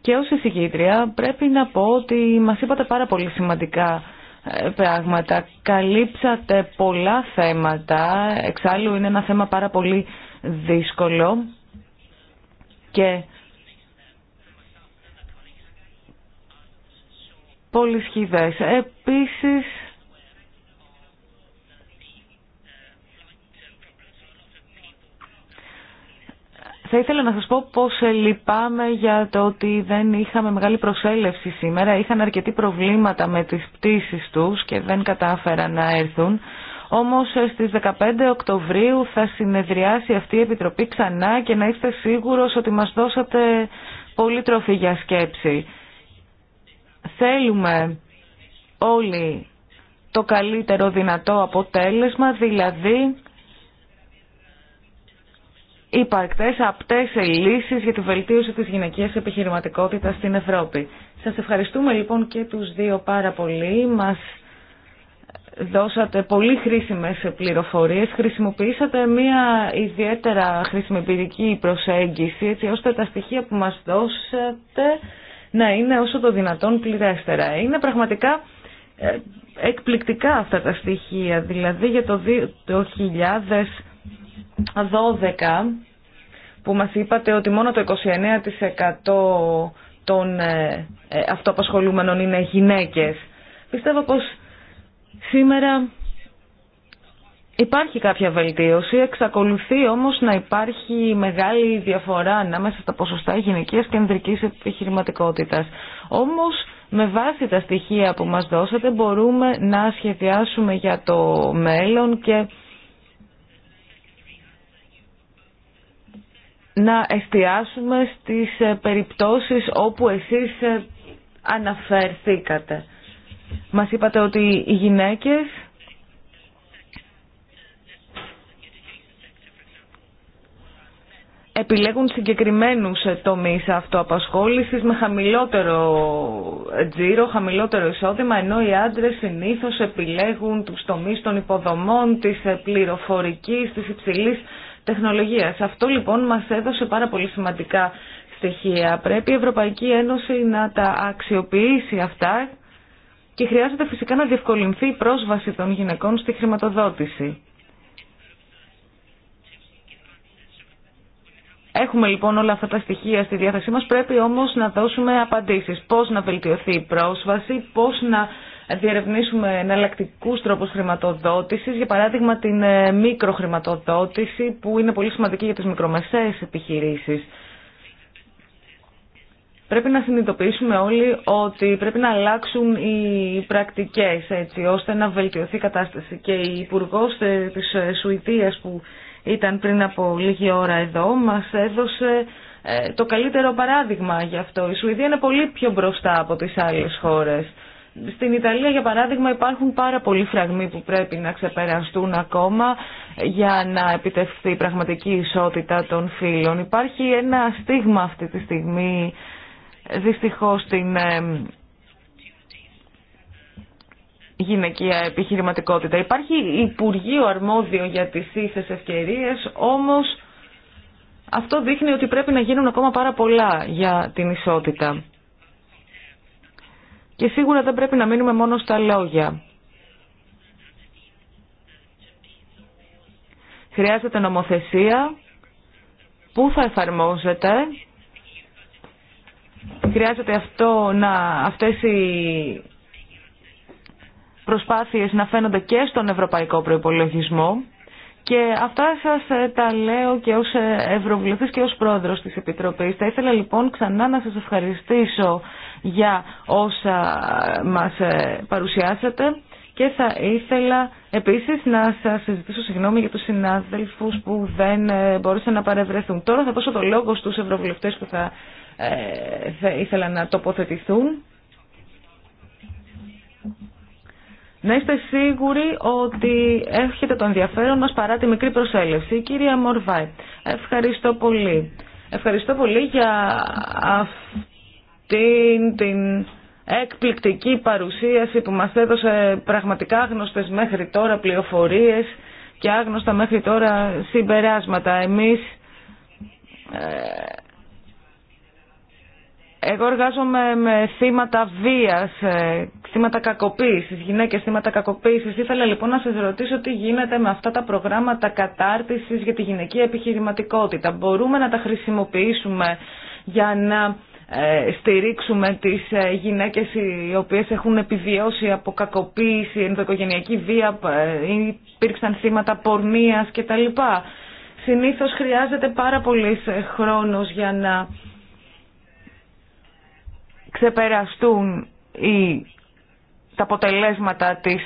και ως εισηγήτρια πρέπει να πω ότι μας είπατε πάρα πολύ σημαντικά ε, πράγματα. Καλύψατε πολλά θέματα, εξάλλου είναι ένα θέμα πάρα πολύ δύσκολο και πολύ σχηδές. Επίσης, Θα ήθελα να σας πω πως ε, λυπάμαι για το ότι δεν είχαμε μεγάλη προσέλευση σήμερα. Είχαν αρκετή προβλήματα με τις πτήσεις τους και δεν κατάφεραν να έρθουν. Όμως ε, στις 15 Οκτωβρίου θα συνεδριάσει αυτή η Επιτροπή ξανά και να είστε σίγουρος ότι μας δώσατε πολύ τροφή για σκέψη. Θέλουμε όλοι το καλύτερο δυνατό αποτέλεσμα, δηλαδή υπαρκτές απτές λύσεις για τη βελτίωση της γυναικείας επιχειρηματικότητας στην Ευρώπη. Σας ευχαριστούμε λοιπόν και τους δύο πάρα πολύ. Μας δώσατε πολύ χρήσιμες πληροφορίες. Χρησιμοποιήσατε μια ιδιαίτερα χρησιμοποιητική προσέγγιση έτσι ώστε τα στοιχεία που μας δώσατε να είναι όσο το δυνατόν πληρέστερα. Είναι πραγματικά ε, εκπληκτικά αυτά τα στοιχεία. Δηλαδή για το 2000 12 που μας είπατε ότι μόνο το 29% των ε, ε, αυτοαπασχολούμενων είναι γυναίκες. Πιστεύω πως σήμερα υπάρχει κάποια βελτίωση, εξακολουθεί όμως να υπάρχει μεγάλη διαφορά ανάμεσα στα ποσοστά γυναικείας και επιχειρηματικότητας. Όμως με βάση τα στοιχεία που μας δώσατε μπορούμε να σχεδιάσουμε για το μέλλον και να εστιάσουμε στις ε, περιπτώσεις όπου εσείς ε, αναφερθήκατε. Μας είπατε ότι οι γυναίκες επιλέγουν συγκεκριμένους ε, τομείς αυτοαπασχόλησης με χαμηλότερο τζίρο, χαμηλότερο εισόδημα, ενώ οι άντρες συνήθως επιλέγουν τους τομείς των υποδομών, της πληροφορικής, της υψηλής τεχνολογίας. Αυτό λοιπόν μα έδωσε πάρα πολύ σημαντικά στοιχεία. Πρέπει η Ευρωπαϊκή Ένωση να τα αξιοποιήσει αυτά και χρειάζεται φυσικά να διευκολυνθεί η πρόσβαση των γυναικών στη χρηματοδότηση. Έχουμε λοιπόν όλα αυτά τα στοιχεία στη διάθεσή μας, πρέπει όμως να δώσουμε απαντήσεις. Πώς να βελτιωθεί η πρόσβαση, πώς να διερευνήσουμε εναλλακτικού τρόπους χρηματοδότησης, για παράδειγμα την ε, μικροχρηματοδότηση που είναι πολύ σημαντική για τις μικρομεσαίες επιχειρήσεις. Πρέπει να συνειδητοποιήσουμε όλοι ότι πρέπει να αλλάξουν οι πρακτικές έτσι ώστε να βελτιωθεί η κατάσταση. Και η υπουργό ε, της ε, Σουηδίας που ήταν πριν από λίγη ώρα εδώ μας έδωσε το καλύτερο παράδειγμα γι' αυτό. Η Σουηδία είναι πολύ πιο μπροστά από τις άλλες χώρες. Στην Ιταλία, για παράδειγμα, υπάρχουν πάρα πολλοί φραγμοί που πρέπει να ξεπεραστούν ακόμα για να επιτευχθεί η πραγματική ισότητα των φύλων. Υπάρχει ένα στίγμα αυτή τη στιγμή, δυστυχώς, στην γυναικεία επιχειρηματικότητα. Υπάρχει Υπουργείο αρμόδιο για τις ίσες ευκαιρίες, όμως αυτό δείχνει ότι πρέπει να γίνουν ακόμα πάρα πολλά για την ισότητα. Και σίγουρα δεν πρέπει να μείνουμε μόνο στα λόγια. Χρειάζεται νομοθεσία που θα εφαρμόζεται. Χρειάζεται αυτό να, αυτές οι προσπάθειες να φαίνονται και στον ευρωπαϊκό προϋπολογισμό. Και αυτά σας ε, τα λέω και ως ε, Ευρωβουλευτής και ως Πρόεδρος της Επιτροπής. Θα ήθελα λοιπόν ξανά να σας ευχαριστήσω για όσα μας ε, παρουσιάσατε και θα ήθελα επίσης να σας συζητήσω συγγνώμη για τους συνάδελφους που δεν ε, μπορούσαν να παρευρεθούν. Τώρα θα δώσω το λόγο στους ευρωβουλευτές που θα, ε, θα ήθελα να τοποθετηθούν. Να είστε σίγουροι ότι έχετε το ενδιαφέρον μας παρά τη μικρή προσέλευση. Κυρία Μορβάη, ευχαριστώ πολύ. Ευχαριστώ πολύ για αυτό την την εκπληκτική παρουσίαση που μας έδωσε πραγματικά άγνωστες μέχρι τώρα πληροφορίες και άγνωστα μέχρι τώρα συμπεράσματα. Εμείς, ε, εγώ εργάζομαι με θύματα βίας, ε, θύματα κακοποίησης, γυναίκες θύματα κακοποίησης. Ήθελα λοιπόν να σας ρωτήσω τι γίνεται με αυτά τα προγράμματα κατάρτισης για τη γυναική επιχειρηματικότητα. Μπορούμε να τα χρησιμοποιήσουμε για να ε, στηρίξουμε τις ε, γυναίκες οι οποίες έχουν επιβιώσει από κακοποίηση, ενδοοικογενειακή βία, ε, υπήρξαν θύματα πορνείας κτλ. Συνήθως χρειάζεται πάρα πολύ χρόνος για να ξεπεραστούν οι τα αποτελέσματα της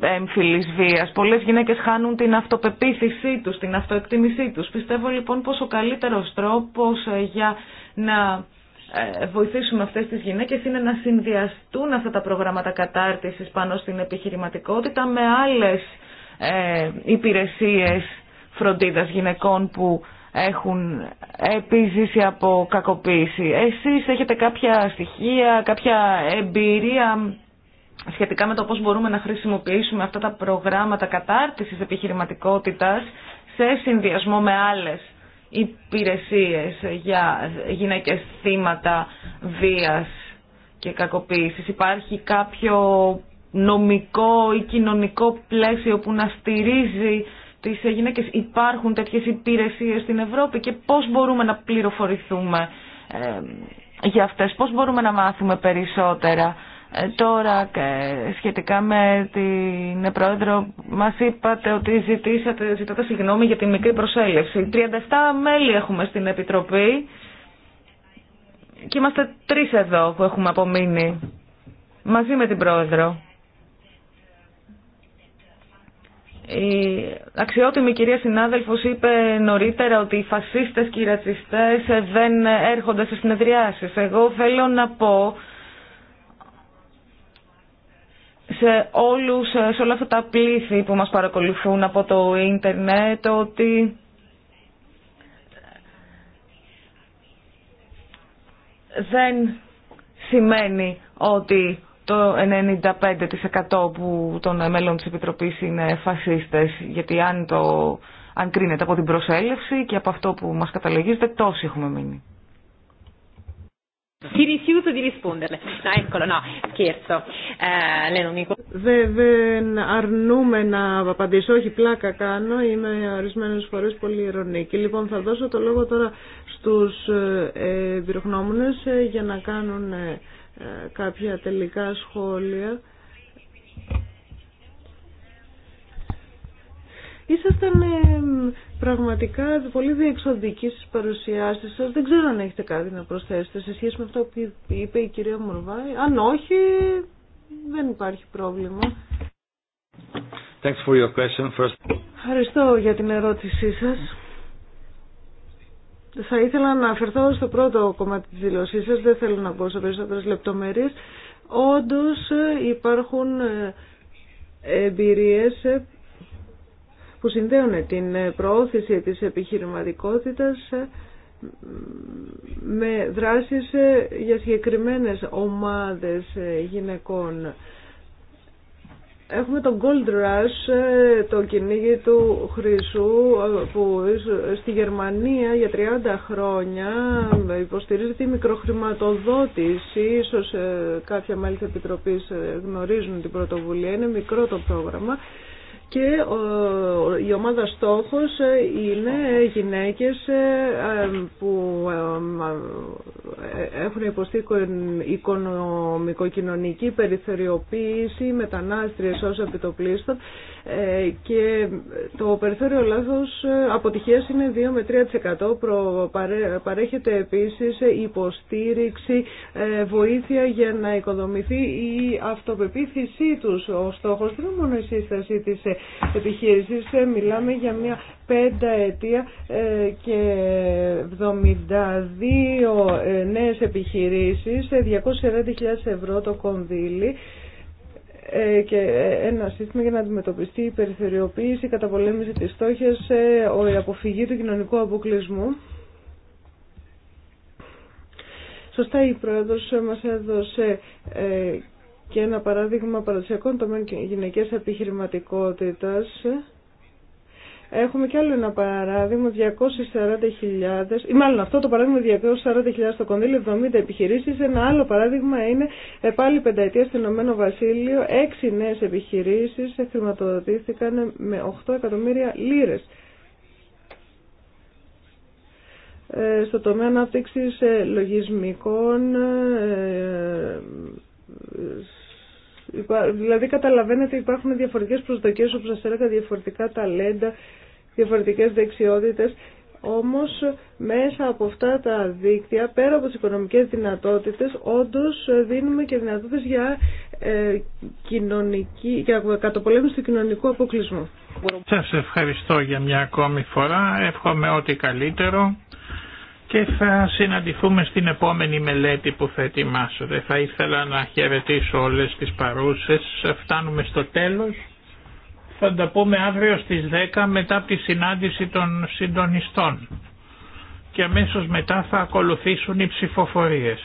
έμφυλης βίας. Πολλές γυναίκες χάνουν την αυτοπεποίθησή τους, την αυτοεκτίμησή τους. Πιστεύω λοιπόν πως ο καλύτερος τρόπος για να ε, βοηθήσουμε αυτές τις γυναίκες είναι να συνδυαστούν αυτά τα προγράμματα κατάρτισης πάνω στην επιχειρηματικότητα με άλλες ε, υπηρεσίες φροντίδας γυναικών που έχουν επιζήσει από κακοποίηση. Εσείς έχετε κάποια στοιχεία, κάποια εμπειρία σχετικά με το πώς μπορούμε να χρησιμοποιήσουμε αυτά τα προγράμματα κατάρτισης επιχειρηματικότητας σε συνδυασμό με άλλες υπηρεσίες για γυναίκες θύματα βίας και κακοποίησης. Υπάρχει κάποιο νομικό ή κοινωνικό πλαίσιο που να στηρίζει τις γυναίκες. Υπάρχουν τέτοιες υπηρεσίες στην Ευρώπη και πώς μπορούμε να πληροφορηθούμε ε, για αυτές, πώς μπορούμε να μάθουμε περισσότερα Τώρα ε, σχετικά με την πρόεδρο μας είπατε ότι ζητήσατε, ζητάτε συγγνώμη για τη μικρή προσέλευση. 37 μέλη έχουμε στην Επιτροπή και είμαστε τρεις εδώ που έχουμε απομείνει μαζί με την πρόεδρο. Η αξιότιμη κυρία συνάδελφος είπε νωρίτερα ότι οι φασίστες και οι ρατσιστές δεν έρχονται σε συνεδριάσεις. Εγώ θέλω να πω σε όλους, ε, σε όλα αυτά τα πλήθη που μας παρακολουθούν από το ίντερνετ ότι δεν σημαίνει ότι το 95% που των μέλων της Επιτροπής είναι φασίστες, γιατί αν, το, αν κρίνεται από την προσέλευση και από αυτό που μας καταλογίζεται, τόσοι έχουμε μείνει. Δεν αρνούμε να απαντήσω, όχι πλάκα κάνω, είμαι ορισμένες φορές πολύ ειρωνική. Λοιπόν, θα δώσω το λόγο τώρα στους ε, εμπειρογνώμονες ε, για να κάνουν ε, κάποια τελικά σχόλια. Ήσασταν ε, πραγματικά πολύ διεξοδικοί στις παρουσιάσεις σας. Δεν ξέρω αν έχετε κάτι να προσθέσετε σε σχέση με αυτό που είπε η κυρία Μουρβάη. Αν όχι, δεν υπάρχει πρόβλημα. for your question. First... Ευχαριστώ για την ερώτησή σας. Θα ήθελα να αφερθώ στο πρώτο κομμάτι της δηλώσής σας, δεν θέλω να πω σε περισσότερες λεπτομέρειες. Όντως ε, υπάρχουν ε, εμπειρίες που συνδέουν την προώθηση της επιχειρηματικότητας με δράσεις για συγκεκριμένες ομάδες γυναικών. Έχουμε τον Gold Rush, το κυνήγι του χρυσού που στη Γερμανία για 30 χρόνια υποστηρίζεται η μικροχρηματοδότηση. Ίσως ε, κάποια μέλη της Επιτροπής ε, γνωρίζουν την πρωτοβουλία, είναι μικρό το πρόγραμμα και η ομάδα στόχος είναι γυναίκες ε, που ε, έχουν υποστεί οικονομικοκοινωνική περιθωριοποίηση, μετανάστριες ως επιτοπλίστων ε, και το περιθώριο λάθος ε, αποτυχίας είναι 2 με 3%. Παρέχεται επίσης υποστήριξη, ε, βοήθεια για να οικοδομηθεί η αυτοπεποίθησή τους. Ο στόχος δεν είναι μόνο η σύσταση της επιχείρησης, μιλάμε για μια πέντα ετία και 72 νέες επιχειρήσεις, 240.000 ευρώ το κονδύλι. Ε, και ένα σύστημα για να αντιμετωπιστεί η περιθωριοποίηση, η καταπολέμηση της στόχης, ε, η αποφυγή του κοινωνικού αποκλεισμού. Σωστά η Πρόεδρος μας έδωσε ε, και ένα παράδειγμα παραδοσιακών τομέων γυναικές επιχειρηματικότητας Έχουμε κι άλλο ένα παράδειγμα, 240.000, ή μάλλον αυτό το παράδειγμα 240.000 στο κονδύλι, 70 επιχειρήσεις. Ένα άλλο παράδειγμα είναι ε, πάλι πενταετία στο Ηνωμένο Βασίλειο, 6 νέες επιχειρήσεις χρηματοδοτήθηκαν με 8 εκατομμύρια λίρες ε, στο τομέα ανάπτυξης ε, λογισμικών, δηλαδή καταλαβαίνετε υπάρχουν διαφορετικές προσδοκίες όπως σας έλεγα, διαφορετικά ταλέντα διαφορετικές δεξιότητες, όμως μέσα από αυτά τα δίκτυα, πέρα από τις οικονομικές δυνατότητες, όντως δίνουμε και δυνατότητες για, ε, κοινωνική, για κατοπολέμηση του κοινωνικού αποκλεισμού. Σας ευχαριστώ για μια ακόμη φορά, εύχομαι ό,τι καλύτερο και θα συναντηθούμε στην επόμενη μελέτη που θα ετοιμάσω. Δεν θα ήθελα να χαιρετήσω όλες τις παρούσες. Φτάνουμε στο τέλος. Θα τα πούμε αύριο στις 10 μετά από τη συνάντηση των συντονιστών και αμέσως μετά θα ακολουθήσουν οι ψηφοφορίες.